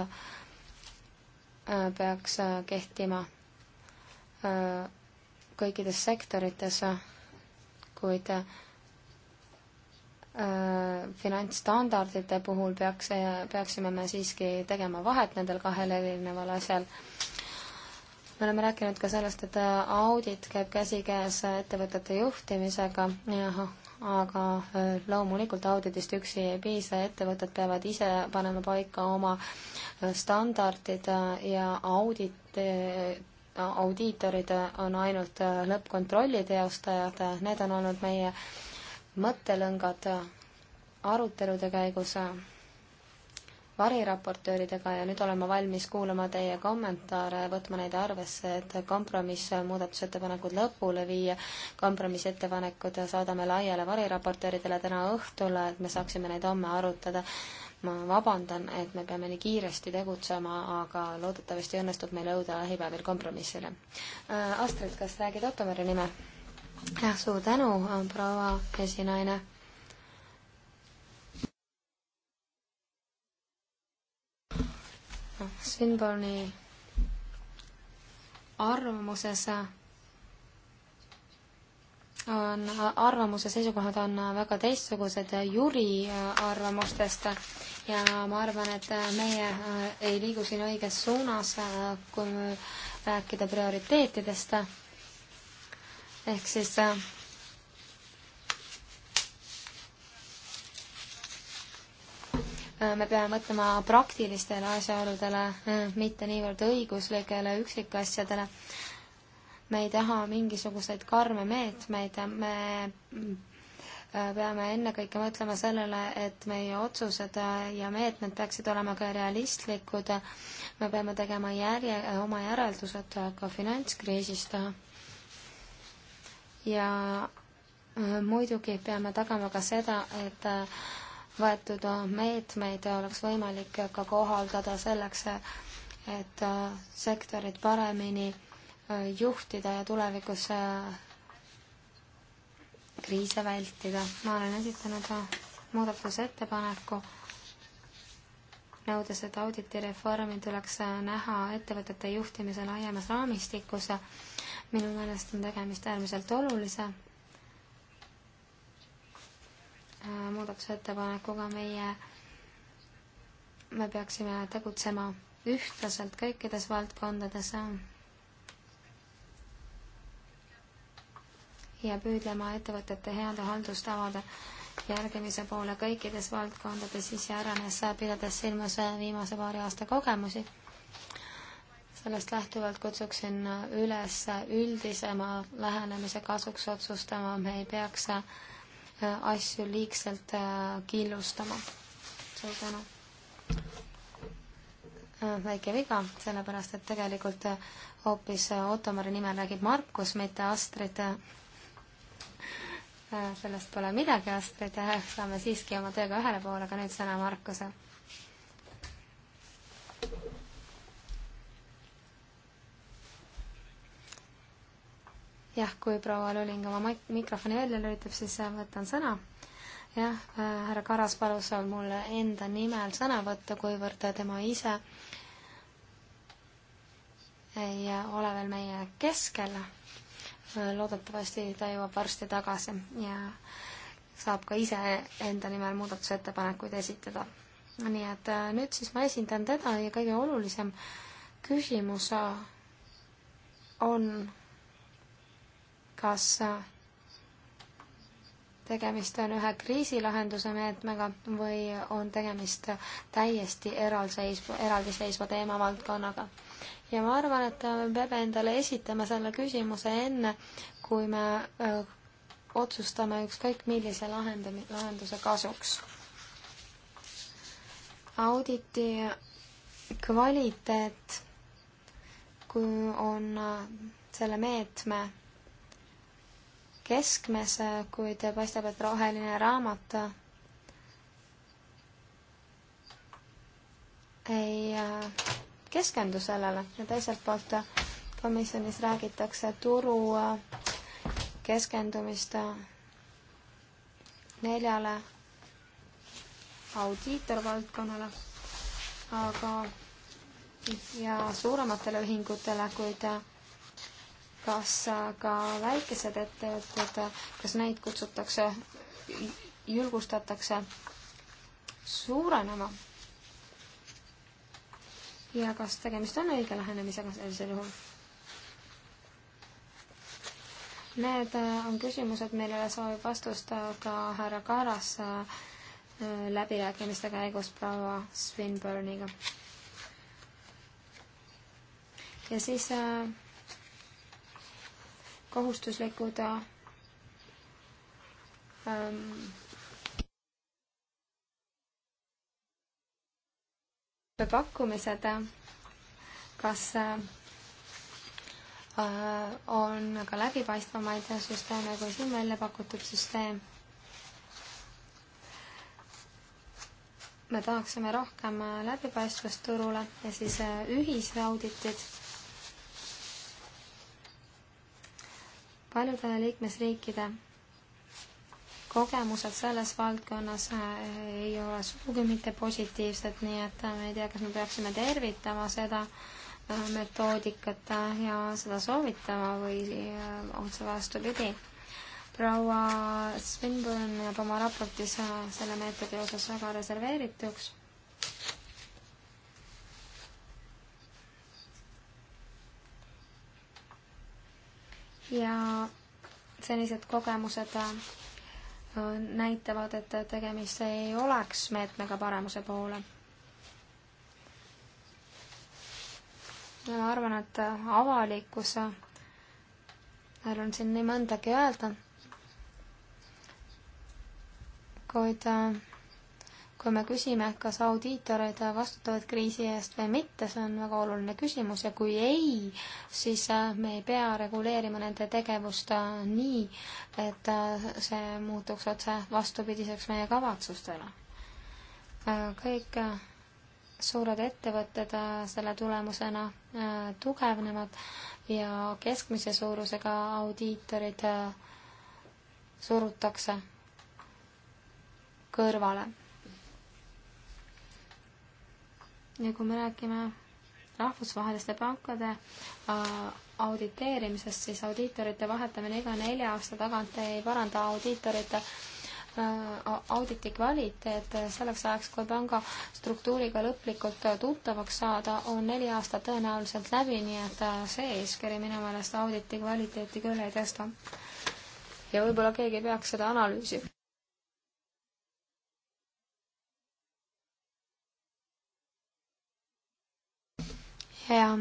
Speaker 3: peaks kehtima kõikides sektorites, kuid finantsstandardite puhul peaks, peaksime me siiski tegema vahet nendel kahel erineval asjal me oleme rääkinud ka sellest, et audit käib käsikäes ettevõtete juhtimisega, aga äh, loomulikult auditist üksi ei piisa, ettevõtted peavad ise panema paika oma äh, standardid äh, ja audit, audiitorid on ainult lõppkontrolli teostajad, need on olnud meie mõttelõngad arutelude käigus variraportööridega ja nüüd olen ma valmis kuulama teie kommentaare, võtma neid arvesse, et kompromiss, muudatusettepanekud lõpule viia, kompromissettepanekud saadame laiale variraportööridele täna õhtul, et me saaksime neid homme arutada. ma vabandan, et me peame nii kiiresti tegutsema, aga loodetavasti õnnestub meil jõuda lähipäevil kompromissile. Äh, Astrid, kas räägid Ottomari nimel? jah, suur tänu, proua esinaine Svinborni arvamuses on, arvamuse seisukohad on väga teistsugused juri arvamustest ja ma arvan, et meie äh, ei liigu siin õiges suunas, äh, kui rääkida prioriteetidest. ehk siis äh, me peame mõtlema praktilistele asjaoludele, mitte niivõrd õiguslikele üksikasjadele. me ei taha mingisuguseid karme meetmeid, me peame ennekõike mõtlema sellele, et meie otsused ja meetmed peaksid olema ka realistlikud. me peame tegema järje, oma järeldused ka finantskriisist. ja muidugi peame tagama ka seda, et võetud meetmeid oleks võimalik ka kohaldada selleks, et äh, sektorit paremini äh, juhtida ja tulevikus äh, kriise vältida. ma olen esitanud muudatusettepaneku, nõudes, et auditireformi tuleks näha ettevõtete juhtimise laiemas raamistikus. minu meelest on tegemist äärmiselt olulise Äh, muudatusettepanekuga meie, me peaksime tegutsema ühtlaselt kõikides valdkondades äh, ja püüdlema ettevõtete heade haldustavade järgimise poole kõikides valdkondades iseäranes, pidades silmas äh, viimase paari aasta kogemusi. sellest lähtuvalt kutsuksin üles üldisema lähenemise kasuks otsustama, me ei peaks asju liigselt äh, killustama. suur tänu! Äh, väike viga, sellepärast et tegelikult äh, hoopis Ottomari nimel räägib Markus, mitte Astrid. sellest pole midagi, Astrid, saame siiski oma tööga ühele poole, aga nüüd sõna Markusele jah, kui proua Luling oma mikrofoni välja lülitab, siis äh, võtan sõna. jah, äh, härra Karas palus mul enda nimel sõna võtta, kuivõrd tema ise ei äh, ole veel meie keskel. loodetavasti ta jõuab varsti tagasi ja saab ka ise enda nimel muudatusettepanekuid esitada. nii et nüüd siis ma esindan teda ja kõige olulisem küsimus on kas äh, tegemist on ühe kriisilahenduse meetmega või on tegemist täiesti eralseisva, eraldiseisva teemavaldkonnaga. ja ma arvan, et me peame endale esitama selle küsimuse enne, kui me öö, äh, otsustame ükskõik millise lahendami-, lahenduse kasuks. auditi kvaliteet, kui on äh, selle meetme keskmes, kuid paistab, et roheline raamat ei äh, keskendu sellele ja teiselt poolt komisjonis räägitakse turu äh, keskendumist äh, neljale audiitorvaldkonnale, aga ja suurematele ühingutele, kuid kas äh, ka väikesed ettevõtted, kas neid kutsutakse, julgustatakse suurenema? ja kas tegemist on õige lähenemisega sellisel juhul? Need äh, on küsimused, millele soovib vastust äh, ka härra Karas läbirääkimiste käigus proua Swinburne'iga. ja siis äh, kohustuslikud äh, ähm, pakkumised, kas äh, on ka läbipaistvamaid süsteeme kui siin välja pakutud süsteem. me tahaksime rohkem läbipaistvust turule ja siis äh, ühisauditid paljude liikmesriikide kogemused selles valdkonnas äh, ei ole sugugi mitte positiivsed, nii et äh, me ei tea, kas me peaksime tervitama seda äh, metoodikat ja seda soovitama või otse vastupidi. proua Svinburn jääb oma raportis selle meetodi osas väga reserveerituks ja senised kogemused äh, näitavad, et tegemist ei oleks meetmega paremuse poole. ja ma arvan, et avalikkus, neil on siin nii mõndagi öelda, kuid äh, kui me küsime, kas audiitorid vastutavad kriisi eest või mitte, see on väga oluline küsimus ja kui ei, siis äh, me ei pea reguleerima nende tegevust äh, nii, et äh, see muutuks otse vastupidiseks meie kavatsustele. kõik suured ettevõtted selle tulemusena tugevnevad ja keskmise suurusega audiitorid surutakse kõrvale ja kui me räägime rahvusvaheliste pankade äh, auditeerimisest, siis audiitorite vahetamine iga nelja aasta tagant ei paranda audiitorite äh, auditi kvaliteet selleks ajaks, kui panga struktuuriga lõplikult äh, tuttavaks saada, on neli aastat tõenäoliselt läbi, nii et see eeskiri minu meelest auditi kvaliteeti küll ei tõsta. ja võib-olla keegi peaks seda analüüsima. ja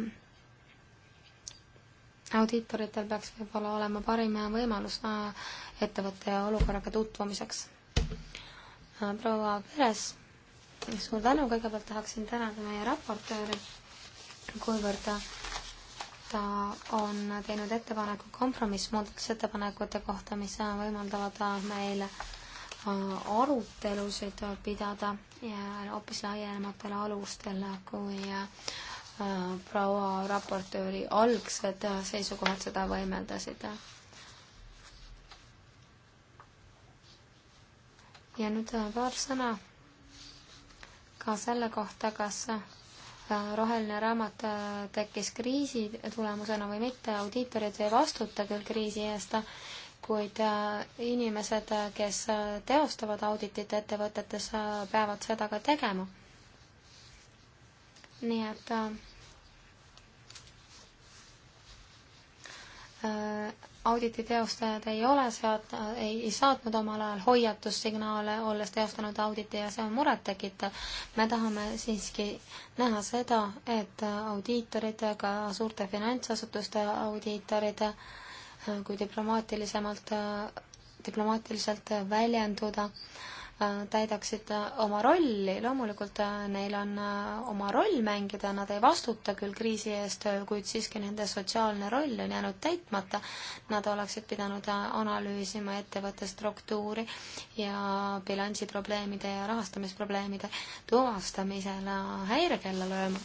Speaker 3: audiitoritel peaks võib-olla olema parim võimalus äh, ettevõtte olukorraga tutvumiseks. Äh, proua Peres, suur tänu, kõigepealt tahaksin tänada meie raportööri, kuivõrd ta, ta on teinud ettepaneku kompromissmuudatusettepanekute kohta, mis äh, võimaldavad meil arutelusid pidada ja hoopis laiematel alustel kui proua raportööri algsed seisukohad seda võimendasid. ja nüüd äh, paar sõna ka selle kohta, kas äh, roheline raamat äh, tekkis kriisi tulemusena või mitte, audiitorid ei vastuta küll kriisi eest, kuid inimesed, kes teostavad auditit ettevõtetes, peavad seda ka tegema. nii et Äh, auditi teostajad ei ole sead-, ei, äh, ei saatnud omal ajal hoiatussignaale, olles teostanud auditi ja see on murettekitav. me tahame siiski näha seda, et audiitorid, ka suurte finantsasutuste audiitorid, äh, kui diplomaatilisemalt, diplomaatiliselt väljenduda, Äh, täidaksid äh, oma rolli, loomulikult äh, neil on oma roll mängida, nad ei vastuta küll kriisi eest, kuid siiski nende sotsiaalne roll on jäänud täitmata. Nad oleksid pidanud analüüsima ettevõtte struktuuri ja bilansiprobleemide ja rahastamisprobleemide tuvastamisel häirekella lööma.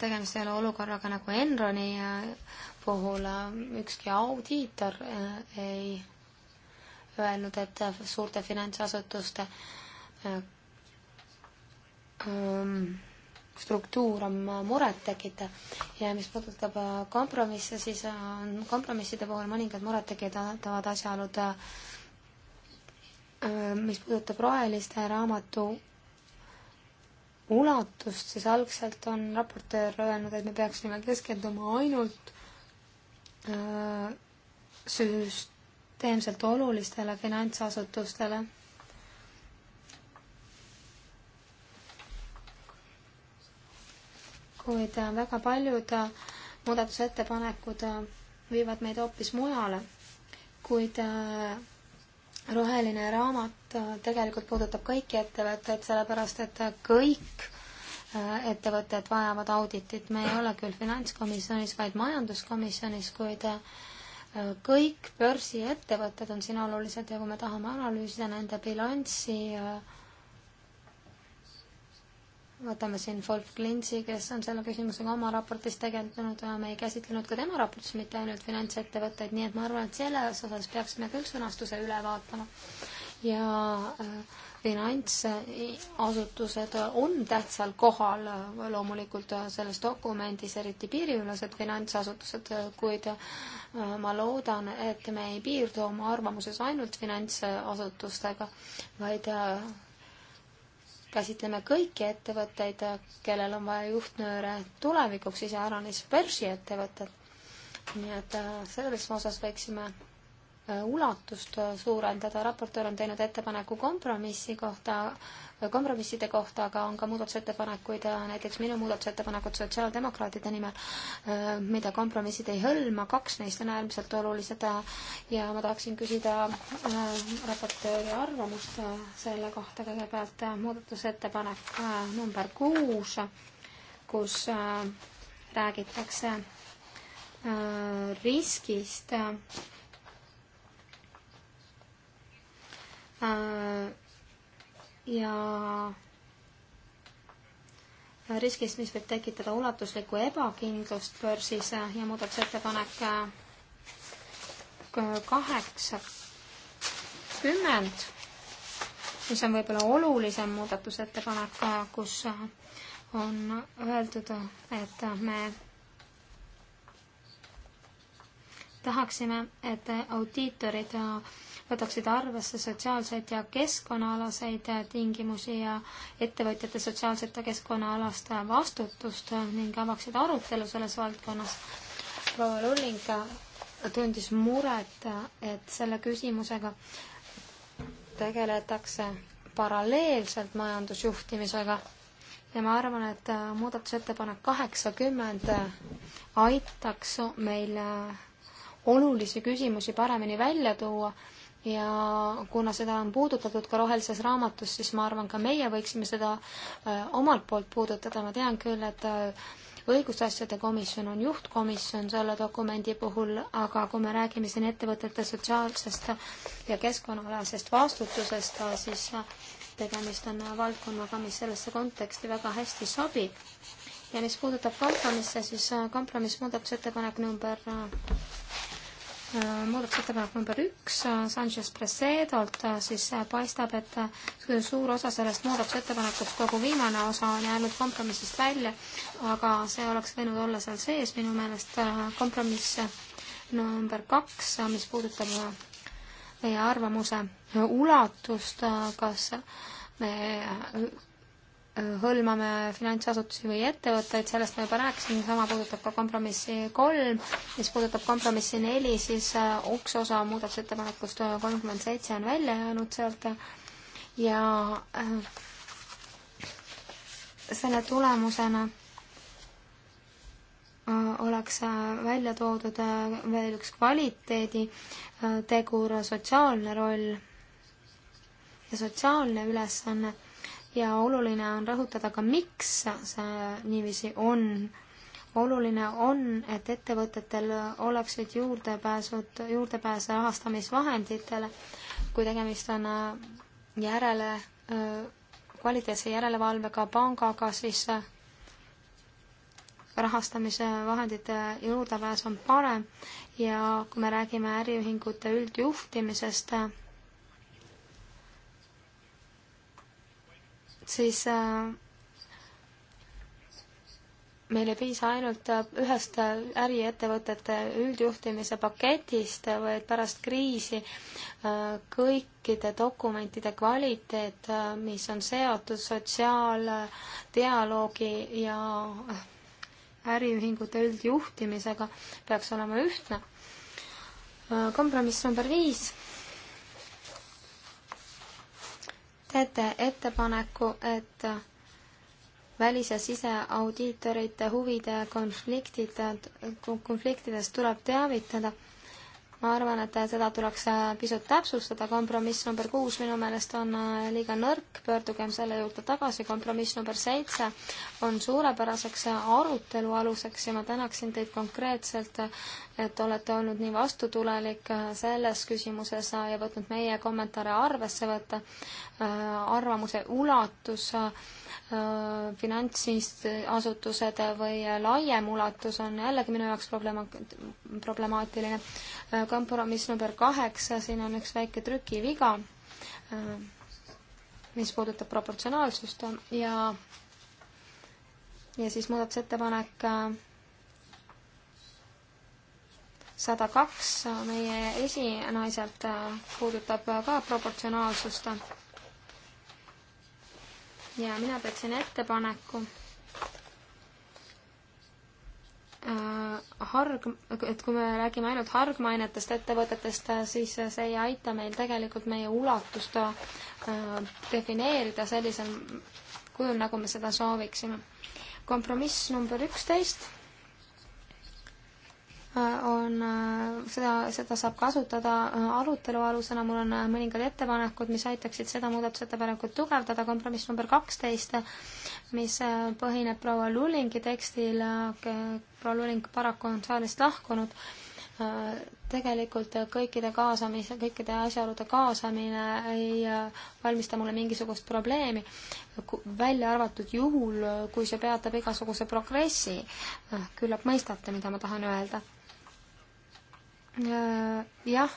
Speaker 3: tegemist ei ole olukorraga nagu Enroni puhul ükski audiitor ei öelnud, et suurte finantsasutuste ähm, struktuur on murettekitav ja mis puudutab äh, kompromisse, siis äh, on kompromisside puhul mõningad murettekitavad asjaolud, äh, mis puudutab roheliste raamatu ulatust, siis algselt on raportöör öelnud, et me peaksime keskenduma ainult süst, süsteemselt olulistele finantsasutustele. kuid äh, väga paljud äh, muudatusettepanekud äh, viivad meid hoopis mujale, kuid roheline raamat tegelikult puudutab kõiki ettevõtteid, sellepärast et kõik ettevõtted vajavad auditit. me ei ole küll finantskomisjonis, vaid majanduskomisjonis, kuid kõik börsiettevõtted on siin olulised ja kui me tahame analüüsida nende bilanssi, võtame siin Wolf Klintsi, kes on selle küsimusega oma raportis tegelenud, me ei käsitlenud ka tema raportis mitte ainult finantsettevõtteid, nii et ma arvan, et selles osas peaksime küll sõnastuse üle vaatama ja äh, finantsasutused on tähtsal kohal äh, loomulikult äh, selles dokumendis, eriti piiriülesed finantsasutused, kuid ma loodan, et me ei piirdu oma arvamuses ainult finantsasutustega, vaid käsitleme kõiki ettevõtteid, kellel on vaja juhtnööre tulevikuks, iseäranis börsiettevõtted. nii et selles osas võiksime Äh, ulatust äh, suurendada, raportöör on teinud ettepaneku kompromissi kohta, äh, kompromisside kohta, aga on ka muudatusettepanekuid, näiteks minu muudatusettepanekud sotsiaaldemokraatide nimel, mida kompromissid ei hõlma, kaks neist on äärmiselt olulised ja ma tahaksin küsida raportööri arvamust selle kohta kõigepealt, muudatusettepanek number kuus, kus räägitakse riskist Äh, ja riskist, mis võib tekitada ulatuslikku ebakindlust börsis äh, ja muudatusettepanek äh, kaheksakümmend, mis on võib-olla olulisem muudatusettepanek, kus on öeldud, et me tahaksime, et audiitorid võtaksid arvesse sotsiaalseid ja keskkonnaalaseid tingimusi ja ettevõtjate sotsiaalset ja keskkonnaalast vastutust ning avaksid arutelu selles valdkonnas. proua Lulling tundis muret, et selle küsimusega tegeletakse paralleelselt majandusjuhtimisega ja ma arvan, et muudatusettepanek kaheksakümmend aitaks meil olulisi küsimusi paremini välja tuua ja kuna seda on puudutatud ka rohelises raamatus, siis ma arvan, ka meie võiksime seda äh, omalt poolt puudutada, ma tean küll, et äh, õigusasjade komisjon on juhtkomisjon selle dokumendi puhul, aga kui me räägime siin ettevõtete sotsiaalsest ja keskkonnaalasest vastutusest, siis äh, tegemist on valdkonnaga, mis sellesse konteksti väga hästi sobib. ja mis puudutab kompromisse, siis kompromiss muudatusettepanek number Äh, muudatusettepanek number üks äh, Sanchez Presedolt, äh, siis paistab, et suur osa sellest muudatusettepanekust, kogu viimane osa on jäänud kompromissist välja, aga see oleks võinud olla seal sees minu meelest kompromiss number kaks, mis puudutab meie arvamuse ulatust, kas me hõlmame finantsasutusi või ettevõtteid, sellest ma juba rääkisin, sama puudutab ka kompromissi kolm, mis puudutab kompromissi neli, siis äh, üks osa muudatusettepanekust kolmkümmend seitse on välja jäänud sealt ja äh, selle tulemusena äh, oleks välja toodud veel üks kvaliteeditegur, sotsiaalne roll ja sotsiaalne ülesanne ja oluline on rõhutada ka, miks see niiviisi on. oluline on, et ettevõtetel oleksid juurdepääsud, juurdepääs rahastamisvahenditele, kui tegemist on äh, järele, äh, kvaliteetse järelevalvega pangaga, siis äh, rahastamise vahendite juurdepääs on parem ja kui me räägime äriühingute üldjuhtimisest, siis äh, meil ei piisa ainult äh, ühest äh, äriettevõtete üldjuhtimise paketist, vaid pärast kriisi kõikide dokumentide kvaliteet, mis on seotud sotsiaaldialoogi ja äriühingute üldjuhtimisega, peaks olema ühtne. kompromiss number viis teete ettepaneku, et välis- ja siseaudiitorite huvide konfliktid, konfliktidest tuleb teavitada ma arvan, et seda tuleks äh, pisut täpsustada, kompromiss number kuus minu meelest on äh, liiga nõrk, pöördugem selle juurde tagasi, kompromiss number seitse on suurepäraseks äh, arutelu aluseks ja ma tänaksin teid konkreetselt, et olete olnud nii vastutulelik selles küsimuses ja võtnud meie kommentaare arvesse võtta, arvamuse ulatus finantsasutused või laiem ulatus on jällegi minu jaoks problema-, problemaatiline kompromiss number kaheksa, siin on üks väike trükiviga, äh, mis puudutab proportsionaalsust ja, ja siis muudatusettepanek äh, sada kaks äh, meie esinaiselt puudutab ka proportsionaalsust. ja mina teeksin ettepaneku Äh, harg, et kui me räägime ainult hargmainetest ettevõtetest, siis see ei aita meil tegelikult meie ulatust äh, defineerida sellisel kujul, nagu me seda sooviksime. kompromiss number üksteist on, äh, seda, seda saab kasutada äh, arutelu alusena, mul on äh, mõningad ettepanekud, mis aitaksid seda muudatusettepanekut tugevdada, kompromiss number kaksteist, mis põhineb proua Lullingi tekstil, proua Lulling paraku on saalist lahkunud, tegelikult kõikide kaasamise, kõikide asjaolude kaasamine ei valmista mulle mingisugust probleemi, välja arvatud juhul, kui see peatab igasuguse progressi. küllap mõistate, mida ma tahan öelda Äh, jah,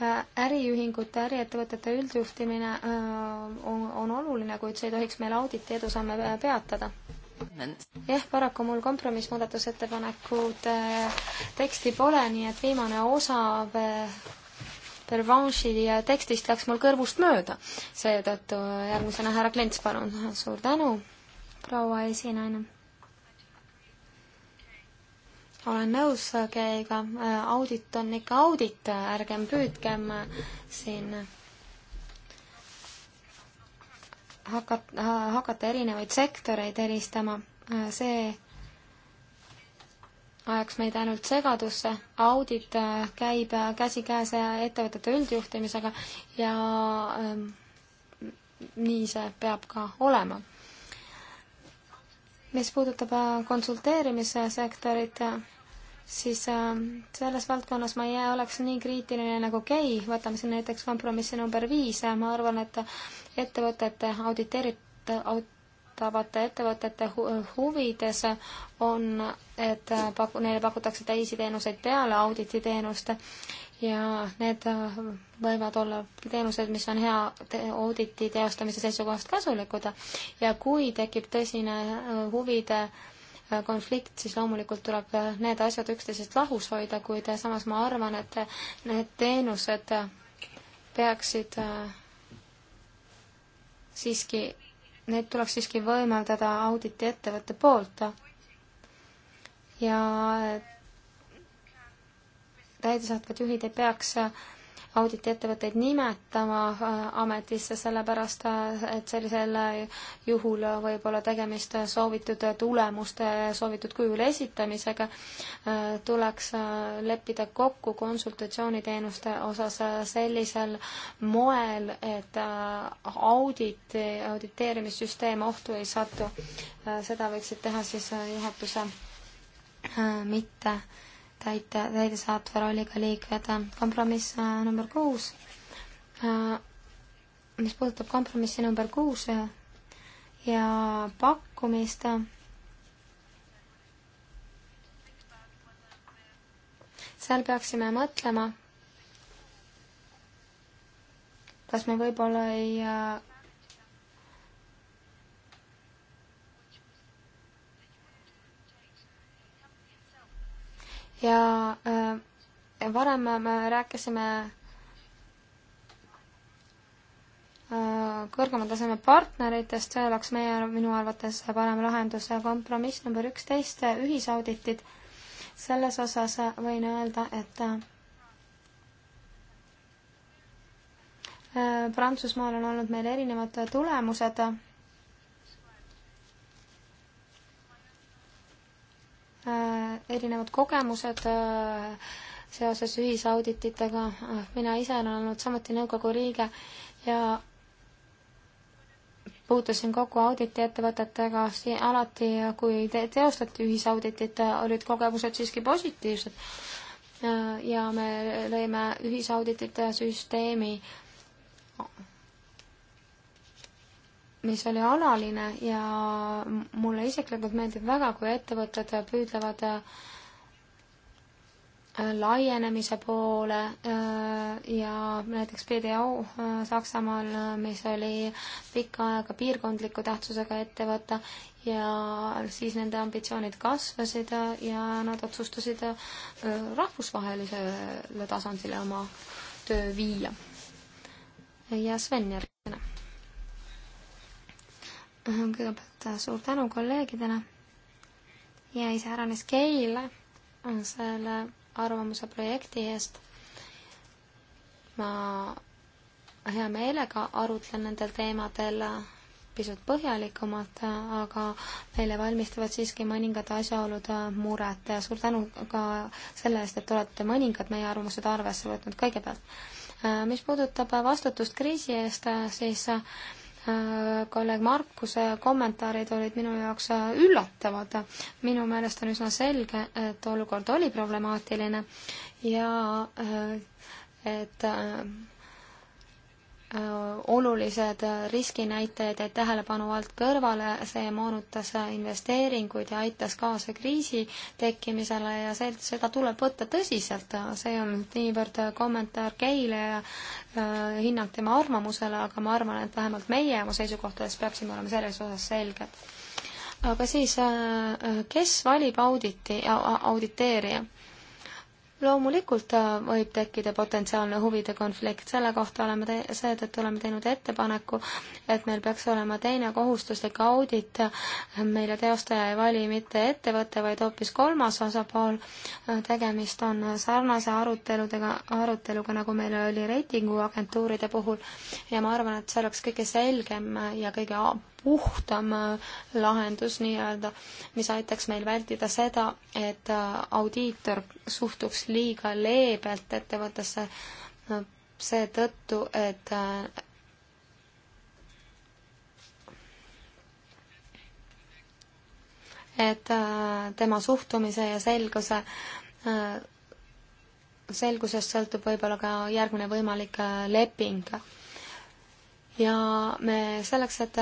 Speaker 3: äh, äriühingute, äriettevõtete üldjuhtimine äh, on, on oluline, kuid see ei tohiks meil auditi edusamme peatada. jah, paraku mul kompromissmuudatusettepanekud teksti pole, nii et viimane osa Pervanche'i tekstist läks mul kõrvust mööda. seetõttu järgmisena härra Klints, palun. suur tänu, proua esinaine olen nõus Geiga, äh, äh, audit on ikka audit, ärgem püüdkem äh, siin hakata, hakata erinevaid sektoreid eristama, see ajaks meid ainult segadusse, audit käib käsikäes ettevõtete üldjuhtimisega ja ähm, nii see peab ka olema. mis puudutab konsulteerimise sektorit, siis äh, selles valdkonnas ma ei jää, oleks nii kriitiline nagu Kei, võtame siin näiteks kompromissi number viis, ma arvan, et ettevõtete auditeerit-, autavate ettevõtete hu huvides on, et paku-, neile pakutakse teisi teenuseid peale audititeenuste ja need võivad olla teenused, mis on hea te auditi teostamise seisukohast kasulikud ja kui tekib tõsine äh, huvide äh, Äh, konflikt, siis loomulikult tuleb äh, need asjad üksteisest lahus hoida, kuid äh, samas ma arvan, et need teenused peaksid siiski, neid tuleks siiski võimaldada auditi ettevõtte poolt. ja täidesaatvad juhid ei peaks auditiettevõtteid nimetama äh, ametisse, sellepärast äh, et sellisel äh, juhul võib olla tegemist soovitud tulemuste soovitud kujul esitamisega, tuleks leppida kokku konsultatsiooniteenuste osas sellisel moel, et audit, auditeerimissüsteem ohtu ei satu. seda võiksid teha siis juhatuse mitte täitja, täidesaatva rolliga liikmed. kompromiss äh, number kuus, äh, mis puudutab kompromissi number kuus äh, ja pakkumist, seal peaksime mõtlema, kas me võib-olla ei ja äh, varem me rääkisime äh, kõrgema taseme partneritest, see oleks meie, minu arvates parem lahendus ja kompromiss number üksteist, ühisauditid. selles osas võin öelda, et äh, Prantsusmaal on olnud meil erinevad tulemused Äh, erinevad kogemused äh, seoses ühisaudititega, mina ise olen olnud samuti nõukogu liige ja puutusin kokku auditiettevõtetega, alati kui te teostati ühisauditit, olid kogemused siiski positiivsed. Äh, ja me lõime ühisauditite süsteemi mis oli alaline ja mulle isiklikult meeldib väga, kui ettevõtted püüdlevad äh, laienemise poole äh, ja näiteks BDO äh, Saksamaal, mis oli pikka aega piirkondliku tähtsusega ettevõte ja siis nende ambitsioonid kasvasid ja nad otsustasid rahvusvahelisele tasandile oma töö viia. ja Sven järgmine kõigepealt äh, suur tänu kolleegidele ja iseäranis Keile selle arvamuse projekti eest. ma hea meelega arutlen nendel teemadel pisut põhjalikumalt, aga meile valmistavad siiski mõningad asjaolud muret ja suur tänu ka selle eest, et olete mõningad meie arvamused arvesse võtnud kõigepealt. Äh, mis puudutab vastutust kriisi eest, siis Äh, kolleeg Markuse kommentaarid olid minu jaoks äh, üllatavad. minu meelest on üsna selge, et olukord oli problemaatiline ja äh, et Äh, olulised riskinäitajad jäid tähelepanu alt kõrvale, see moonutas investeeringuid ja aitas kaasa kriisi tekkimisele ja see, seda tuleb võtta tõsiselt, see on niivõrd kommentaar Keile ja äh, hinnang tema arvamusele, aga ma arvan, et vähemalt meie oma seisukohtades peaksime olema selles osas selged. aga siis äh,, äh kes valib auditi, auditeerija? loomulikult äh, võib tekkida potentsiaalne huvide konflikt, selle kohta oleme te-, seetõttu oleme teinud ettepaneku, et meil peaks olema teine kohustuslik audit, mille teostaja ei vali mitte ettevõte, vaid hoopis kolmas osapool, tegemist on sarnase aruteludega, aruteluga, nagu meil oli reitinguagentuuride puhul, ja ma arvan, et see oleks kõige selgem ja kõige puhtam äh, lahendus nii-öelda, mis aitaks meil vältida seda, et äh, audiitor suhtuks liiga leebelt ettevõttesse äh, seetõttu, et et tema suhtumise ja selguse selgusest sõltub võib-olla ka järgmine võimalik leping. ja me selleks, et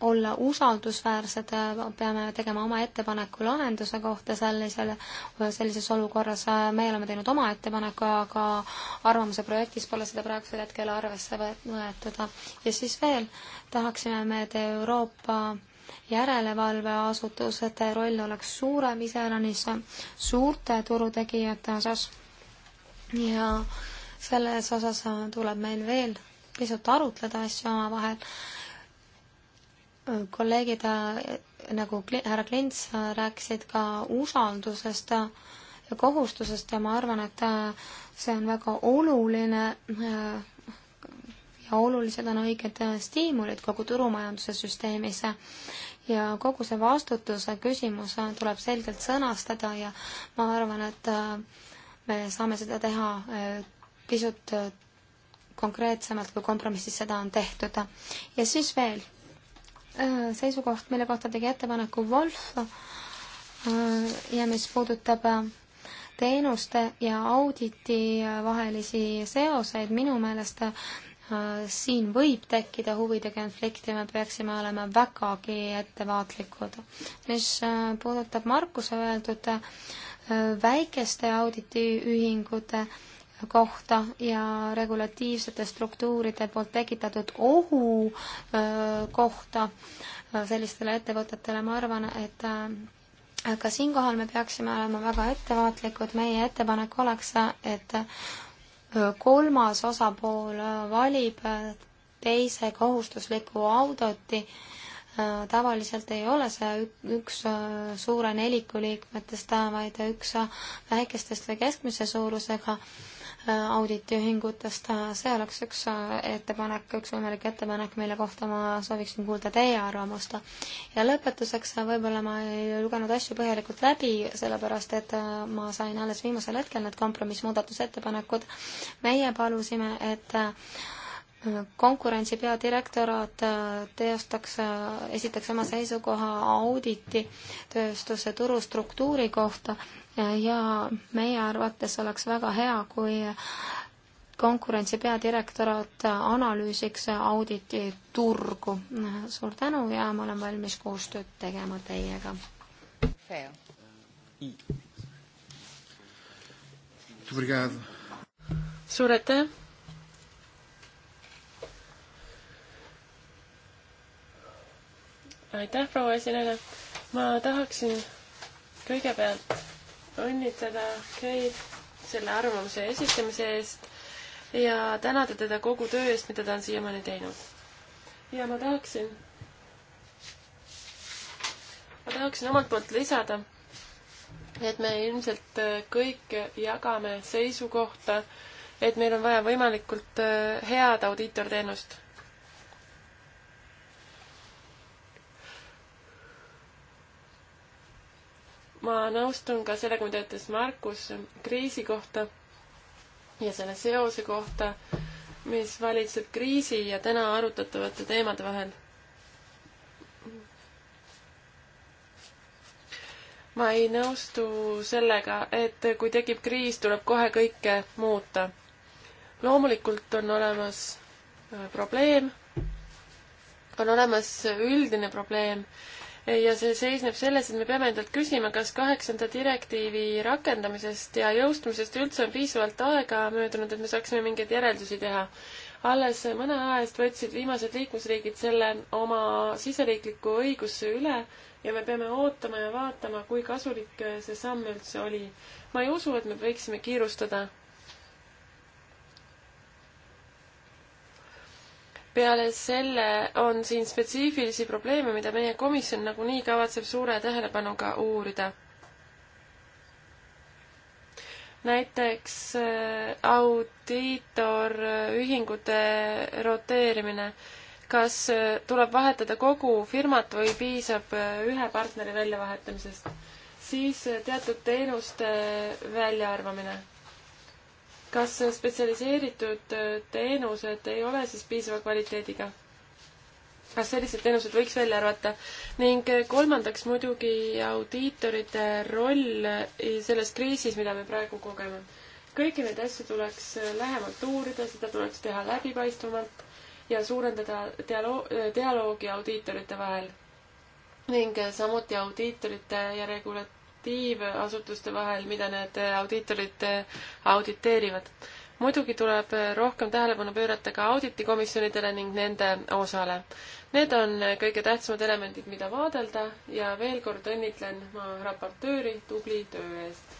Speaker 3: olla usaldusväärsed, peame tegema oma ettepaneku lahenduse kohta sellisele, sellises olukorras. meie oleme teinud oma ettepaneku, aga arvamuse projektis pole seda praegusel hetkel arvesse võetud. ja siis veel tahaksime me, et Euroopa järelevalveasutuse roll oleks suurem iseäranis suurte turutegijate osas. ja selles osas tuleb meil veel pisut arutleda asju omavahel kolleegid nagu härra Klints rääkisid ka usaldusest ja kohustusest ja ma arvan, et see on väga oluline ja olulised on õiged stiimulid kogu turumajanduse süsteemis ja kogu see vastutuse küsimus tuleb selgelt sõnastada ja ma arvan, et me saame seda teha e, pisut konkreetsemalt, kui kompromissis seda on tehtud. ja siis veel Äh, seisukoht, mille kohta tegi ettepaneku Wolf äh, ja mis puudutab äh, teenuste ja auditi vahelisi seoseid, minu meelest siin võib tekkida huvide konflikti, me peaksime olema vägagi ettevaatlikud. mis puudutab Markuse öeldud väikeste auditiühingute kohta ja regulatiivsete struktuuride poolt tekitatud ohu kohta sellistele ettevõtetele, ma arvan, et ka siinkohal me peaksime olema väga ettevaatlikud, meie ettepanek oleks, et kolmas osapool valib teise kohustusliku auditi, tavaliselt ei ole see üks suure neliku liikmetest, vaid üks väikestest või keskmise suurusega auditiühingutest, see oleks üks äh, ettepanek, üks võimalik ettepanek, mille kohta ma sooviksin kuulda teie arvamust. ja lõpetuseks, äh, võib-olla ma ei lugenud asju põhjalikult läbi, sellepärast et äh, ma sain alles viimasel hetkel need kompromissmuudatusettepanekud. meie palusime, et konkurentsi peadirektoraat teostaks, esitaks oma seisukoha auditi tööstuse turustruktuuri kohta ja meie arvates oleks väga hea, kui konkurentsi peadirektorat analüüsiks auditi turgu. suur tänu ja ma olen valmis koostööd tegema teiega. suur aitäh.
Speaker 1: aitäh, proua esineja. ma tahaksin kõigepealt õnnitleda Keid selle arvamuse esitamise eest ja tänada teda kogu töö eest, mida ta on siiamaani teinud. ja ma tahaksin, ma tahaksin omalt poolt lisada, et me ilmselt äh, kõik jagame seisukohta, et meil on vaja võimalikult äh, head audiitorteenust ma nõustun ka sellega, mida ütles Markus kriisi kohta ja selle seose kohta, mis valitseb kriisi ja täna arutatavate teemade vahel. ma ei nõustu sellega, et kui tekib kriis, tuleb kohe kõike muuta. loomulikult on olemas äh, probleem, on olemas üldine probleem ja see seisneb selles, et me peame endalt küsima, kas kaheksanda direktiivi rakendamisest ja jõustumisest üldse on piisavalt aega möödunud, et me saaksime mingeid järeldusi teha. alles mõne aja eest võtsid viimased liikmesriigid selle oma siseriikliku õigusse üle ja me peame ootama ja vaatama, kui kasulik see samm üldse oli. ma ei usu, et me võiksime kiirustada peale selle on siin spetsiifilisi probleeme, mida meie komisjon nagunii kavatseb suure tähelepanuga uurida. näiteks äh, audiitorühingute roteerimine. kas äh, tuleb vahetada kogu firmat või piisab äh, ühe partneri väljavahetamisest? siis teatud teenuste väljaarvamine kas spetsialiseeritud äh, teenused ei ole siis piisava kvaliteediga? kas sellised teenused võiks välja arvata? ning äh, kolmandaks muidugi audiitorite roll äh, selles kriisis, mida me praegu kogeme. kõiki neid asju tuleks lähemalt uurida, seda tuleks teha läbipaistvamalt ja suurendada dialoog, dialoogi audiitorite vahel. ning samuti audiitorite ja regula-, alternatiive asutuste vahel, mida need audiitorid eh, auditeerivad. muidugi tuleb eh, rohkem tähelepanu pöörata ka auditikomisjonidele ning nende osale. Need on kõige tähtsamad elemendid, mida vaadelda ja veel kord õnnitlen ma raportööri tubli töö eest.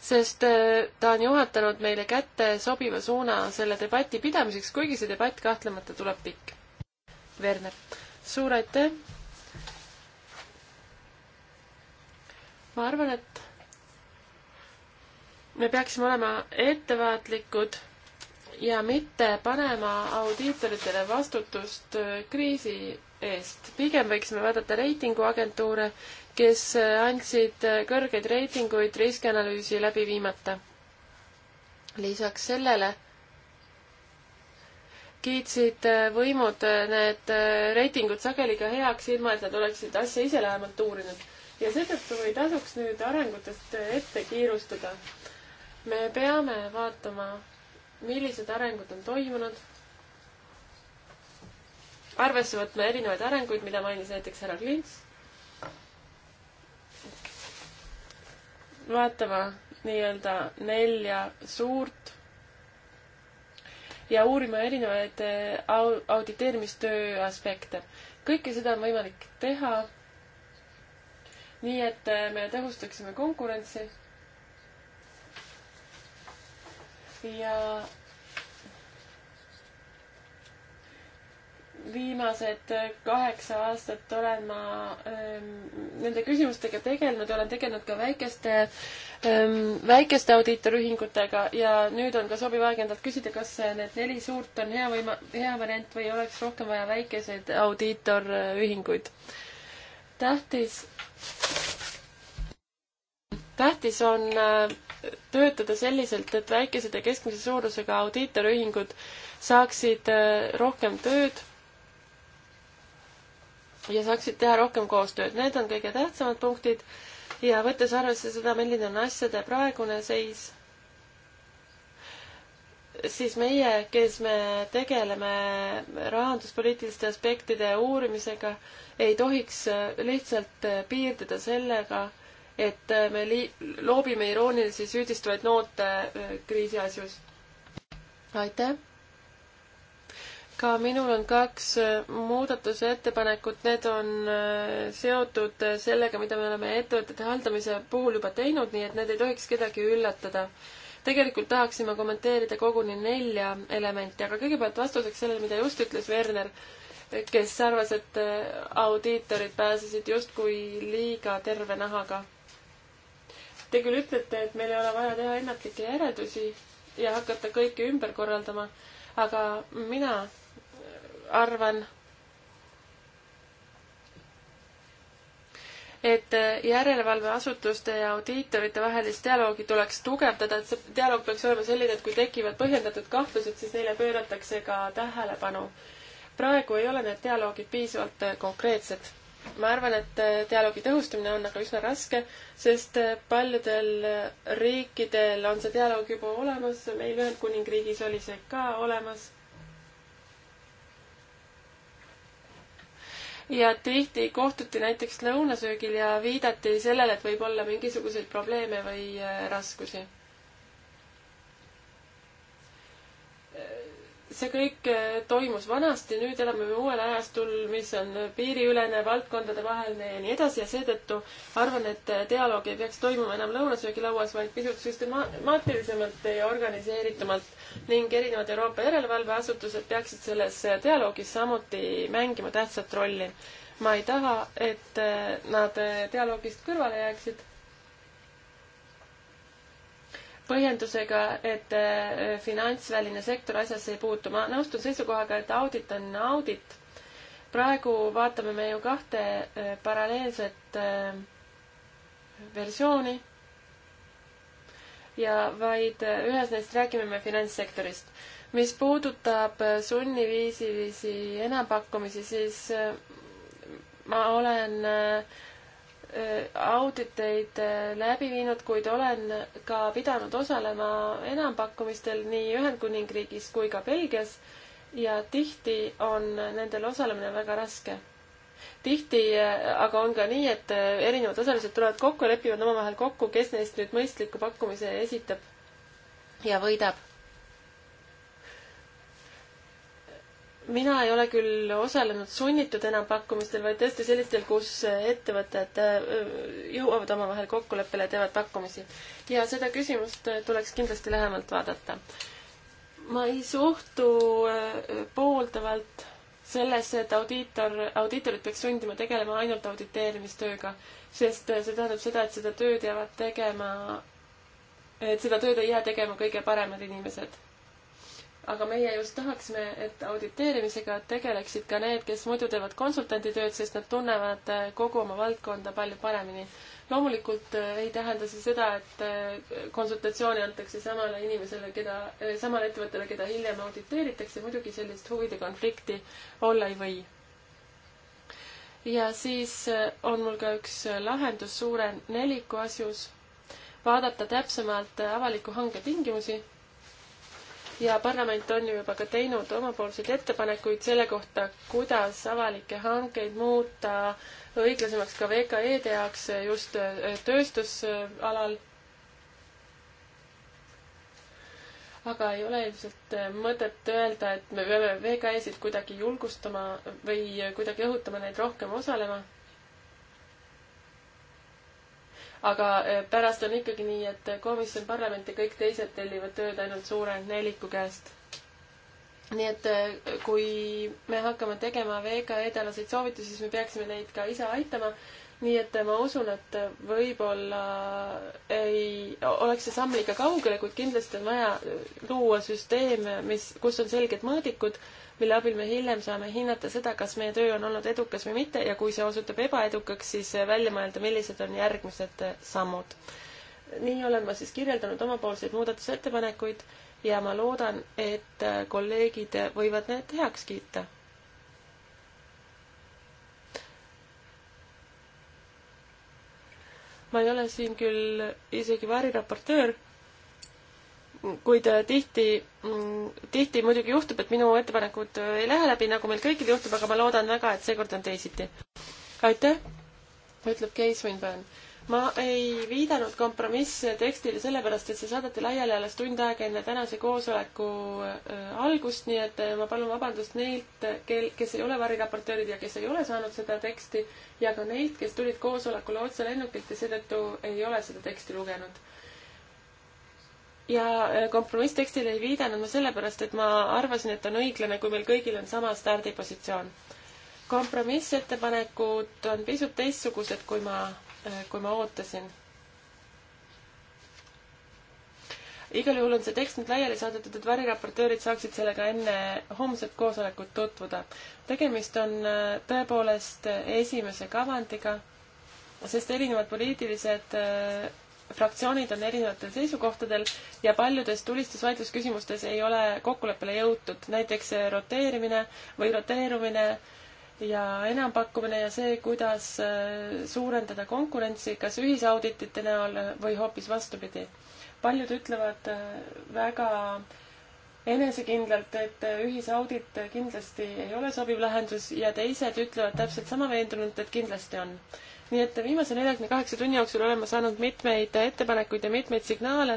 Speaker 1: sest eh, ta on juhatanud meile kätte sobiva suuna selle debati pidamiseks, kuigi see debatt kahtlemata tuleb pikk. Werner, suur aitäh! ma arvan, et me peaksime olema ettevaatlikud ja mitte panema audiitoritele vastutust äh, kriisi eest. pigem võiksime vaadata reitinguagentuure, kes äh, andsid äh, kõrgeid reitinguid riskianalüüsi läbi viimata. lisaks sellele kiitsid võimud need reitingud sageli ka heaks, ilma et nad oleksid asja ise lähemalt uurinud ja seetõttu ei tasuks nüüd arengutest ette kiirustada. me peame vaatama, millised arengud on toimunud, arvesse võtma erinevaid arenguid, mida mainis näiteks härra Klints, vaatama nii-öelda nelja suurt ja uurima erinevaid auditeerimistöö aspekte. kõike seda on võimalik teha nii et äh, me tõhustaksime konkurentsi. ja viimased äh, kaheksa aastat olen ma ähm, nende küsimustega tegelenud ja olen tegelenud ka väikeste ähm,, väikeste audiitorühingutega ja nüüd on ka sobiv aeg endalt küsida, kas äh, need neli suurt on hea võima-, hea variant või oleks rohkem vaja väikeseid audiitorühinguid äh, tähtis, tähtis on äh, töötada selliselt, et väikesed ja keskmise suurusega audiitorühingud saaksid äh, rohkem tööd ja saaksid teha rohkem koostööd. Need on kõige tähtsamad punktid ja võttes arvesse seda, milline on asjade praegune seis siis meie, kes me tegeleme rahanduspoliitiliste aspektide uurimisega, ei tohiks lihtsalt piirduda sellega, et me li-, loobime iroonilisi süüdistavaid noote äh, kriisi asjus. aitäh! ka minul on kaks äh, muudatusettepanekut, need on äh, seotud sellega, mida me oleme ettevõtete haldamise puhul juba teinud, nii et need ei tohiks kedagi üllatada tegelikult tahaksin ma kommenteerida koguni nelja elementi, aga kõigepealt vastuseks sellele, mida just ütles Werner, kes arvas, et äh, audiitorid pääsesid justkui liiga terve nahaga. Te küll ütlete, et meil ei ole vaja teha ennatlikke järeldusi ja hakata kõike ümber korraldama, aga mina äh, arvan, et järelevalveasutuste ja audiitorite vahelist dialoogi tuleks tugevdada, et see dialoog peaks olema selline, et kui tekivad põhjendatud kahtlused, siis neile pööratakse ka tähelepanu. praegu ei ole need dialoogid piisavalt äh, konkreetsed. ma arvan, et äh, dialoogi tõhustamine on aga üsna raske, sest äh, paljudel riikidel on see dialoog juba olemas, meil Ühendkuningriigis oli see ka olemas ja tihti kohtuti näiteks lõunasöögil ja viidati sellele, et võib olla mingisuguseid probleeme või äh, raskusi see kõik eh, toimus vanasti, nüüd elame me uuel ajastul, mis on piiriülene, valdkondadevaheline ja nii edasi ja seetõttu arvan, et eh, dialoog ei peaks toimuma enam lõunasöögilauas, vaid pisut süstemaatilisemalt ja organiseeritumalt ning erinevad Euroopa järelevalveasutused peaksid selles eh, dialoogis samuti mängima tähtsat rolli. ma ei taha, et nad dialoogist kõrvale jääksid põhjendusega, et äh, finantsväline sektor asjasse ei puutu. ma nõustun seisukohaga, et audit on audit. praegu vaatame me ju kahte äh, paralleelset äh, versiooni ja vaid ühes neist räägime me finantssektorist. mis puudutab sunniviisilisi enampakkumisi, siis ma olen äh, auditeid äh, läbi viinud, kuid olen ka pidanud osalema enampakkumistel nii Ühendkuningriigis kui ka Belgias ja tihti on nendel osalemine väga raske. tihti äh, aga on ka nii, et äh, erinevad osalised tulevad kokku ja lepivad omavahel kokku, kes neist nüüd mõistliku pakkumise esitab ja võidab mina ei ole küll osalenud sunnitud enampakkumistel, vaid tõesti sellistel, kus ettevõtted äh, jõuavad omavahel kokkuleppele ja teevad pakkumisi. ja seda küsimust tuleks kindlasti lähemalt vaadata. ma ei suhtu äh, pooldavalt sellesse, et audiitor, audiitorid peaks sundima tegelema ainult auditeerimistööga, sest äh, see tähendab seda, et seda tööd jäävad tegema, et seda tööd ei jää tegema kõige paremad inimesed aga meie just tahaksime, et auditeerimisega tegeleksid ka need, kes muidu teevad konsultanditööd, sest nad tunnevad eh, kogu oma valdkonda palju paremini. loomulikult eh, ei tähenda see seda, et eh, konsultatsiooni antakse samale inimesele, keda, samale ettevõttele, keda hiljem auditeeritakse, muidugi sellist huvide konflikti olla ei või. ja siis on mul ka üks lahendus suure neliku asjus, vaadata täpsemalt avaliku hanke tingimusi ja parlament on ju juba ka teinud omapoolseid ettepanekuid selle kohta, kuidas avalikke hankeid muuta õiglasemaks ka VKE-de jaoks just äh, tööstusalal. aga ei ole ilmselt äh, mõtet öelda, et me peame VKE-sid kuidagi julgustama või kuidagi õhutama neid rohkem osalema aga eh, pärast on ikkagi nii, et komisjon, parlament ja kõik teised tellivad tööd ainult suure neliku käest. nii et eh, kui me hakkame tegema VKE-dalaseid soovitusi, siis me peaksime neid ka ise aitama nii et eh, ma usun, et võib-olla ei, oleks see samm liiga kaugele, kuid kindlasti on vaja luua süsteem, mis, kus on selged mõõdikud mille abil me hiljem saame hinnata seda, kas meie töö on olnud edukas või mitte ja kui see osutub ebaedukaks, siis välja mõelda, millised on järgmised sammud. nii olen ma siis kirjeldanud omapoolseid muudatusettepanekuid ja ma loodan, et kolleegid võivad need heaks kiita. ma ei ole siin küll isegi variraportöör kuid äh, tihti, mm, tihti muidugi juhtub, et minu ettepanekud äh, ei lähe läbi, nagu meil kõigil juhtub, aga ma loodan väga, et seekord on teisiti. aitäh, ütleb Kei Swinburne. ma ei viidanud kompromisstekstile sellepärast, et see saadeti laiali alles tund aega enne tänase koosoleku äh, algust, nii et ma palun vabandust neilt, kel, kes ei ole variraportöörid ja kes ei ole saanud seda teksti ja ka neilt, kes tulid koosolekule otse lennukilt ja seetõttu ei ole seda teksti lugenud ja äh, kompromisstekstile ei viidanud ma sellepärast, et ma arvasin, et on õiglane, kui meil kõigil on sama stardipositsioon. kompromissettepanekud on pisut teistsugused, kui ma, äh, kui ma ootasin. igal juhul on see tekst nüüd laiali saadetud, et variraportöörid saaksid sellega enne homset koosolekut tutvuda. tegemist on äh, tõepoolest esimese kavandiga, sest erinevad poliitilised fraktsioonid on erinevatel seisukohtadel ja paljudes tulistes vaidlusküsimustes ei ole kokkuleppele jõutud, näiteks roteerimine või roteerumine ja enampakkumine ja see, kuidas äh, suurendada konkurentsi, kas ühisauditite näol või hoopis vastupidi. paljud ütlevad äh, väga enesekindlalt, et äh, ühisaudit kindlasti ei ole sobiv lahendus ja teised ütlevad täpselt sama veendunult, et kindlasti on nii et viimase neljakümne kaheksa tunni jooksul olen ma saanud mitmeid ettepanekuid ja mitmeid signaale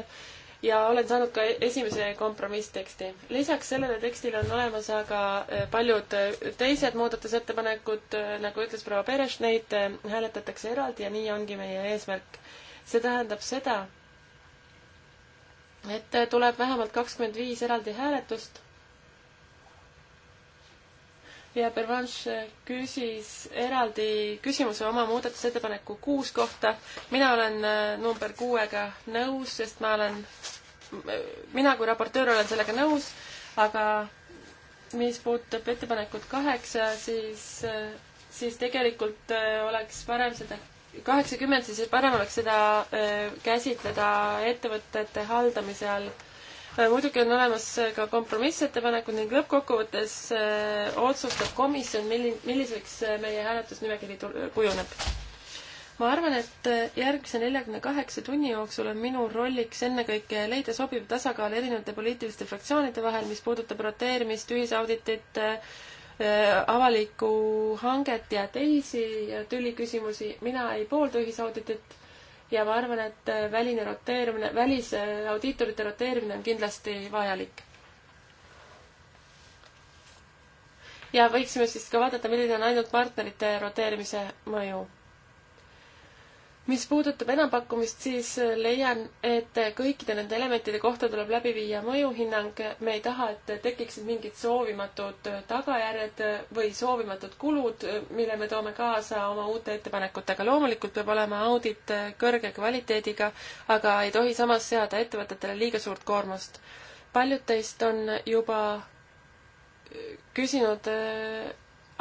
Speaker 1: ja olen saanud ka esimese kompromissteksti. lisaks sellele tekstile on olemas aga eh, paljud eh, teised muudatusettepanekud, eh, nagu ütles proua Peres, neid hääletatakse eraldi ja nii ongi meie eesmärk. see tähendab seda, et tuleb vähemalt kakskümmend viis eraldi hääletust ja Pervanche küsis eraldi küsimuse oma muudatusettepaneku kuus kohta. mina olen äh, number kuuega nõus, sest ma olen, äh, mina kui raportöör olen sellega nõus, aga mis puudutab ettepanekut kaheksa, siis, äh, siis tegelikult oleks parem seda kaheksakümmend, siis parem oleks seda käsitleda ettevõtete haldamise all Äh, muidugi on olemas äh, ka kompromissettepanekud ning lõppkokkuvõttes äh, otsustab komisjon, milli-, milliseks meie hääletusnimekiri kujuneb. ma arvan, et järgmise neljakümne kaheksa tunni jooksul on minu rolliks ennekõike leida sobiv tasakaal erinevate poliitiliste fraktsioonide vahel, mis puudutab roteerimist, ühisauditit, avalikku hanget ja teisi tüliküsimusi. mina ei poolda ühisauditit ja ma arvan, et väline roteerumine, välisaudiitorite roteerimine on kindlasti vajalik. ja võiksime siis ka vaadata, milline on ainult partnerite roteerimise mõju mis puudutab enampakkumist, siis äh, leian, et kõikide nende elementide kohta tuleb läbi viia mõjuhinnang. me ei taha, et tekiksid mingid soovimatud äh, tagajärjed äh, või soovimatud kulud, mille me toome kaasa oma uute ettepanekutega. loomulikult peab olema audit kõrge kvaliteediga, aga ei tohi samas seada ettevõtetele liiga suurt koormust. paljud teist on juba küsinud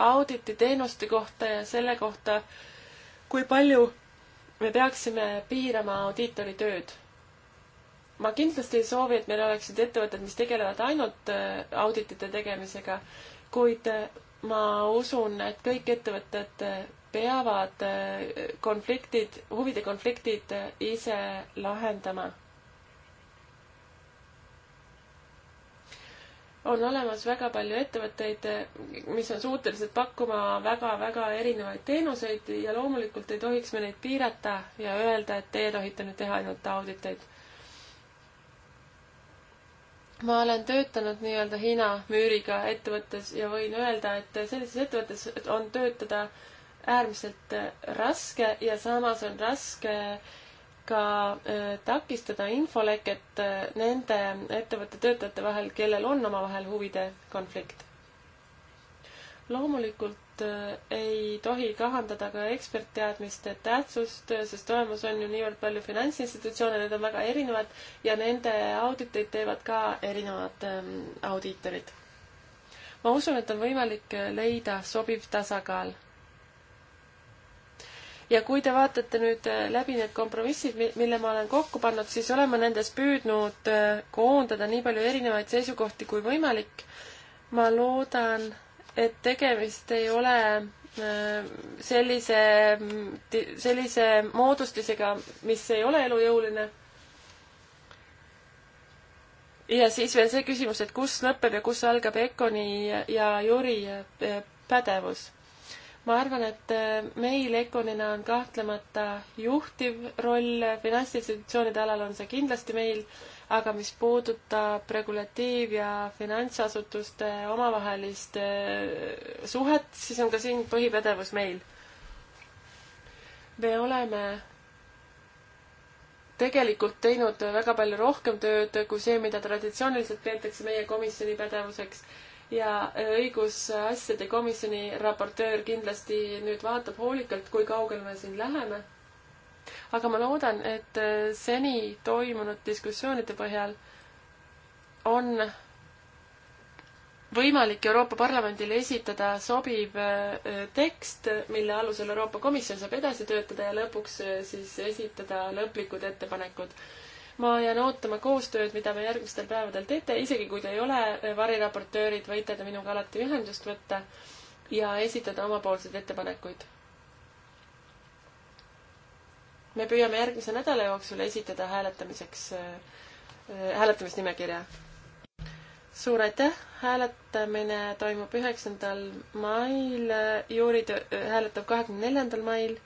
Speaker 1: auditi teenuste kohta ja selle kohta, kui palju me peaksime piirama audiitori tööd. ma kindlasti ei soovi, et meil oleksid ettevõtted, mis tegelevad ainult äh, auditite tegemisega, kuid äh, ma usun, et kõik ettevõtted äh, peavad konfliktid, huvide konfliktid ise lahendama on olemas väga palju ettevõtteid, mis on suutelised pakkuma väga-väga erinevaid teenuseid ja loomulikult ei tohiks me neid piirata ja öelda, et teie tohite nüüd teha ainult auditeid. ma olen töötanud nii-öelda Hiina müüriga ettevõttes ja võin öelda, et sellises ettevõttes on töötada äärmiselt raske ja samas on raske äh, ka äh, takistada infoleket äh, nende ettevõtte töötajate vahel, kellel on omavahel huvide konflikt. loomulikult äh, ei tohi kahandada ka ekspertteadmiste tähtsust, sest olemas on ju niivõrd palju finantsinstitutsioone, need on väga erinevad ja nende auditeid teevad ka erinevad ähm, audiitorid. ma usun, et on võimalik leida sobiv tasakaal ja kui te vaatate nüüd äh, läbi need kompromissid, mille ma olen kokku pannud, siis olen ma nendes püüdnud äh, koondada nii palju erinevaid seisukohti kui võimalik. ma loodan, et tegemist ei ole äh, sellise, sellise moodustisega, mis ei ole elujõuline. ja siis veel see küsimus, et kus lõpeb ja kus algab Econi ja Jüri pädevus ma arvan, et äh, meil Econina on kahtlemata juhtiv roll, finantsinstitutsioonide alal on see kindlasti meil, aga mis puudutab regulatiiv- ja finantsasutuste omavahelist äh, suhet, siis on ka siin põhipädevus meil. me oleme tegelikult teinud väga palju rohkem tööd kui see, mida traditsiooniliselt peetakse meie komisjoni pädevuseks ja õigusasjade komisjoni raportöör kindlasti nüüd vaatab hoolikalt, kui kaugele me siin läheme. aga ma loodan, et äh, seni toimunud diskussioonide põhjal on võimalik Euroopa Parlamendile esitada sobiv äh, tekst, mille alusel Euroopa Komisjon saab edasi töötada ja lõpuks äh, siis esitada lõplikud ettepanekud ma jään ootama koostööd, mida me järgmistel päevadel teete, isegi kui te ei ole variraportöörid, võite te minuga alati ühendust võtta ja esitada omapoolseid ettepanekuid. me püüame järgmise nädala jooksul esitada hääletamiseks äh, hääletamisnimekirja. suur aitäh, hääletamine toimub üheksandal mail, juuri hääletab kahekümne neljandal mail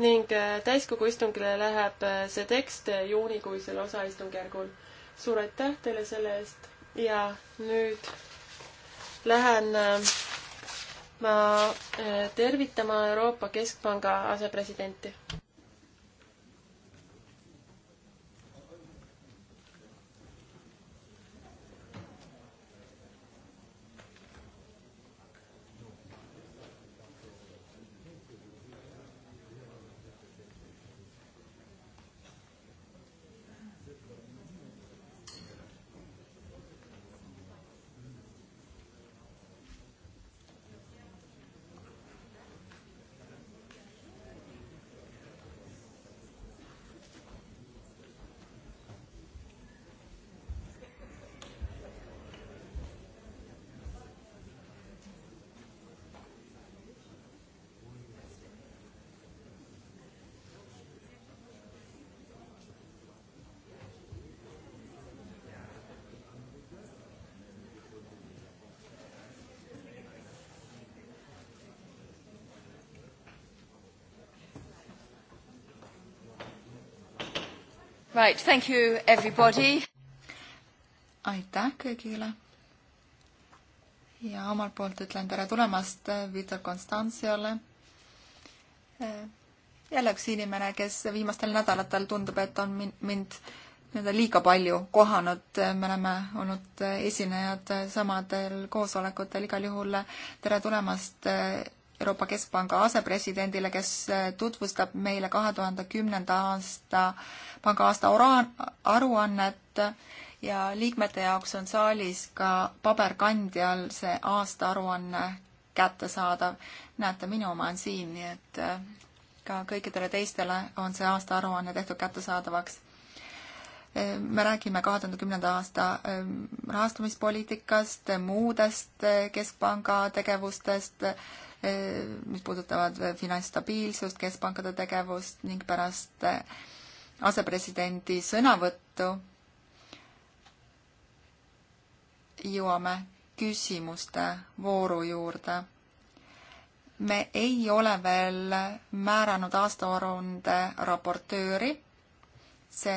Speaker 1: ning äh, täiskogu istungile läheb äh, see tekst äh, juunikuisel osaistungjärgul. suur aitäh teile selle eest ja nüüd lähen ma tervitama Euroopa Keskpanga asepresidenti.
Speaker 2: Right, thank you everybody. aitäh kõigile. ja omalt poolt ütlen tere tulemast Vitor Konstantsiole. Eh, jälle üks inimene, kes viimastel nädalatel tundub, et on mind nii-öelda liiga palju kohanud, me oleme olnud esinejad samadel koosolekutel, igal juhul tere tulemast eh, Euroopa Keskpanga asepresidendile, kes äh, tutvustab meile kahe tuhande kümnenda aasta pangaaasta aruannet äh, ja liikmete jaoks on saalis ka paberkandjal see aastaaruanne kättesaadav. näete, minu oma on siin, nii et äh, ka kõikidele teistele on see aastaaruanne tehtud kättesaadavaks me räägime kahe tuhande kümnenda aasta ähm, rahastamispoliitikast, muudest äh, keskpanga tegevustest, äh, mis puudutavad finantsstabiilsust, keskpankade tegevust ning pärast äh, asepresidendi sõnavõttu jõuame küsimuste vooru juurde. me ei ole veel määranud aastaaruande raportööri, see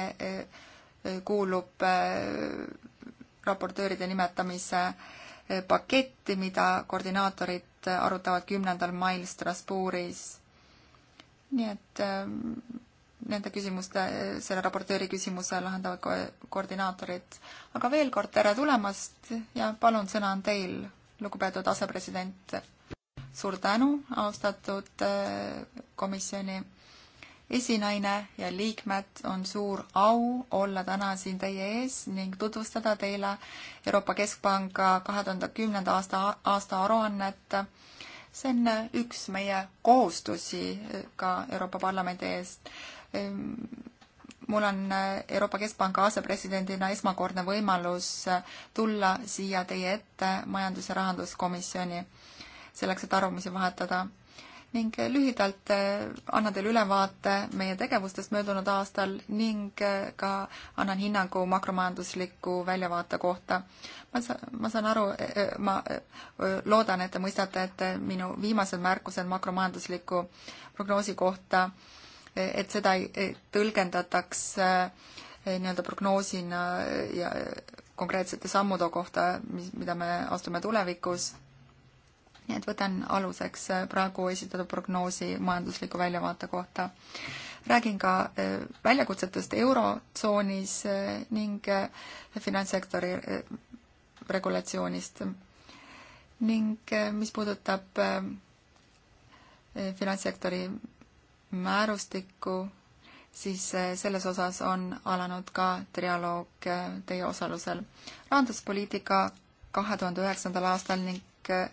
Speaker 2: kuulub äh, raportööride nimetamise äh, paketti, mida koordinaatorid arutavad kümnendal mail Strasbourgis. nii et ähm, nende küsimuste, selle raportööri küsimuse lahendavad ko koordinaatorid. aga veel kord tere tulemast ja palun, sõna on teil, lugupeetud asepresident. suur tänu, austatud äh, komisjoni esinaine ja liikmed, on suur au olla täna siin teie ees ning tutvustada teile Euroopa Keskpanga kahe tuhande kümnenda aasta, aasta aruannet. see on üks meie kohustusi ka Euroopa Parlamendi eest. Ehm, mul on Euroopa Keskpanga asepresidendina esmakordne võimalus tulla siia teie ette majandus- ja rahanduskomisjoni selleks, et arvamusi vahetada ning lühidalt eh, annan teile ülevaate meie tegevustest möödunud aastal ning eh, ka annan hinnangu makromajandusliku väljavaate kohta. ma sa-, ma saan aru, eh, ma loodan, et te mõistate, et minu viimased märkused makromajandusliku prognoosi kohta, et seda ei tõlgendataks nii-öelda prognoosina ja konkreetsete sammude kohta, mis, mida me astume tulevikus nii et võtan aluseks äh, praegu esitatud prognoosi majandusliku väljavaate kohta. räägin ka äh, väljakutsetest Eurotsoonis äh, ning finantssektori regulatsioonist. ning mis puudutab finantssektori määrustikku, siis selles osas on alanud ka trialoog teie osalusel. rahanduspoliitika kahe tuhande üheksandal aastal ning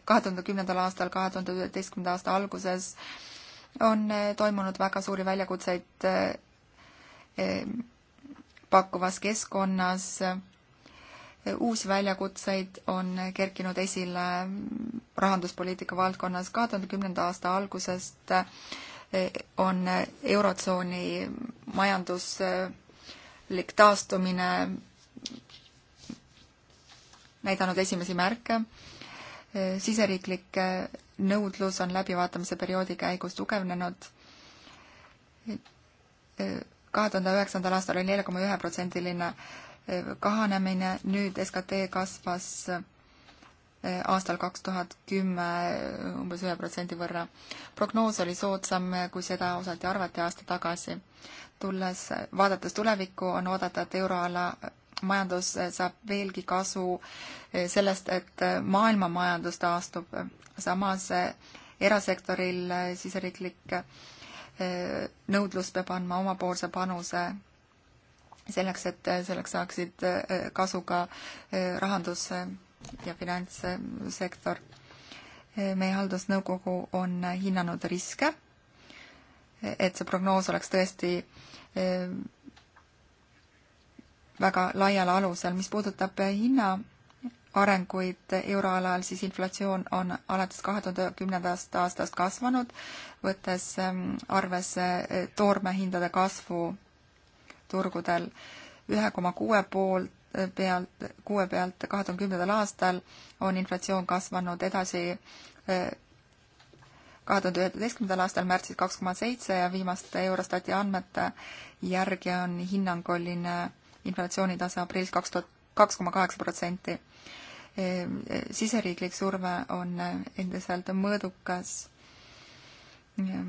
Speaker 2: kahe tuhande kümnendal aastal, kahe tuhande üheteistkümnenda aasta alguses on eh, toimunud väga suuri väljakutseid eh, eh, pakkuvas keskkonnas. uusi väljakutseid on kerkinud esile mm, rahanduspoliitika valdkonnas kahe tuhande kümnenda aasta algusest on Eurotsooni majanduslik taastumine näidanud esimesi märke siseriiklik äh, nõudlus on läbivaatamise perioodi käigus tugevnenud. Äh, kahe tuhande üheksandal aastal oli nelja koma ühe protsendiline äh, kahanemine, nüüd SKT kasvas aastal kaks tuhat kümme umbes ühe protsendi võrra. prognoos oli soodsam, kui seda osati arvati aasta tagasi. tulles, vaadates tulevikku, on oodata, et euroala majandus eh, saab veelgi kasu eh, sellest, et eh, maailma majandus taastub, samas erasektoril siseriiklik nõudlus peab andma omapoolse panuse selleks, et selleks saaksid kasu ka rahandus- ja finantssektor. meie haldusnõukogu on hinnanud riske, et see prognoos oleks tõesti väga laial alusel. mis puudutab hinna arenguid euroalal, siis inflatsioon on alates kahe tuhande kümnendast aastast kasvanud, võttes ähm, arvesse äh, toormehindade kasvu turgudel ühe koma kuue poolt, äh, pealt, kuue pealt kahe tuhande kümnendal aastal on inflatsioon kasvanud edasi äh, kahe tuhande üheteistkümnendal aastal märtsis kaks koma seitse ja viimaste Eurostati andmete järgi on hinnanguline inflatsioonitase aprillis kaks tuhat kaks koma kaheksa protsenti. E, e, siseriiklik surve on endiselt mõõdukas. E,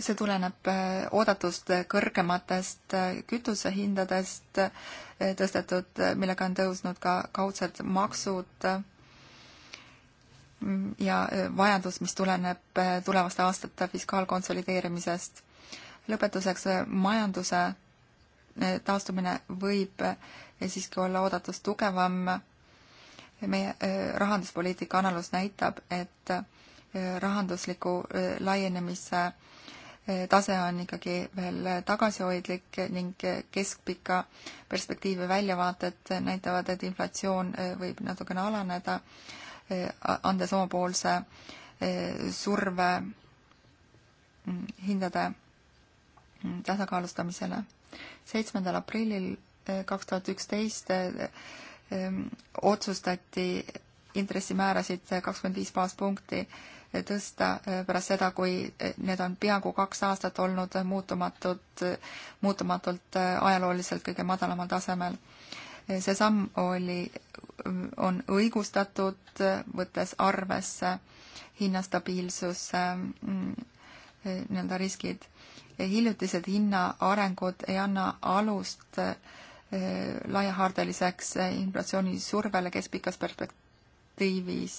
Speaker 2: see tuleneb oodatust kõrgematest kütusehindadest tõstetud, millega on tõusnud ka kaudsed maksud ja vajadus, mis tuleneb tulevaste aastate fiskaalkonsolideerimisest. lõpetuseks majanduse taastumine võib siiski olla oodatust tugevam. meie äh, rahanduspoliitika analüüs näitab, et äh, rahandusliku äh, laienemise tase on ikkagi veel tagasihoidlik ning keskpika perspektiivi väljavaated näitavad, et inflatsioon võib natukene alaneda, andes omapoolse surve mm, hindade mm, tasakaalustamisele seitsmendal aprillil eh, kaks tuhat üksteist eh, eh, otsustati intressimäärasid kakskümmend viis baaspunkti tõsta pärast seda, kui need on peaaegu kaks aastat olnud muutumatud, muutumatult ajalooliselt kõige madalamal tasemel. see samm oli, on õigustatud, võttes arvesse hinnastabiilsuse mm, Eh, nii-öelda riskid. hiljutised hinna arengud ei anna alust eh, laiahaardeliseks eh, inflatsioonisurvele keskpikas perspektiivis.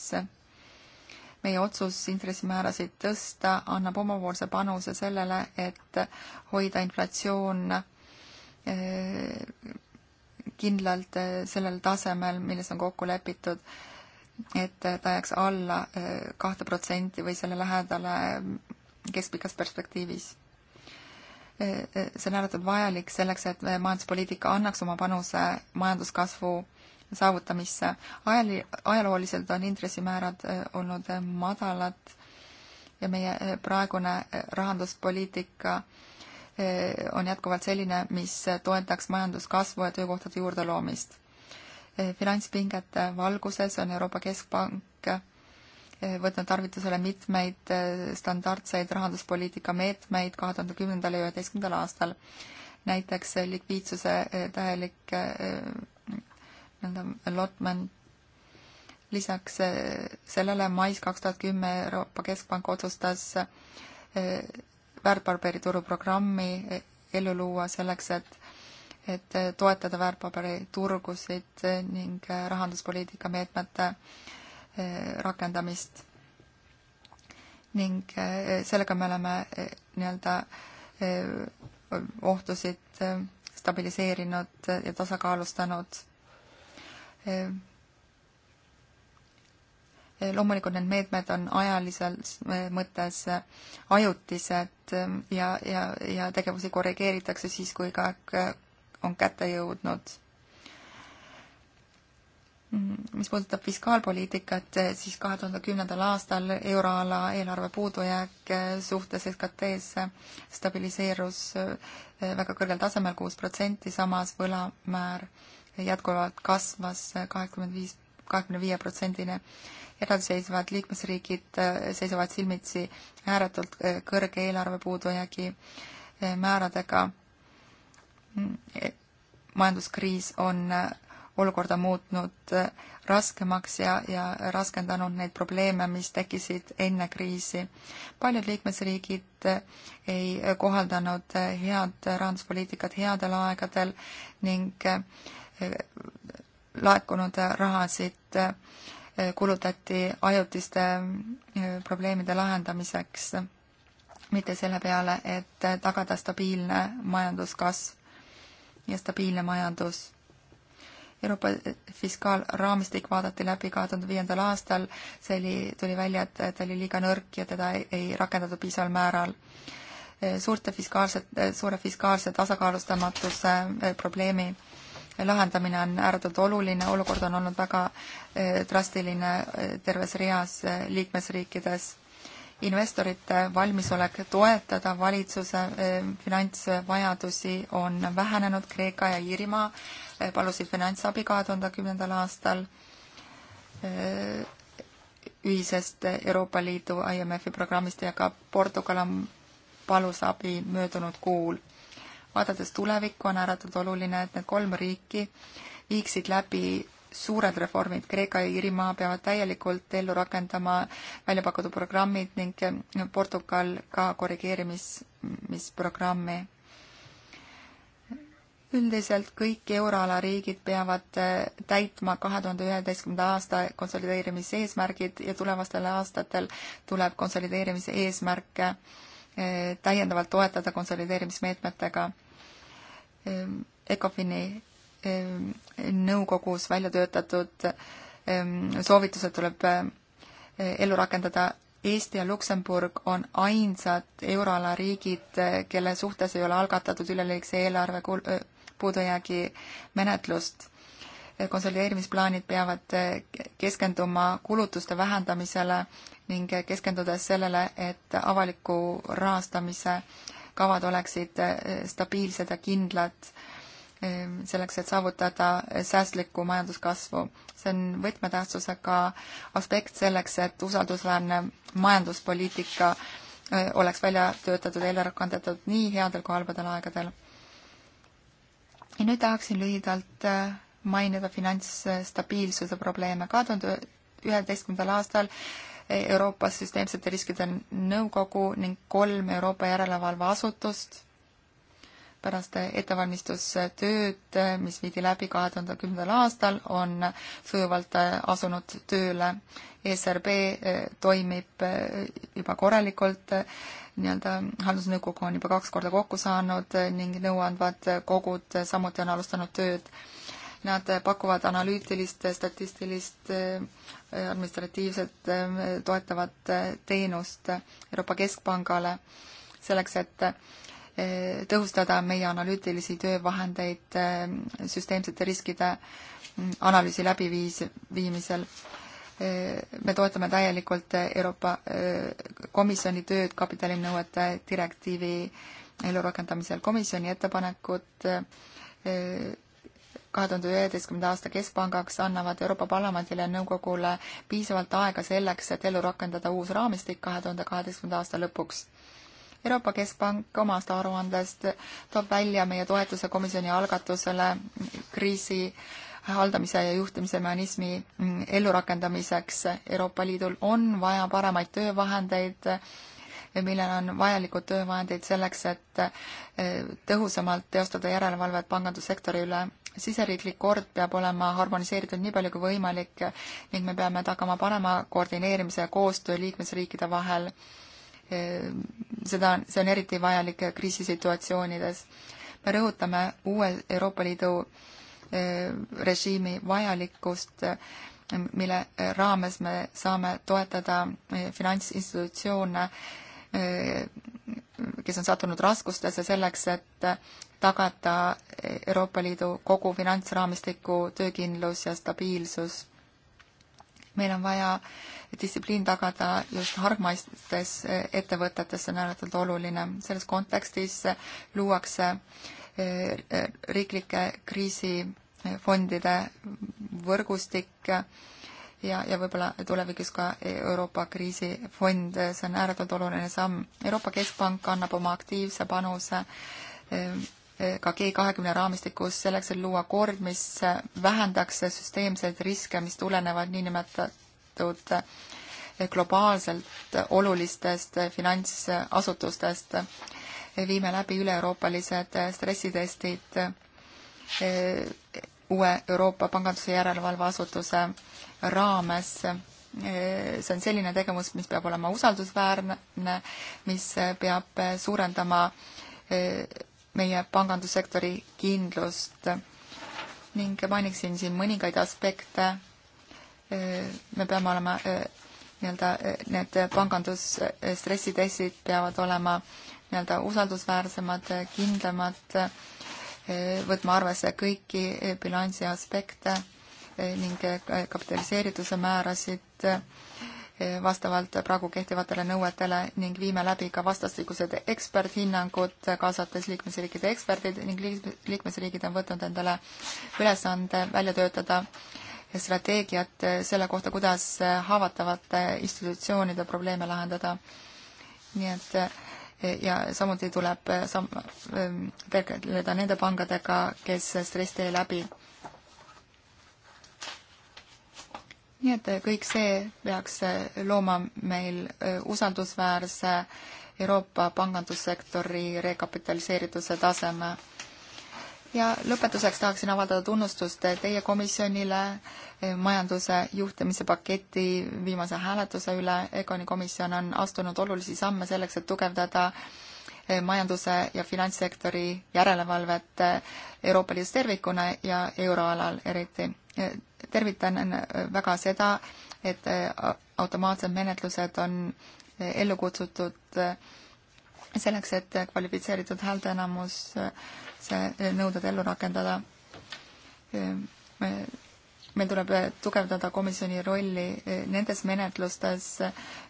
Speaker 2: meie otsus intressimäärasid tõsta annab omapoolse panuse sellele, et hoida inflatsioon kindlalt sellel tasemel, milles on kokku lepitud, et ta jääks alla kahte protsenti või selle lähedale keskpikas perspektiivis. E, e, see on ääretult vajalik selleks, et majanduspoliitika annaks oma panuse majanduskasvu saavutamisse. ajali-, ajalooliselt on intressimäärad e, olnud madalad ja meie praegune rahanduspoliitika on jätkuvalt selline, mis toetaks majanduskasvu ja töökohtade juurdeloomist. finantspingete valguses on Euroopa Keskpank Eh, võtnud tarvitusele mitmeid eh, standardseid rahanduspoliitika meetmeid kahe tuhande kümnendal ja üheteistkümnendal aastal. näiteks eh, likviidsuse täielik nii-öelda allotment. lisaks sellele mais kaks tuhat kümme Euroopa Keskpank otsustas väärtpaberituru programmi ellu luua selleks, et et toetada väärtpaberiturgusid ning rahanduspoliitika meetmete äh, Äh, rakendamist. ning äh, sellega me oleme äh, nii-öelda ohtusid stabiliseerinud ja tasakaalustanud. loomulikult need meetmed on ajalises mõttes ajutised ja, ja, ja tegevusi korrigeeritakse siis, kui ka on kätte jõudnud Mm, mis puudutab fiskaalpoliitikat, eh, siis kahe tuhande kümnendal aastal euroala eelarve puudujääk eh, suhtes SKT-sse eh, stabiliseerus väga kõrgel tasemel, kuus protsenti, samas võlamäär jätkuvalt kasvas kaheksakümmend viis, kahekümne viie protsendini. eraldiseisvad liikmesriigid seisavad silmitsi ääretult kõrge eelarve puudujäägi määradega. Mm, majanduskriis on olukorda muutnud eh, raskemaks ja, ja raskendanud neid probleeme, mis tekkisid enne kriisi. paljud liikmesriigid eh, ei kohaldanud eh, head rahanduspoliitikat headel aegadel ning laekunud rahasid kulutati ajutiste probleemide lahendamiseks, mitte selle peale, et tagada stabiilne majanduskasv ja stabiilne majandus Euroopa fiskaalraamistik vaadati läbi kahe tuhande viiendal aastal, see oli, tuli välja, et ta oli liiga nõrk ja teda ei, ei rakendatud piisaval määral. suurte fiskaalset, suure fiskaalse tasakaalustamatuse eh, probleemi lahendamine on ääretult oluline, olukord on olnud väga eh, drastiline eh, terves reas liikmesriikides investorite valmisolek toetada valitsuse eh, finantsvajadusi on vähenenud, Kreeka ja Iirimaa eh, palusid finantsabi kahe tuhande kümnendal aastal eh, ühisest Euroopa Liidu IMF-i programmist ja ka Portugal on palus abi möödunud kuul. vaadates tulevikku, on ääretult oluline, et need kolm riiki viiksid läbi suured reformid, Kreeka ja Iirimaa peavad täielikult ellu rakendama välja pakutud programmid ning eh, Portugal ka korrigeerimisprogrammi. üldiselt kõik euroala riigid peavad eh, täitma kahe tuhande üheteistkümnenda aasta konsolideerimise eesmärgid ja tulevastel aastatel tuleb konsolideerimise eesmärke eh, täiendavalt toetada konsolideerimismeetmetega. ECOFIN-i nõukogus välja töötatud soovitused tuleb eh, ellu rakendada. Eesti ja Luksemburg on ainsad euroala riigid, kelle suhtes ei ole algatatud üleliigse eelarve eh, puudujäägi menetlust konsolideerimisplaanid peavad eh, keskenduma kulutuste vähendamisele ning keskendudes sellele, et avaliku rahastamise kavad oleksid stabiilsed ja kindlad. Ehm, selleks, et saavutada säästlikku majanduskasvu. see on võtmetähtsusega aspekt selleks, et usaldusväärne majanduspoliitika eh, oleks välja töötatud, ellu rakendatud nii headel kui halbadel aegadel. ja nüüd tahaksin lühidalt eh, mainida finantsstabiilsuse probleeme. kahe tuhande üheteistkümnendal aastal eh, Euroopas süsteemsete riskide nõukogu ning kolm Euroopa järelevalveasutust pärast ettevalmistustööd, mis viidi läbi kahe tuhande kümnendal aastal, on sujuvalt äh, asunud tööle. ESRB äh, toimib äh, juba korralikult, nii-öelda haldusnõukogu on juba kaks korda kokku saanud ning nõuandvad kogud samuti on alustanud tööd. Nad pakuvad analüütilist, statistilist, administratiivset toetavat teenust Euroopa Keskpangale selleks, et tõhustada meie analüütilisi töövahendeid eh, süsteemsete riskide mm, analüüsi läbiviimisel. Eh, me toetame täielikult Euroopa eh, Komisjoni tööd kapitalinõuete direktiivi elurakendamisel. komisjoni ettepanekud kahe tuhande üheteistkümnenda aasta keskpangaks annavad Euroopa Parlamendile ja nõukogule piisavalt aega selleks, et ellu rakendada uus raamistik kahe tuhande kaheteistkümnenda aasta lõpuks Euroopa Keskpank omast aruandest toob välja meie toetuse komisjoni algatusele kriisi haldamise ja juhtimise mehhanismi ellurakendamiseks. Euroopa Liidul on vaja paremaid töövahendeid, millel on vajalikud töövahendid selleks, et e, tõhusamalt teostada järelevalvet pangandussektori üle siseriiklik kord peab olema harmoniseeritud nii palju kui võimalik ning me peame tagama parema koordineerimise ja koostöö liikmesriikide vahel seda, see on eriti vajalik kriisisituatsioonides. me rõhutame uue Euroopa Liidu e, režiimi vajalikkust, e, mille raames me saame toetada e, finantsinstitutsioone, kes on sattunud raskustesse selleks, et tagada Euroopa Liidu kogu finantsraamistiku töökindlus ja stabiilsus meil on vaja distsipliin tagada just hargmaistes e, ettevõtetes, see on ääretult oluline. selles kontekstis luuakse e, e, riiklike kriisifondide võrgustik ja, ja võib-olla tulevikus ka Euroopa kriisifond, see on ääretult oluline samm. Euroopa Keskpank annab oma aktiivse panuse ka G kahekümne raamistikus selleks, et luua kord, mis vähendaks süsteemseid riske, mis tulenevad niinimetatud globaalselt olulistest finantsasutustest. viime läbi üle-euroopalised stressitestid uue Euroopa Panganduse Järelevalveasutuse raames see on selline tegevus, mis peab olema usaldusväärne, mis peab suurendama meie pangandussektori kindlust ning mainiksin siin mõningaid aspekte. me peame olema nii-öelda need pangandusstressitestid peavad olema nii-öelda usaldusväärsemad, kindlamad, võtma arvesse kõiki bilansi aspekte ning kapitaliseerituse määrasid vastavalt praegu kehtivatele nõuetele ning viime läbi ka vastastikused eksperthinnangud, kaasates liikmesriikide eksperdid ning liikmesriigid on võtnud endale ülesande välja töötada strateegiat selle kohta, kuidas haavatavate institutsioonide probleeme lahendada. nii et ja samuti tuleb sam-, ähm, tegeleda nende pangadega, kes stressi läbi nii et eh, kõik see peaks eh, looma meil eh, usaldusväärse Euroopa pangandussektori rekapitaliseerituse taseme. ja lõpetuseks tahaksin avaldada tunnustust teie komisjonile majanduse juhtimise paketi viimase hääletuse üle. EGONi komisjon on astunud olulisi samme selleks, et tugevdada majanduse ja finantssektori järelevalvet Euroopa Liidus tervikuna ja euroalal eriti tervitan äh, väga seda, et äh, automaatsed menetlused on äh, ellu kutsutud selleks, et kvalifitseeritud häälteenamus see nõuded ellu rakendada. meil tuleb tugevdada komisjoni rolli nendes menetlustes,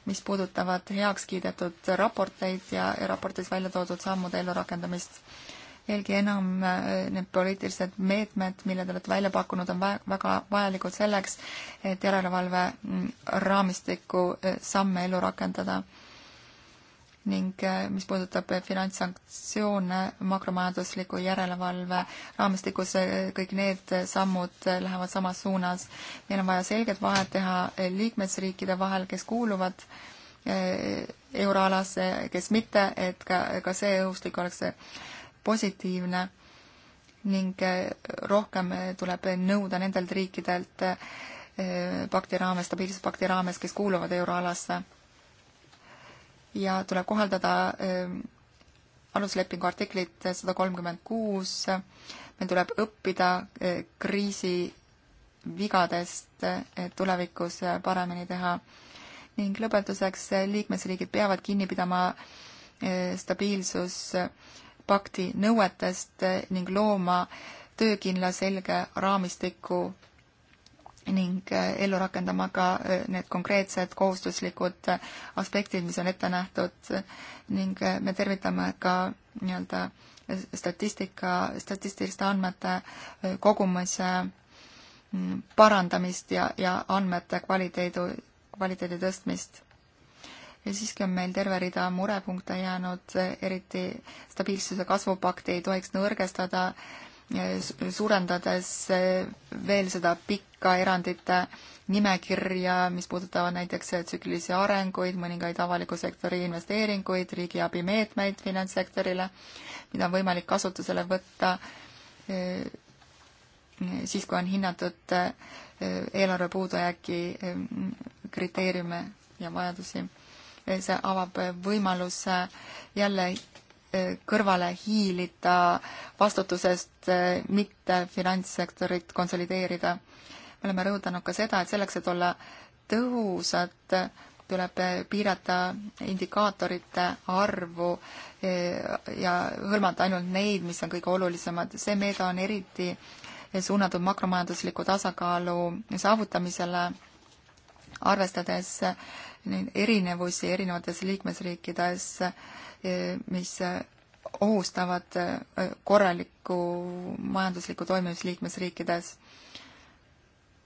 Speaker 2: mis puudutavad heaks kiidetud raporteid ja raportis välja toodud sammude ellurakendamist veelgi enam äh, need poliitilised meetmed, mille te olete välja pakkunud, on väga vajalikud selleks, et järelevalve mm, raamistiku äh, samme ellu rakendada. ning äh, mis puudutab finantssanktsioone makromajandusliku järelevalve raamistikus, kõik need sammud lähevad samas suunas. meil on vaja selget vahet teha liikmesriikide vahel, kes kuuluvad euroalasse, kes mitte, et ka, ka see õhustik oleks positiivne ning eh, rohkem eh, tuleb nõuda nendelt riikidelt eh, pakti raames, stabiilsuspakti raames, kes kuuluvad euroalasse. ja tuleb kohaldada aluslepingu artiklit sada kolmkümmend kuus, meil tuleb õppida kriisi vigadest, et tulevikus paremini teha. ning lõpetuseks, liikmesriigid peavad kinni pidama stabiilsus äh, pakti nõuetest ning looma töökindla selge raamistiku ning äh, ellu rakendama ka äh, need konkreetsed kohustuslikud äh, aspektid, mis on ette nähtud ning me tervitame ka nii-öelda statistika, statistiliste andmete kogumise mm, parandamist ja, ja andmete kvaliteedu, kvaliteedi tõstmist ja siiski on meil terve rida murepunkte jäänud, eriti stabiilsuse kasvupakti ei tohiks nõrgestada, e, suurendades e, veel seda pikka erandite nimekirja, mis puudutavad näiteks e, tsüklilisi arenguid, mõningaid avaliku sektori investeeringuid, riigiabimeetmeid finantssektorile, mida on võimalik kasutusele võtta siis, kui on hinnatud eelarve puudujääki kriteeriume ja vajadusi see avab võimaluse jälle eh, kõrvale hiilida vastutusest eh, mitte finantssektorit konsolideerida. me oleme rõhutanud ka seda, et selleks, et olla tõhusad, tuleb eh, piirata indikaatorite arvu ja hõlmata ainult neid, mis on kõige olulisemad. see meede on eriti suunatud makromajandusliku tasakaalu saavutamisele, arvestades neid erinevusi erinevates liikmesriikides, eh, mis eh, ohustavad eh, korralikku majanduslikku toimimist liikmesriikides.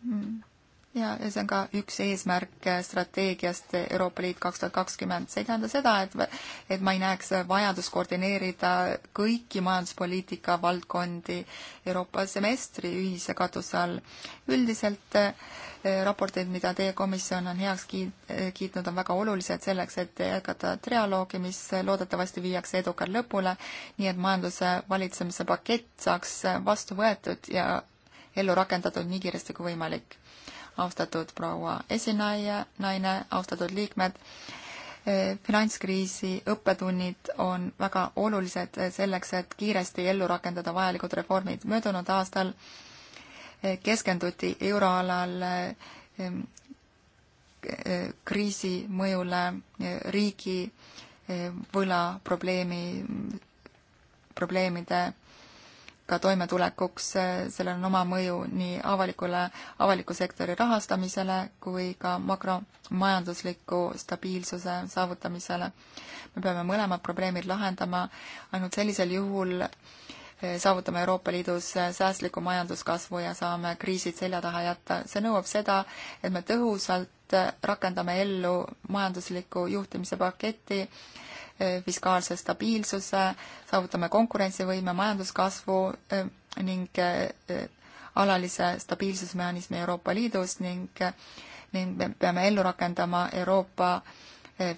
Speaker 2: Mm ja, ja see on ka üks eesmärk eh, strateegiast Euroopa Liit kaks tuhat kakskümmend. see ei tähenda seda, et, et ma ei näeks vajadust koordineerida kõiki majanduspoliitika valdkondi Euroopa semestri ühise katuse all. üldiselt eh, raportid, mida teie komisjon on heaks kiit-, eh, kiitnud, on väga olulised selleks, et jätkata trialoogi, mis loodetavasti viiakse edukalt lõpule, nii et majanduse valitsemise pakett saaks vastu võetud ja ellu rakendatud nii kiiresti kui võimalik austatud proua esinaine, naine, austatud liikmed. Eh, finantskriisi õppetunnid on väga olulised eh, selleks, et kiiresti ellu rakendada vajalikud reformid. möödunud aastal eh, keskenduti euroalal kriisi mõjule riigi võlaprobleemi, probleemide ka toimetulekuks, sellel on oma mõju nii avalikule, avaliku sektori rahastamisele kui ka makromajandusliku stabiilsuse saavutamisele. me peame mõlemad probleemid lahendama, ainult sellisel juhul eh, saavutame Euroopa Liidus eh, säästliku majanduskasvu ja saame kriisid selja taha jätta. see nõuab seda, et me tõhusalt eh, rakendame ellu majandusliku juhtimise paketti, Äh, fiskaalse stabiilsuse, saavutame konkurentsivõime, majanduskasvu äh, ning äh, alalise stabiilsusmehhanismi Euroopa Liidus ning, ning me peame ellu rakendama Euroopa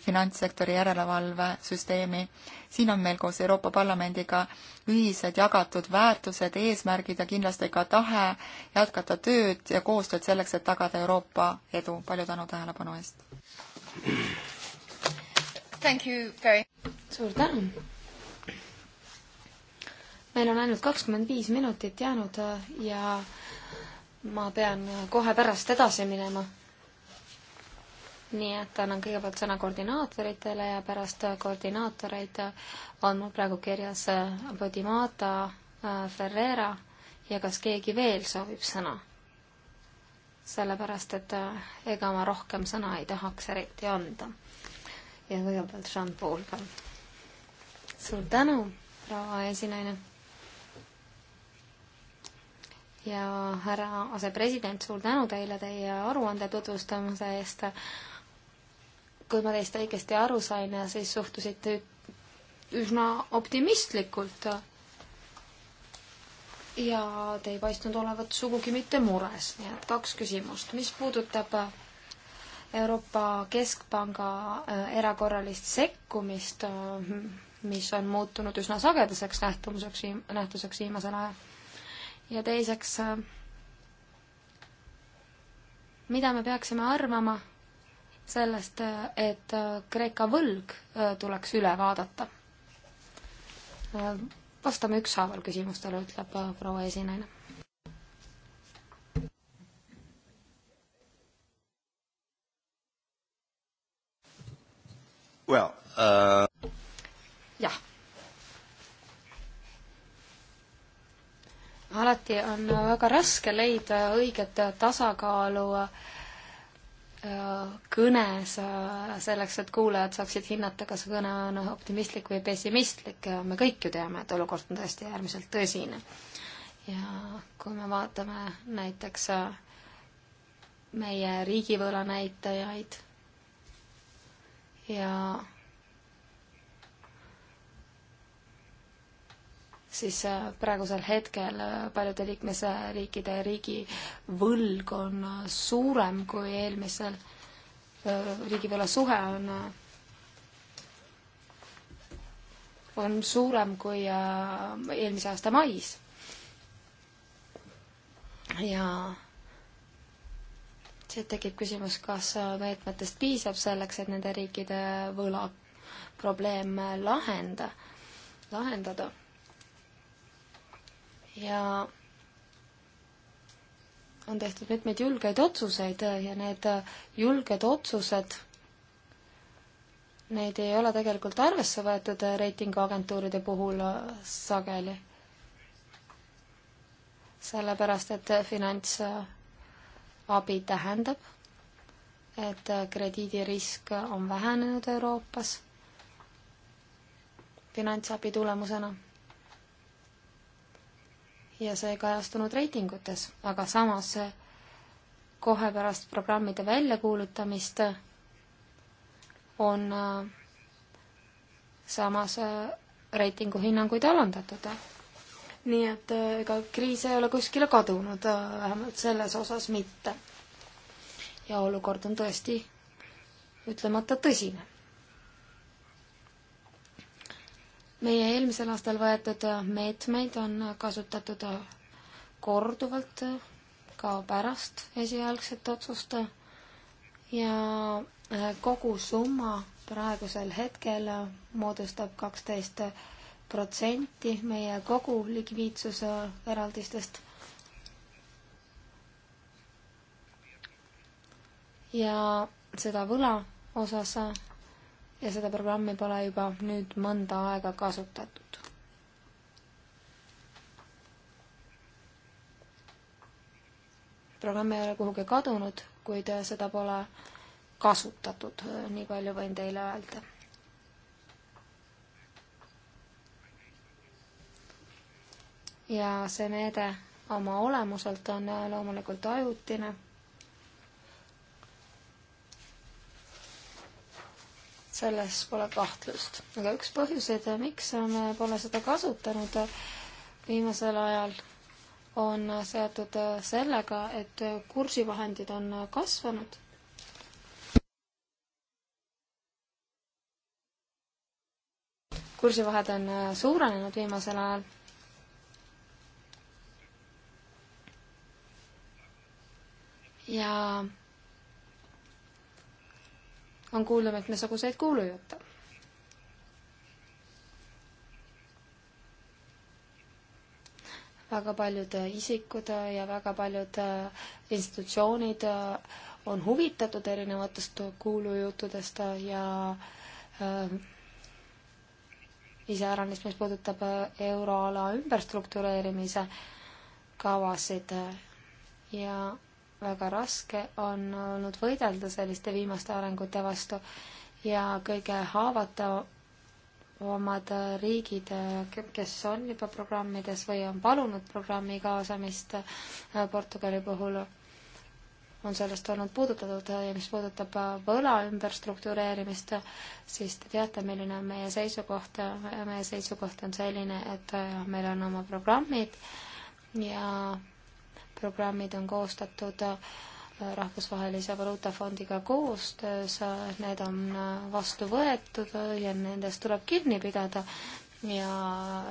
Speaker 2: finantssektori järelevalvesüsteemi. siin on meil koos Euroopa Parlamendiga ühised jagatud väärtused, eesmärgid ja kindlasti ka tahe jätkata tööd ja koostööd selleks, et tagada Euroopa edu. palju tänu tähelepanu eest!
Speaker 3: Thank you very suur tänu! meil on ainult kakskümmend viis minutit jäänud äh, ja ma pean äh, kohe pärast edasi minema. nii et annan kõigepealt sõna koordinaatoritele ja pärast äh, koordinaatoreid on mul praegu kirjas Podimata, Ferreira ja kas keegi veel soovib sõna? sellepärast, et ega ma rohkem sõna ei tahaks eriti anda ja kõigepealt Jean-Paul ka. suur tänu, proua esinaine. ja härra asepresident, suur tänu teile teie aruande tutvustamise eest. kui ma teist õigesti aru sain, siis suhtusite üsna optimistlikult. ja te ei paistnud olevat sugugi mitte mures, nii et kaks küsimust, mis puudutab Euroopa Keskpanga äh, erakorralist sekkumist, äh, mis on muutunud üsna sagedaseks nähtumuseks, nähtuseks viimasel ajal. ja teiseks, äh, mida me peaksime arvama sellest, et Kreeka võlg tuleks üle vaadata? vastame ükshaaval küsimustele, ütleb proua esinaine
Speaker 2: Well, uh...
Speaker 3: jah. alati on väga raske leida õiget tasakaalu äh, kõnes äh, selleks, et kuulajad saaksid hinnata, kas kõne on optimistlik või pessimistlik. me kõik ju teame, et olukord on tõesti äärmiselt tõsine. ja kui me vaatame näiteks äh, meie riigivõla näitajaid ja siis äh, praegusel hetkel äh, paljude liikmesriikide riigivõlg on äh, suurem kui eelmisel, riigivõla suhe on, on suurem kui eelmise aasta mais. ja siit tekib küsimus, kas meetmetest piisab selleks, et nende riikide võlaprobleem lahenda, lahendada. ja on tehtud mitmeid julgeid otsuseid ja need julged otsused, neid ei ole tegelikult arvesse võetud reitinguagentuuride puhul sageli. sellepärast, et finants abi tähendab, et krediidirisk on vähenenud Euroopas finantsabi tulemusena ja see ei kajastunud reitingutes, aga samas kohe pärast programmide väljakuulutamist on äh, samas äh, reitinguhinnanguid alandatud nii et äh, ega kriis ei ole kuskile kadunud, äh, vähemalt selles osas mitte. ja olukord on tõesti ütlemata tõsine. meie eelmisel aastal võetud äh, meetmeid on kasutatud korduvalt ka pärast esialgset otsust ja kogu summa praegusel hetkel moodustab kaksteist 12 protsenti meie kogu likviidsuse eraldistest. ja seda võla osas ja seda programmi pole juba nüüd mõnda aega kasutatud. programm ei ole kuhugi kadunud, kuid seda pole kasutatud, nii palju võin teile öelda ja see meede oma olemuselt on loomulikult ajutine selles pole kahtlust. aga üks põhjuseid, miks me pole seda kasutanud viimasel ajal, on seotud sellega, et kursivahendid on kasvanud. kursivahed on suurenenud viimasel ajal ja on kuulda mitmesuguseid kuulujutte. väga paljud isikud ja väga paljud äh, institutsioonid äh, on huvitatud erinevatest kuulujuttudest ja äh, iseäranis, mis puudutab euroala ümberstruktureerimise kavasid ja väga raske on olnud võidelda selliste viimaste arengute vastu ja kõige haavatavamad riigid, kes on juba programmides või on palunud programmi kaasamist äh, Portugali puhul, on sellest olnud puudutatud ja mis puudutab äh, võla ümberstruktureerimist, siis te teate, milline on meie seisukoht. meie seisukoht on selline, et äh, meil on oma programmid ja abiprogrammid on koostatud äh, Rahvusvahelise Valuutafondiga koostöös, need on äh, vastu võetud äh, ja nendest tuleb kinni pidada ja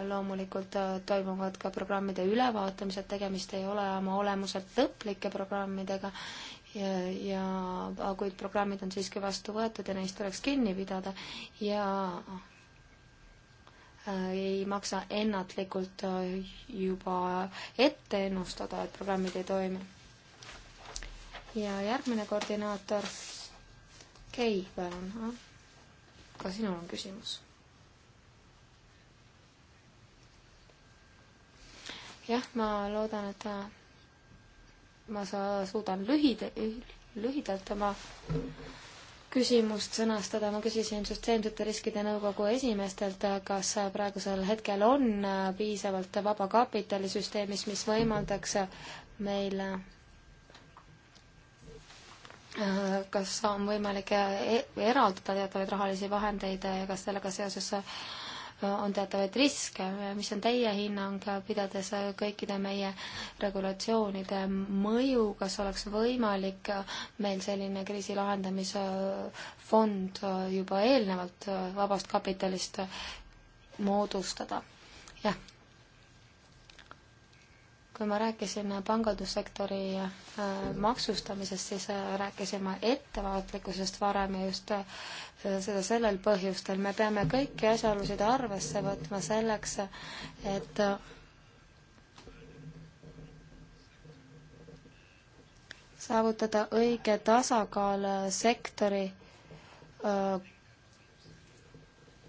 Speaker 3: loomulikult toimuvad ka programmide ülevaatamised, tegemist ei ole oma olemuselt lõplike programmidega ja, ja kuid programmid on siiski vastu võetud ja neist tuleks kinni pidada ja Äh, ei maksa ennatlikult äh, juba ette ennustada, et programmid ei toimi. ja järgmine koordinaator, Kei, palun. ka sinul on küsimus? jah, ma loodan, et ma saa, suudan lühid-, lühidalt oma küsimust sõnastada, ma küsisin süsteemsete riskide nõukogu esimeestelt, kas praegusel hetkel on piisavalt vaba kapitali süsteemis, mis võimaldaks meil kas on võimalik e-, eraldada teatavaid rahalisi vahendeid ja kas sellega seoses on teatavaid riske, mis on teie hinnang, pidades kõikide meie regulatsioonide mõju, kas oleks võimalik meil selline kriisi lahendamise fond juba eelnevalt vabast kapitalist moodustada? jah, kui me rääkisime pangandussektori äh, maksustamisest, siis äh, rääkisime ettevaatlikkusest varem ja just äh, seda sellel põhjustel. me peame kõiki asjaolusid arvesse võtma selleks, et saavutada õige tasakaal sektori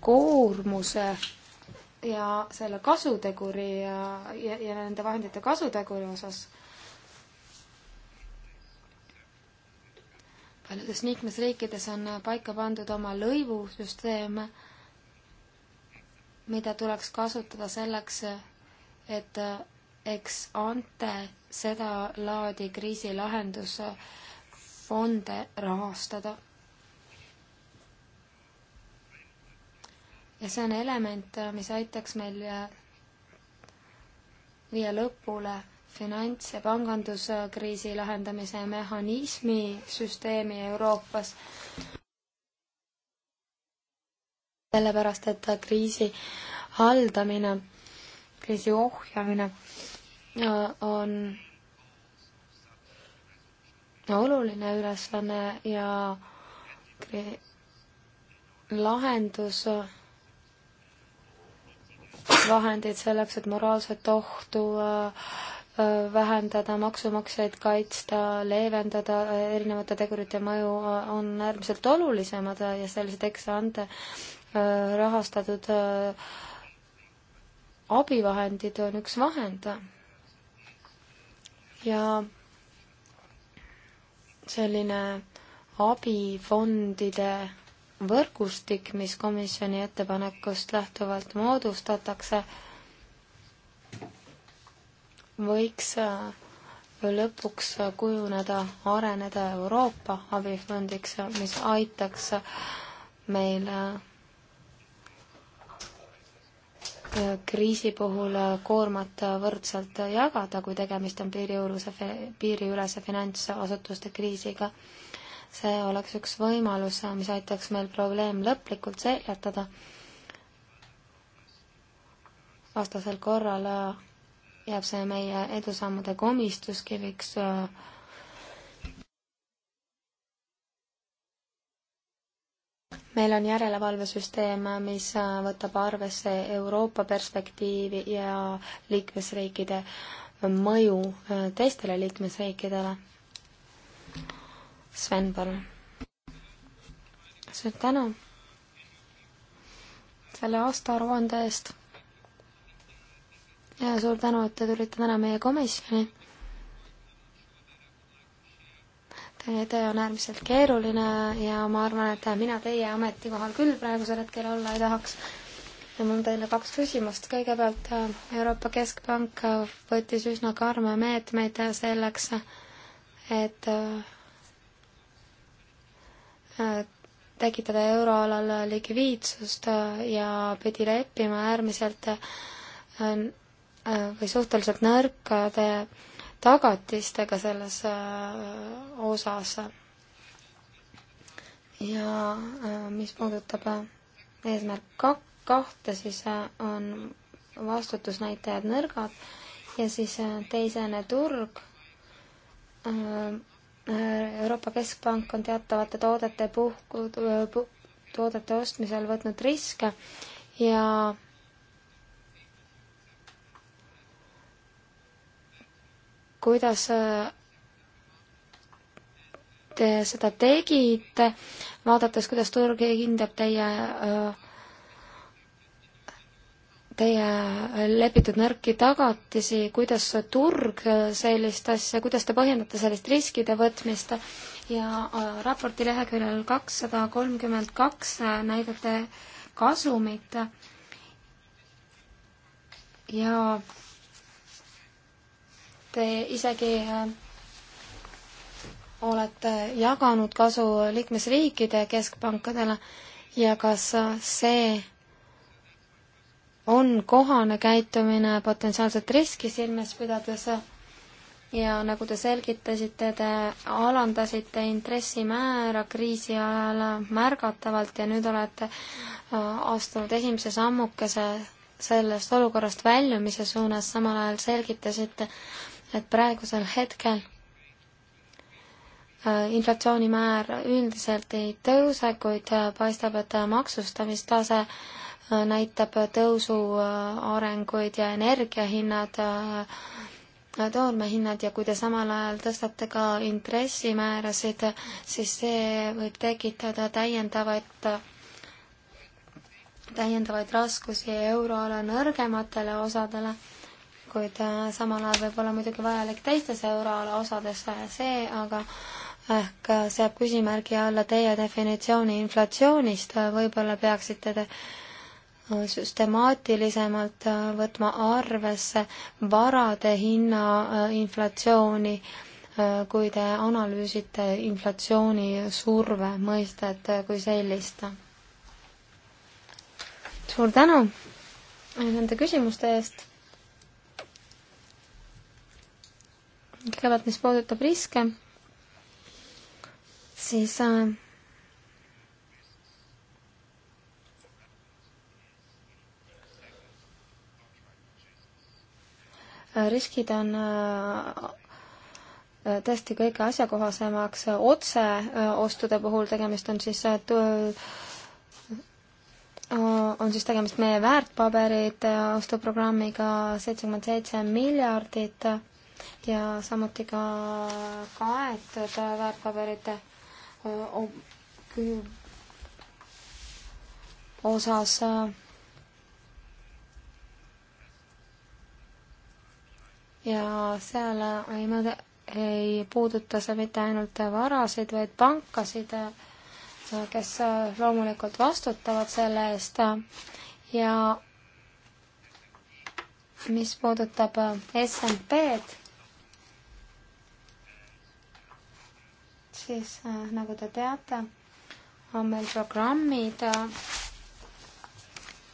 Speaker 3: koormuse ja selle kasuteguri ja, ja, ja nende vahendite kasuteguri osas paljudes liikmesriikides on paika pandud oma lõivusüsteem, mida tuleks kasutada selleks, et eks ante sedalaadi kriisilahendusfonde rahastada ja see on element, mis aitaks meil äh, viia lõpule finants- ja panganduskriisi lahendamise mehhanismi süsteemi Euroopas. sellepärast, et äh, kriisi haldamine, kriisi ohjamine äh, on oluline ülesanne ja lahendus vahendeid selleks, et moraalset ohtu äh, äh, vähendada, maksumaksjaid kaitsta, leevendada äh, erinevate tegurite mõju, on äärmiselt olulisemad ja sellised eksande rahastatud abivahendid on üks vahend. ja selline abifondide võrgustik, mis komisjoni ettepanekust lähtuvalt moodustatakse, võiks äh, lõpuks kujuneda, areneda Euroopa abifondiks, mis aitaks meil äh, kriisi puhul äh, koormat võrdselt jagada, kui tegemist on piiriülese, piiriülese finantsasutuste kriisiga see oleks üks võimalus, mis aitaks meil probleem lõplikult seljatada. vastasel korral äh, jääb see meie edusammude komistuskiviks äh. meil on järelevalvesüsteem, mis äh, võtab arvesse Euroopa perspektiivi ja liikmesriikide mõju teistele liikmesriikidele. Sven, palun. suur tänu selle aastaaruande eest. ja suur tänu, et te tulite täna meie komisjoni. Teie töö on äärmiselt keeruline ja ma arvan, et mina teie ametikohal küll praegusel hetkel olla ei tahaks ja mul on teile kaks küsimust. kõigepealt Euroopa Keskpank võttis üsna karme meetmeid selleks, et Äh, tekitada euroalal likviidsust äh, ja pidi leppima äärmiselt äh, või suhteliselt nõrkade tagatistega selles osas. ja mis puudutab eesmärk kak-, kahte, siis on vastutusnäitajad nõrgad ja siis teisene turg Euroopa Keskpank on teatavate toodete puhku, toodete ostmisel võtnud riske ja kuidas äh, te seda tegite, vaadates, kuidas turg hindab teie öö, äh, teie lepitud nõrki tagatisi, kuidas turg sellist asja, kuidas te põhjendate sellist riskide võtmist ja äh, raporti leheküljel kakssada kolmkümmend kaks äh, näidate kasumit ja te isegi äh, olete jaganud kasu liikmesriikide keskpankadele ja kas see on kohane käitumine potentsiaalset riski silmas pidades ja nagu te selgitasite, te alandasite intressimäära kriisi ajal märgatavalt ja nüüd olete äh, astunud esimese sammukese sellest olukorrast väljumise suunas, samal ajal selgitasite, et praegusel hetkel äh, inflatsioonimäär üldiselt ei tõuse, kuid äh, paistab, et maksustamistase näitab tõusu äh, arenguid ja energiahinnad, äh, toormehinnad ja kui te samal ajal tõstate ka intressimäärasid, siis see võib tekitada täiendavat täiendavaid raskusi euroala nõrgematele osadele, kuid äh, samal ajal võib olla muidugi vajalik teistes euroala osades see, aga ehk seab küsimärgi alla teie definitsiooni inflatsioonist, võib-olla peaksite te süstemaatilisemalt äh, võtma arvesse varade hinna äh, inflatsiooni, äh, kui te analüüsite inflatsiooni surve mõistet kui sellist. suur tänu nende küsimuste eest. kõigepealt, mis puudutab riske, siis äh, riskid on äh, äh, tõesti kõige asjakohasemaks äh, otseostude puhul, tegemist on siis on siis tegemist meie väärtpaberite ostuprogrammiga seitsekümmend seitse miljardit ja samuti ka kaetud väärtpaberite osas ja seal äh, ei mõõda, ei puuduta see mitte ainult varasid, vaid pankasid, äh, kes äh, loomulikult vastutavad selle eest ja mis puudutab SMP-d, siis nagu te teate, on meil programmid,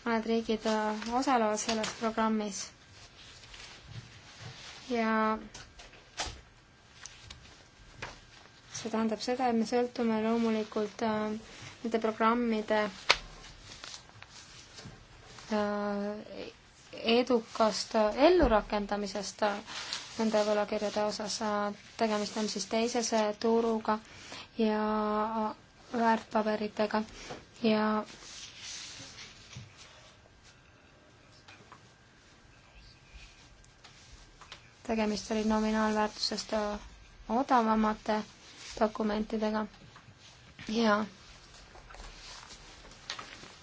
Speaker 3: mõned riigid osalevad selles programmis ja see tähendab seda, et me sõltume loomulikult äh, nende programmide äh, edukast äh, ellurakendamisest äh, nende võlakirjade osas. Äh, tegemist on siis teisese turuga ja äh, väärtpaberitega ja tegemist oli nominaalväärtusest odavamate dokumentidega ja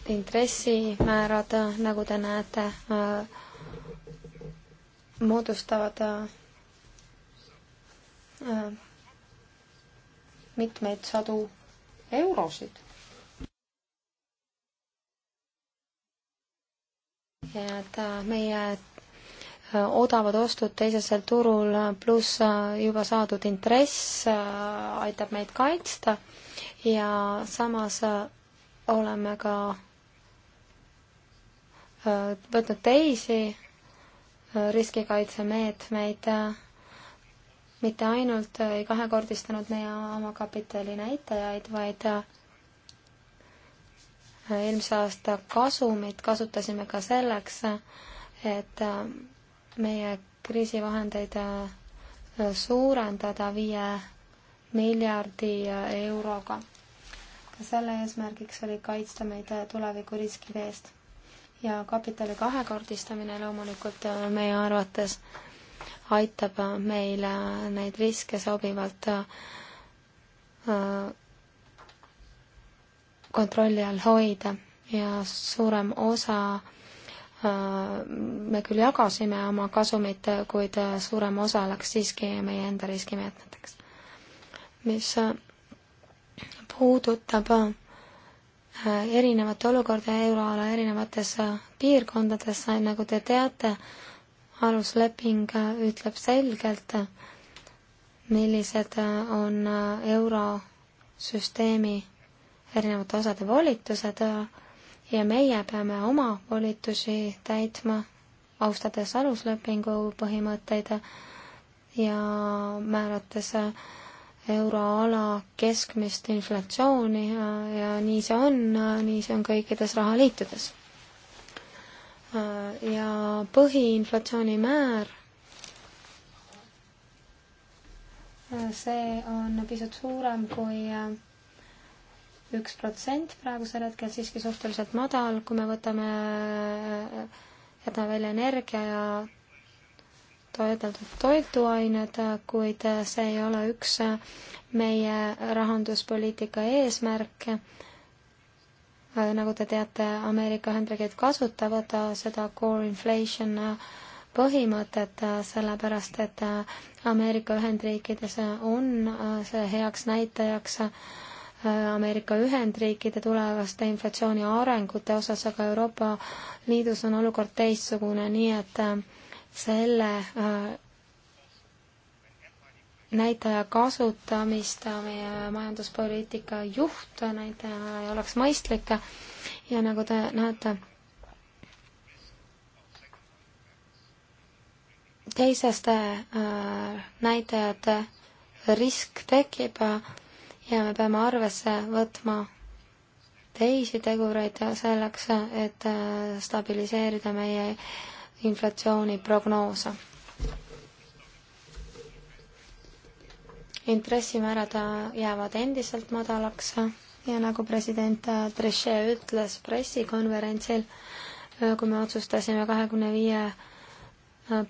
Speaker 3: intressimäärad, nagu te näete, moodustavad mitmeid sadu eurosid. ja et meie Äh, odavad ostud teisesel turul äh, pluss äh, juba saadud intress aitab meid kaitsta ja samas oleme ka võtnud teisi riskikaitsemeetmeid, mitte ainult ei kahekordistanud meie oma kapitali näitajaid, vaid eelmise aasta kasumit kasutasime ka selleks, et meie kriisivahendeid äh, suurendada viie miljardi äh, euroga. ka selle eesmärgiks oli kaitsta meid äh, tulevikuriskide eest ja kapitali kahekordistamine loomulikult meie arvates aitab meil neid riske sobivalt kontrolli all hoida ja suurem osa Äh, me küll jagasime oma kasumit, kuid äh, suurem osa läks siiski meie enda riskimeetmeteks. mis äh, puudutab erinevate olukorda euroala erinevates piirkondades, nagu te teate, alusleping ütleb selgelt, millised on eurosüsteemi erinevate osade volitused ja meie peame oma volitusi täitma, austades aluslepingu põhimõtteid ja määrates euroala keskmist inflatsiooni ja, ja nii see on, nii see on kõikides rahaliitudes. ja põhiinflatsiooni määr, see on pisut suurem kui üks protsent praegusel hetkel siiski suhteliselt madal, kui me võtame, äh, jätame välja energia ja toidetud toiduained, kuid see ei ole üks meie rahanduspoliitika eesmärke. Äh, nagu te teate, Ameerika Ühendriigid kasutavad äh, seda core inflation põhimõtet, sellepärast et Ameerika Ühendriikides on see heaks näitajaks Ameerika Ühendriikide tulevaste inflatsiooni arengute osas, aga Euroopa Liidus on olukord teistsugune, nii et äh, selle äh, näitaja kasutamist äh, meie majanduspoliitika juhtnäitajana ei oleks mõistlik ja nagu te näete, teiseste näitajate risk tekib ja me peame arvesse võtma teisi tegureid selleks, et äh, stabiliseerida meie inflatsiooniprognoose. intressimäärad äh, jäävad endiselt madalaks ja nagu president äh, Trichet ütles pressikonverentsil, kui me otsustasime kahekümne viie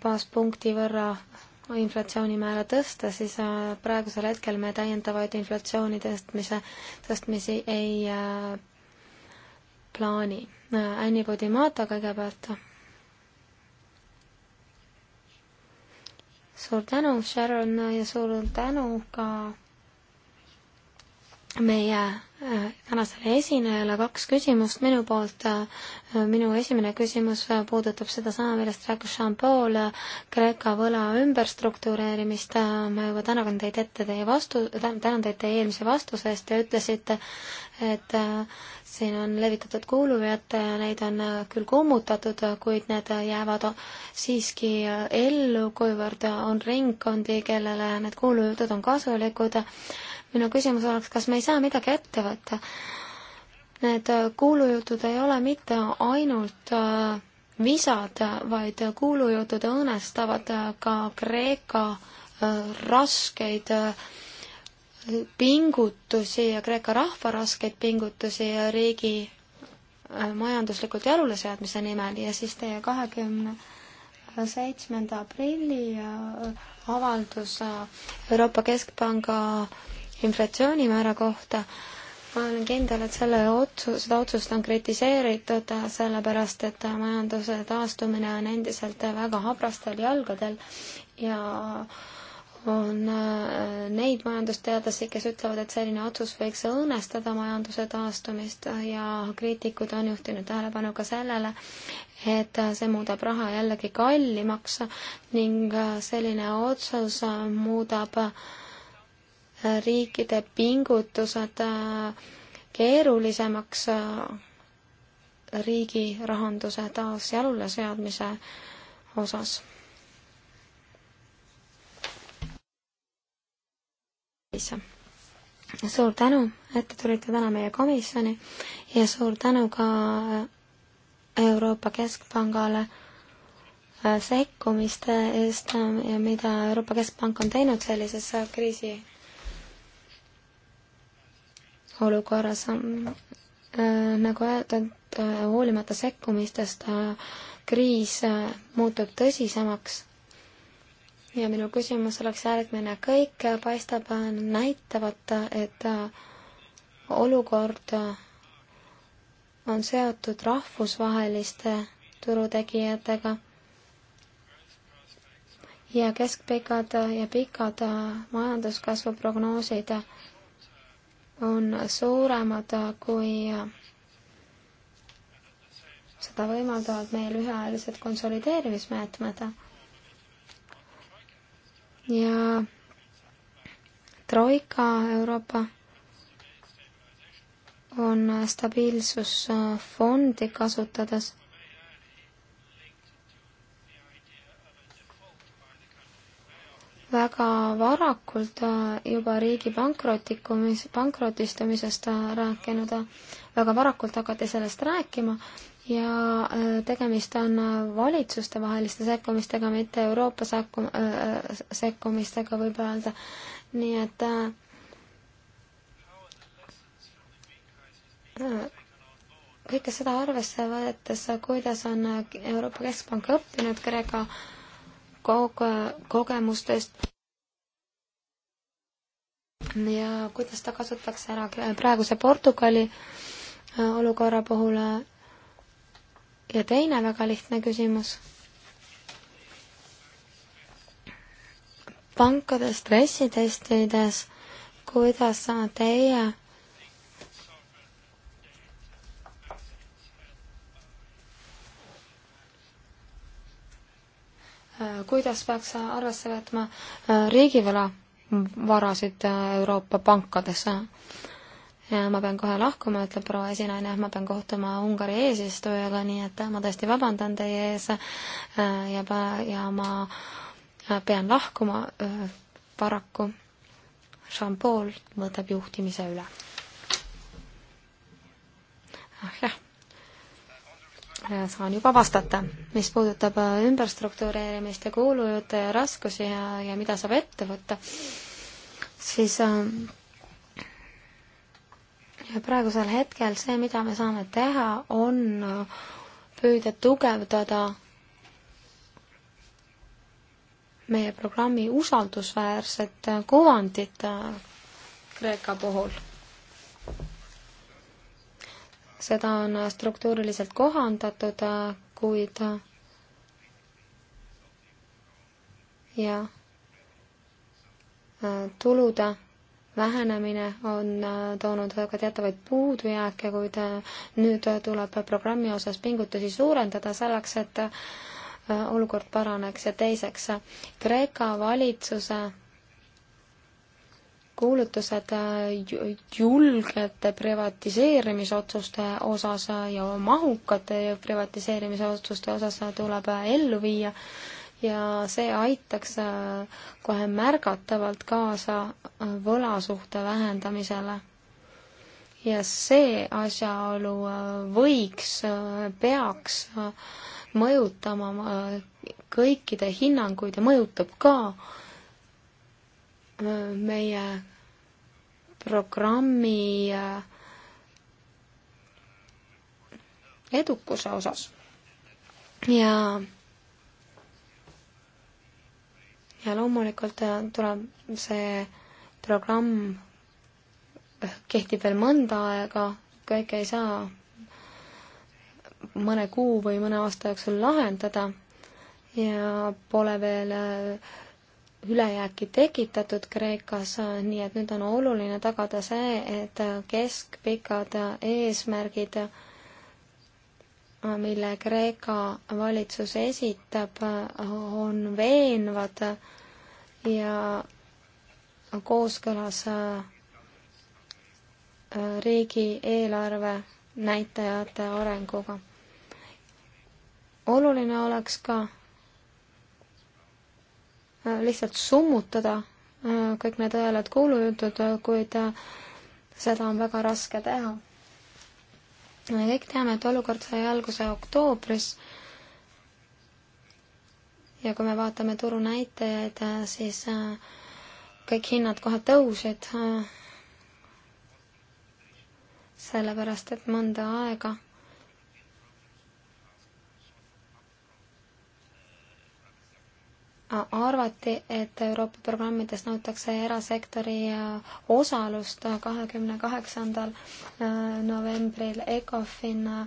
Speaker 3: baaspunkti võrra inflatsioonimäära tõsta, siis äh, praegusel hetkel me täiendavaid inflatsiooni tõstmise, tõstmisi ei äh, plaani. Äh, Anni Podimata kõigepealt. suur tänu, Sharon, ja suur tänu ka meie tänasele esinejale kaks küsimust minu poolt. minu esimene küsimus puudutab sedasama, millest rääkis Jean-Paul, Kreeka võla ümberstruktureerimist. ma juba tänan teid ette teie vastu, tänan teid teie eelmise vastuse eest ja ütlesite, et siin on levitatud kuulujad, neid on küll kummutatud, kuid need jäävad siiski ellu, kuivõrd on ringkondi, kellele need kuulujutud on kasulikud minu küsimus oleks, kas me ei saa midagi ette võtta? Need äh, kuulujutud ei ole mitte ainult äh, visad, vaid kuulujutud õõnestavad äh, ka Kreeka raskeid pingutusi ja Kreeka rahva raskeid pingutusi ja riigi majanduslikult jaluleseadmise nimel ja siis teie kahekümne 20 seitsmenda aprilli avaldus Euroopa Keskpanga inflatsioonimäära kohta, ma olen kindel, et selle otsus, seda otsust on kritiseeritud, sellepärast et majanduse taastumine on endiselt väga habrastel jalgadel ja on äh, neid majandusteadlasi, kes ütlevad, et selline otsus võiks õõnestada majanduse taastumist ja kriitikud on juhtinud tähelepanu ka sellele, et see muudab raha jällegi kallimaks ning äh, selline otsus muudab äh, riikide pingutused äh, keerulisemaks äh, riigi rahanduse taas jalule seadmise osas. suur tänu, et te tulite täna meie komisjoni ja suur tänu ka äh, Euroopa Keskpangale sekkumiste eest, mida Euroopa Keskpank on teinud sellises kriisi olukorras on äh, nagu öeldud, äh, hoolimata sekkumistest äh, kriis muutub tõsisemaks. ja minu küsimus oleks järgmine. kõik paistab näitavat, et olukord on seotud rahvusvaheliste turutegijatega ja keskpikad ja pikad majanduskasvu prognoosid on suuremad kui seda võimaldavad meil üheajalised konsolideerimismeetmed. ja Troika Euroopa on stabiilsusfondi kasutades väga varakult äh, juba riigi pankrotikumis, pankrotistumisest äh, rääkinud, äh, väga varakult hakati sellest rääkima ja tegemist on valitsustevaheliste sekkumistega, mitte Euroopa sekku-, sekkumistega, võib öelda, nii et kõike seda arvesse võttes, kuidas on Euroopa Keskpank õppinud Kreeka äh, koge-, kogemustest ja kuidas ta kasutatakse ära praeguse Portugali äh, olukorra puhul. Äh, ja teine väga lihtne küsimus. pankade stressitestides, kuidas teie kuidas peaks arvesse võtma äh, riigivõla varasid äh, Euroopa pankades? ma pean kohe lahkuma, ütleb proua esinaine, ma pean kohtuma Ungari eesistujaga, nii et äh, ma tõesti vabandan teie ees ja, ja ma pean lahkuma paraku. Jean-Paul võtab juhtimise üle. ah jah Äh, saan juba vastata. mis puudutab äh, ümberstruktureerimist ja kuulujute ja raskusi ja, ja mida saab ette võtta, siis äh, ja praegusel hetkel see, mida me saame teha, on püüda tugevdada meie programmi usaldusväärset kuvandit Kreeka puhul seda on äh, struktuuriliselt kohandatud, äh, kuid äh, ja tulude vähenemine on toonud ka teatavaid puudujääke, kuid nüüd tuleb programmi osas pingutusi suurendada selleks, et olukord paraneks ja teiseks Kreeka valitsuse kuulutused äh, julgete privatiseerimisotsuste osas ja mahukate privatiseerimisotsuste osas tuleb ellu viia ja see aitaks äh, kohe märgatavalt kaasa äh, võlasuhte vähendamisele. ja see asjaolu võiks, peaks mõjutama kõikide hinnanguid ja mõjutab ka meie programmi äh, edukuse osas. ja ja loomulikult äh, tuleb see programm äh, kehtib veel mõnda aega, kõike ei saa mõne kuu või mõne aasta jooksul lahendada ja pole veel äh, ülejääki tekitatud Kreekas, nii et nüüd on oluline tagada see, et keskpikad eesmärgid, mille Kreeka valitsus esitab, on veenvad ja kooskõlas riigieelarve näitajate arenguga. oluline oleks ka Äh, lihtsalt summutada äh, kõik need õelad kuulujutud, äh, kuid seda on väga raske teha. me kõik teame, et olukord sai alguse oktoobris ja kui me vaatame turunäitajaid, siis kõik hinnad kohe tõusid, sellepärast et mõnda aega arvati, et Euroopa programmides nõutakse erasektori äh, osalust kahekümne kaheksandal äh, novembril ECOFIN äh,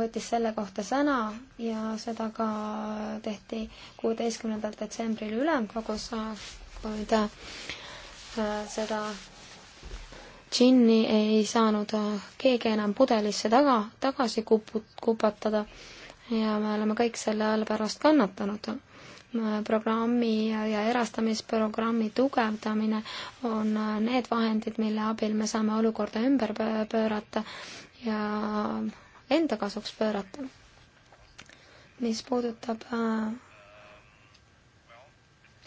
Speaker 3: võttis selle kohta sõna ja seda ka tehti kuueteistkümnendal detsembril ülemkogus, kuid seda džinni ei saanud keegi enam pudelisse taga, tagasi kuput-, kupatada ja me oleme kõik selle all pärast kannatanud programmi ja erastamisprogrammi tugevdamine on äh, need vahendid, mille abil me saame olukorda ümber pöörata ja enda kasuks pöörata. mis puudutab äh,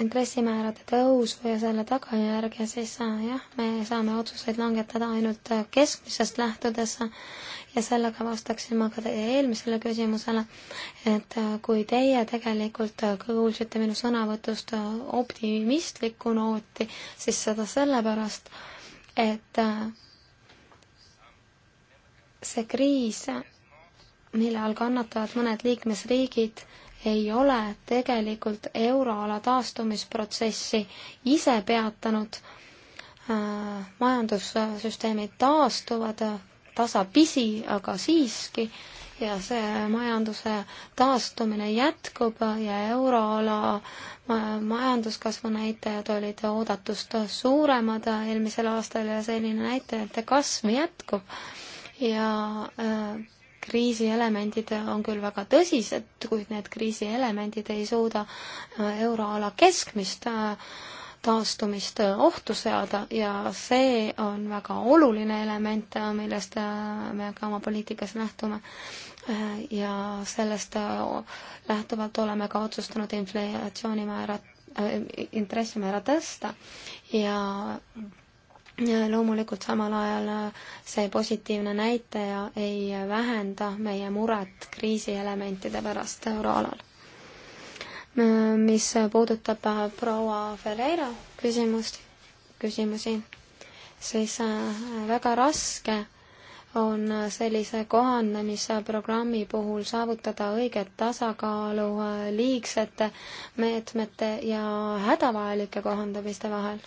Speaker 3: intressimäärade tõusu ja selle tagajärge, siis äh, jah, me saame otsuseid langetada ainult äh, keskmisest lähtudes ja sellega vastaksin ma ka teie eelmisele küsimusele, et äh, kui teie tegelikult kuulsite minu sõnavõtust optimistlikku nooti, siis seda sellepärast, et see kriis, mille all kannatavad mõned liikmesriigid, ei ole tegelikult euroala taastumisprotsessi ise peatanud. Äh, majandussüsteemid taastuvad tasapisi, aga siiski ja see majanduse taastumine jätkub ja euroala majanduskasvu näitajad olid oodatust suuremad eelmisel aastal ja selline näitajate kasv jätkub ja äh, kriisielemendid on küll väga tõsised, kuid need kriisielemendid ei suuda äh, euroala keskmist äh, taastumist äh, ohtu seada ja see on väga oluline element, millest me ka oma poliitikas lähtume. ja sellest lähtuvalt oleme ka otsustanud inflatsioonimäära, intressimäära tõsta ja Ja loomulikult samal ajal äh, see positiivne näitaja ei vähenda meie muret kriisielementide pärast euroalal. Äh, mis puudutab äh, proua Ferreira küsimust, küsimusi, siis väga raske on sellise kohanemisprogrammi puhul saavutada õiget tasakaalu liigsete meetmete ja hädavajalike kohandamiste vahel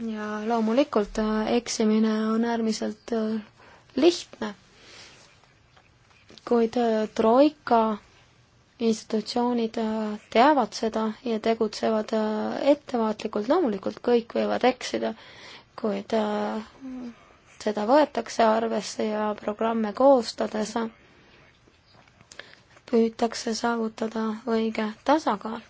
Speaker 3: ja loomulikult äh, eksimine on äärmiselt äh, lihtne, kuid äh, troika institutsioonid teavad seda ja tegutsevad ettevaatlikult, loomulikult kõik võivad eksida, kuid seda võetakse arvesse ja programme koostades püütakse saavutada õige tasakaal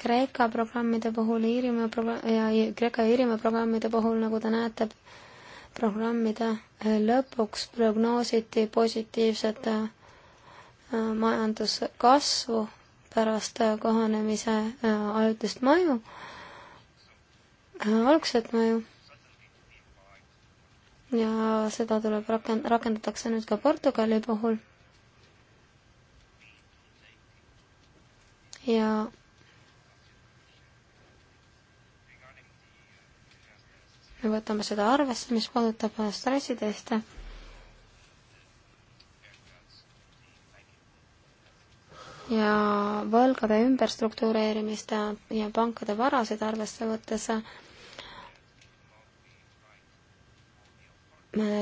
Speaker 3: Kreeka programmide puhul, Iirimaa progra- ja Kreeka ja Iirimaa programmide puhul, nagu te näete, programmide eh, lõpuks prognoositi positiivset eh, majanduskasvu pärast eh, kohanemise ajutist mõju, algset mõju. ja seda tuleb rakend-, rakendatakse nüüd ka Portugali puhul. ja me võtame seda arvesse, mis puudutab stressiteste. ja võlgade ümberstruktureerimist ja pankade varasid arvesse võttes me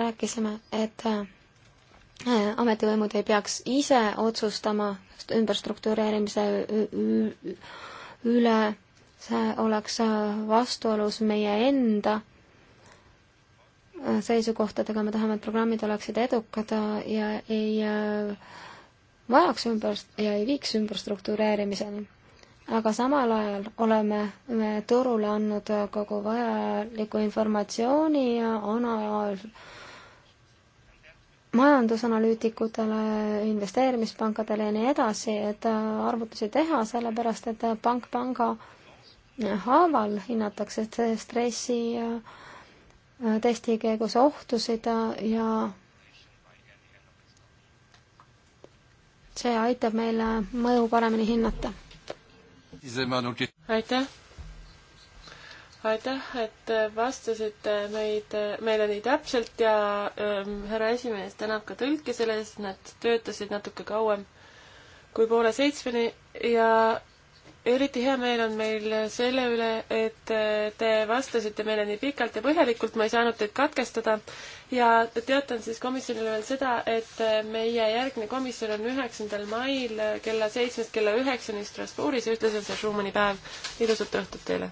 Speaker 3: rääkisime, et äh, ametivõimud ei peaks ise otsustama ümberstruktureerimise üle see oleks äh, vastuolus meie enda äh, seisukohtadega, me tahame, et programmid oleksid edukad äh, ja ei vajaks ümber ja ei viiks ümberstruktureerimiseni. aga samal ajal oleme me turule andnud kogu vajaliku informatsiooni ja anal-, majandusanalüütikutele, investeerimispankadele ja nii edasi, et arvutusi teha, sellepärast et pank panga äh, haaval, hinnatakse stressi äh, testi käigus ohtusid ja see aitab meil mõju paremini hinnata. aitäh!
Speaker 1: aitäh, et vastasite meid, meile nii täpselt ja ähm, härra esimees tänab ka tõlke selle eest, nad töötasid natuke kauem kui poole seitsmeni ja eriti hea meel on meil selle üle, et te vastasite meile nii pikalt ja põhjalikult, ma ei saanud teid katkestada ja teatan siis komisjonile veel seda, et meie järgmine komisjon on üheksandal mail kella seitsmest kella üheksani Strasbourgis ja ühtlasi on see Schumanni päev. ilusat õhtut teile!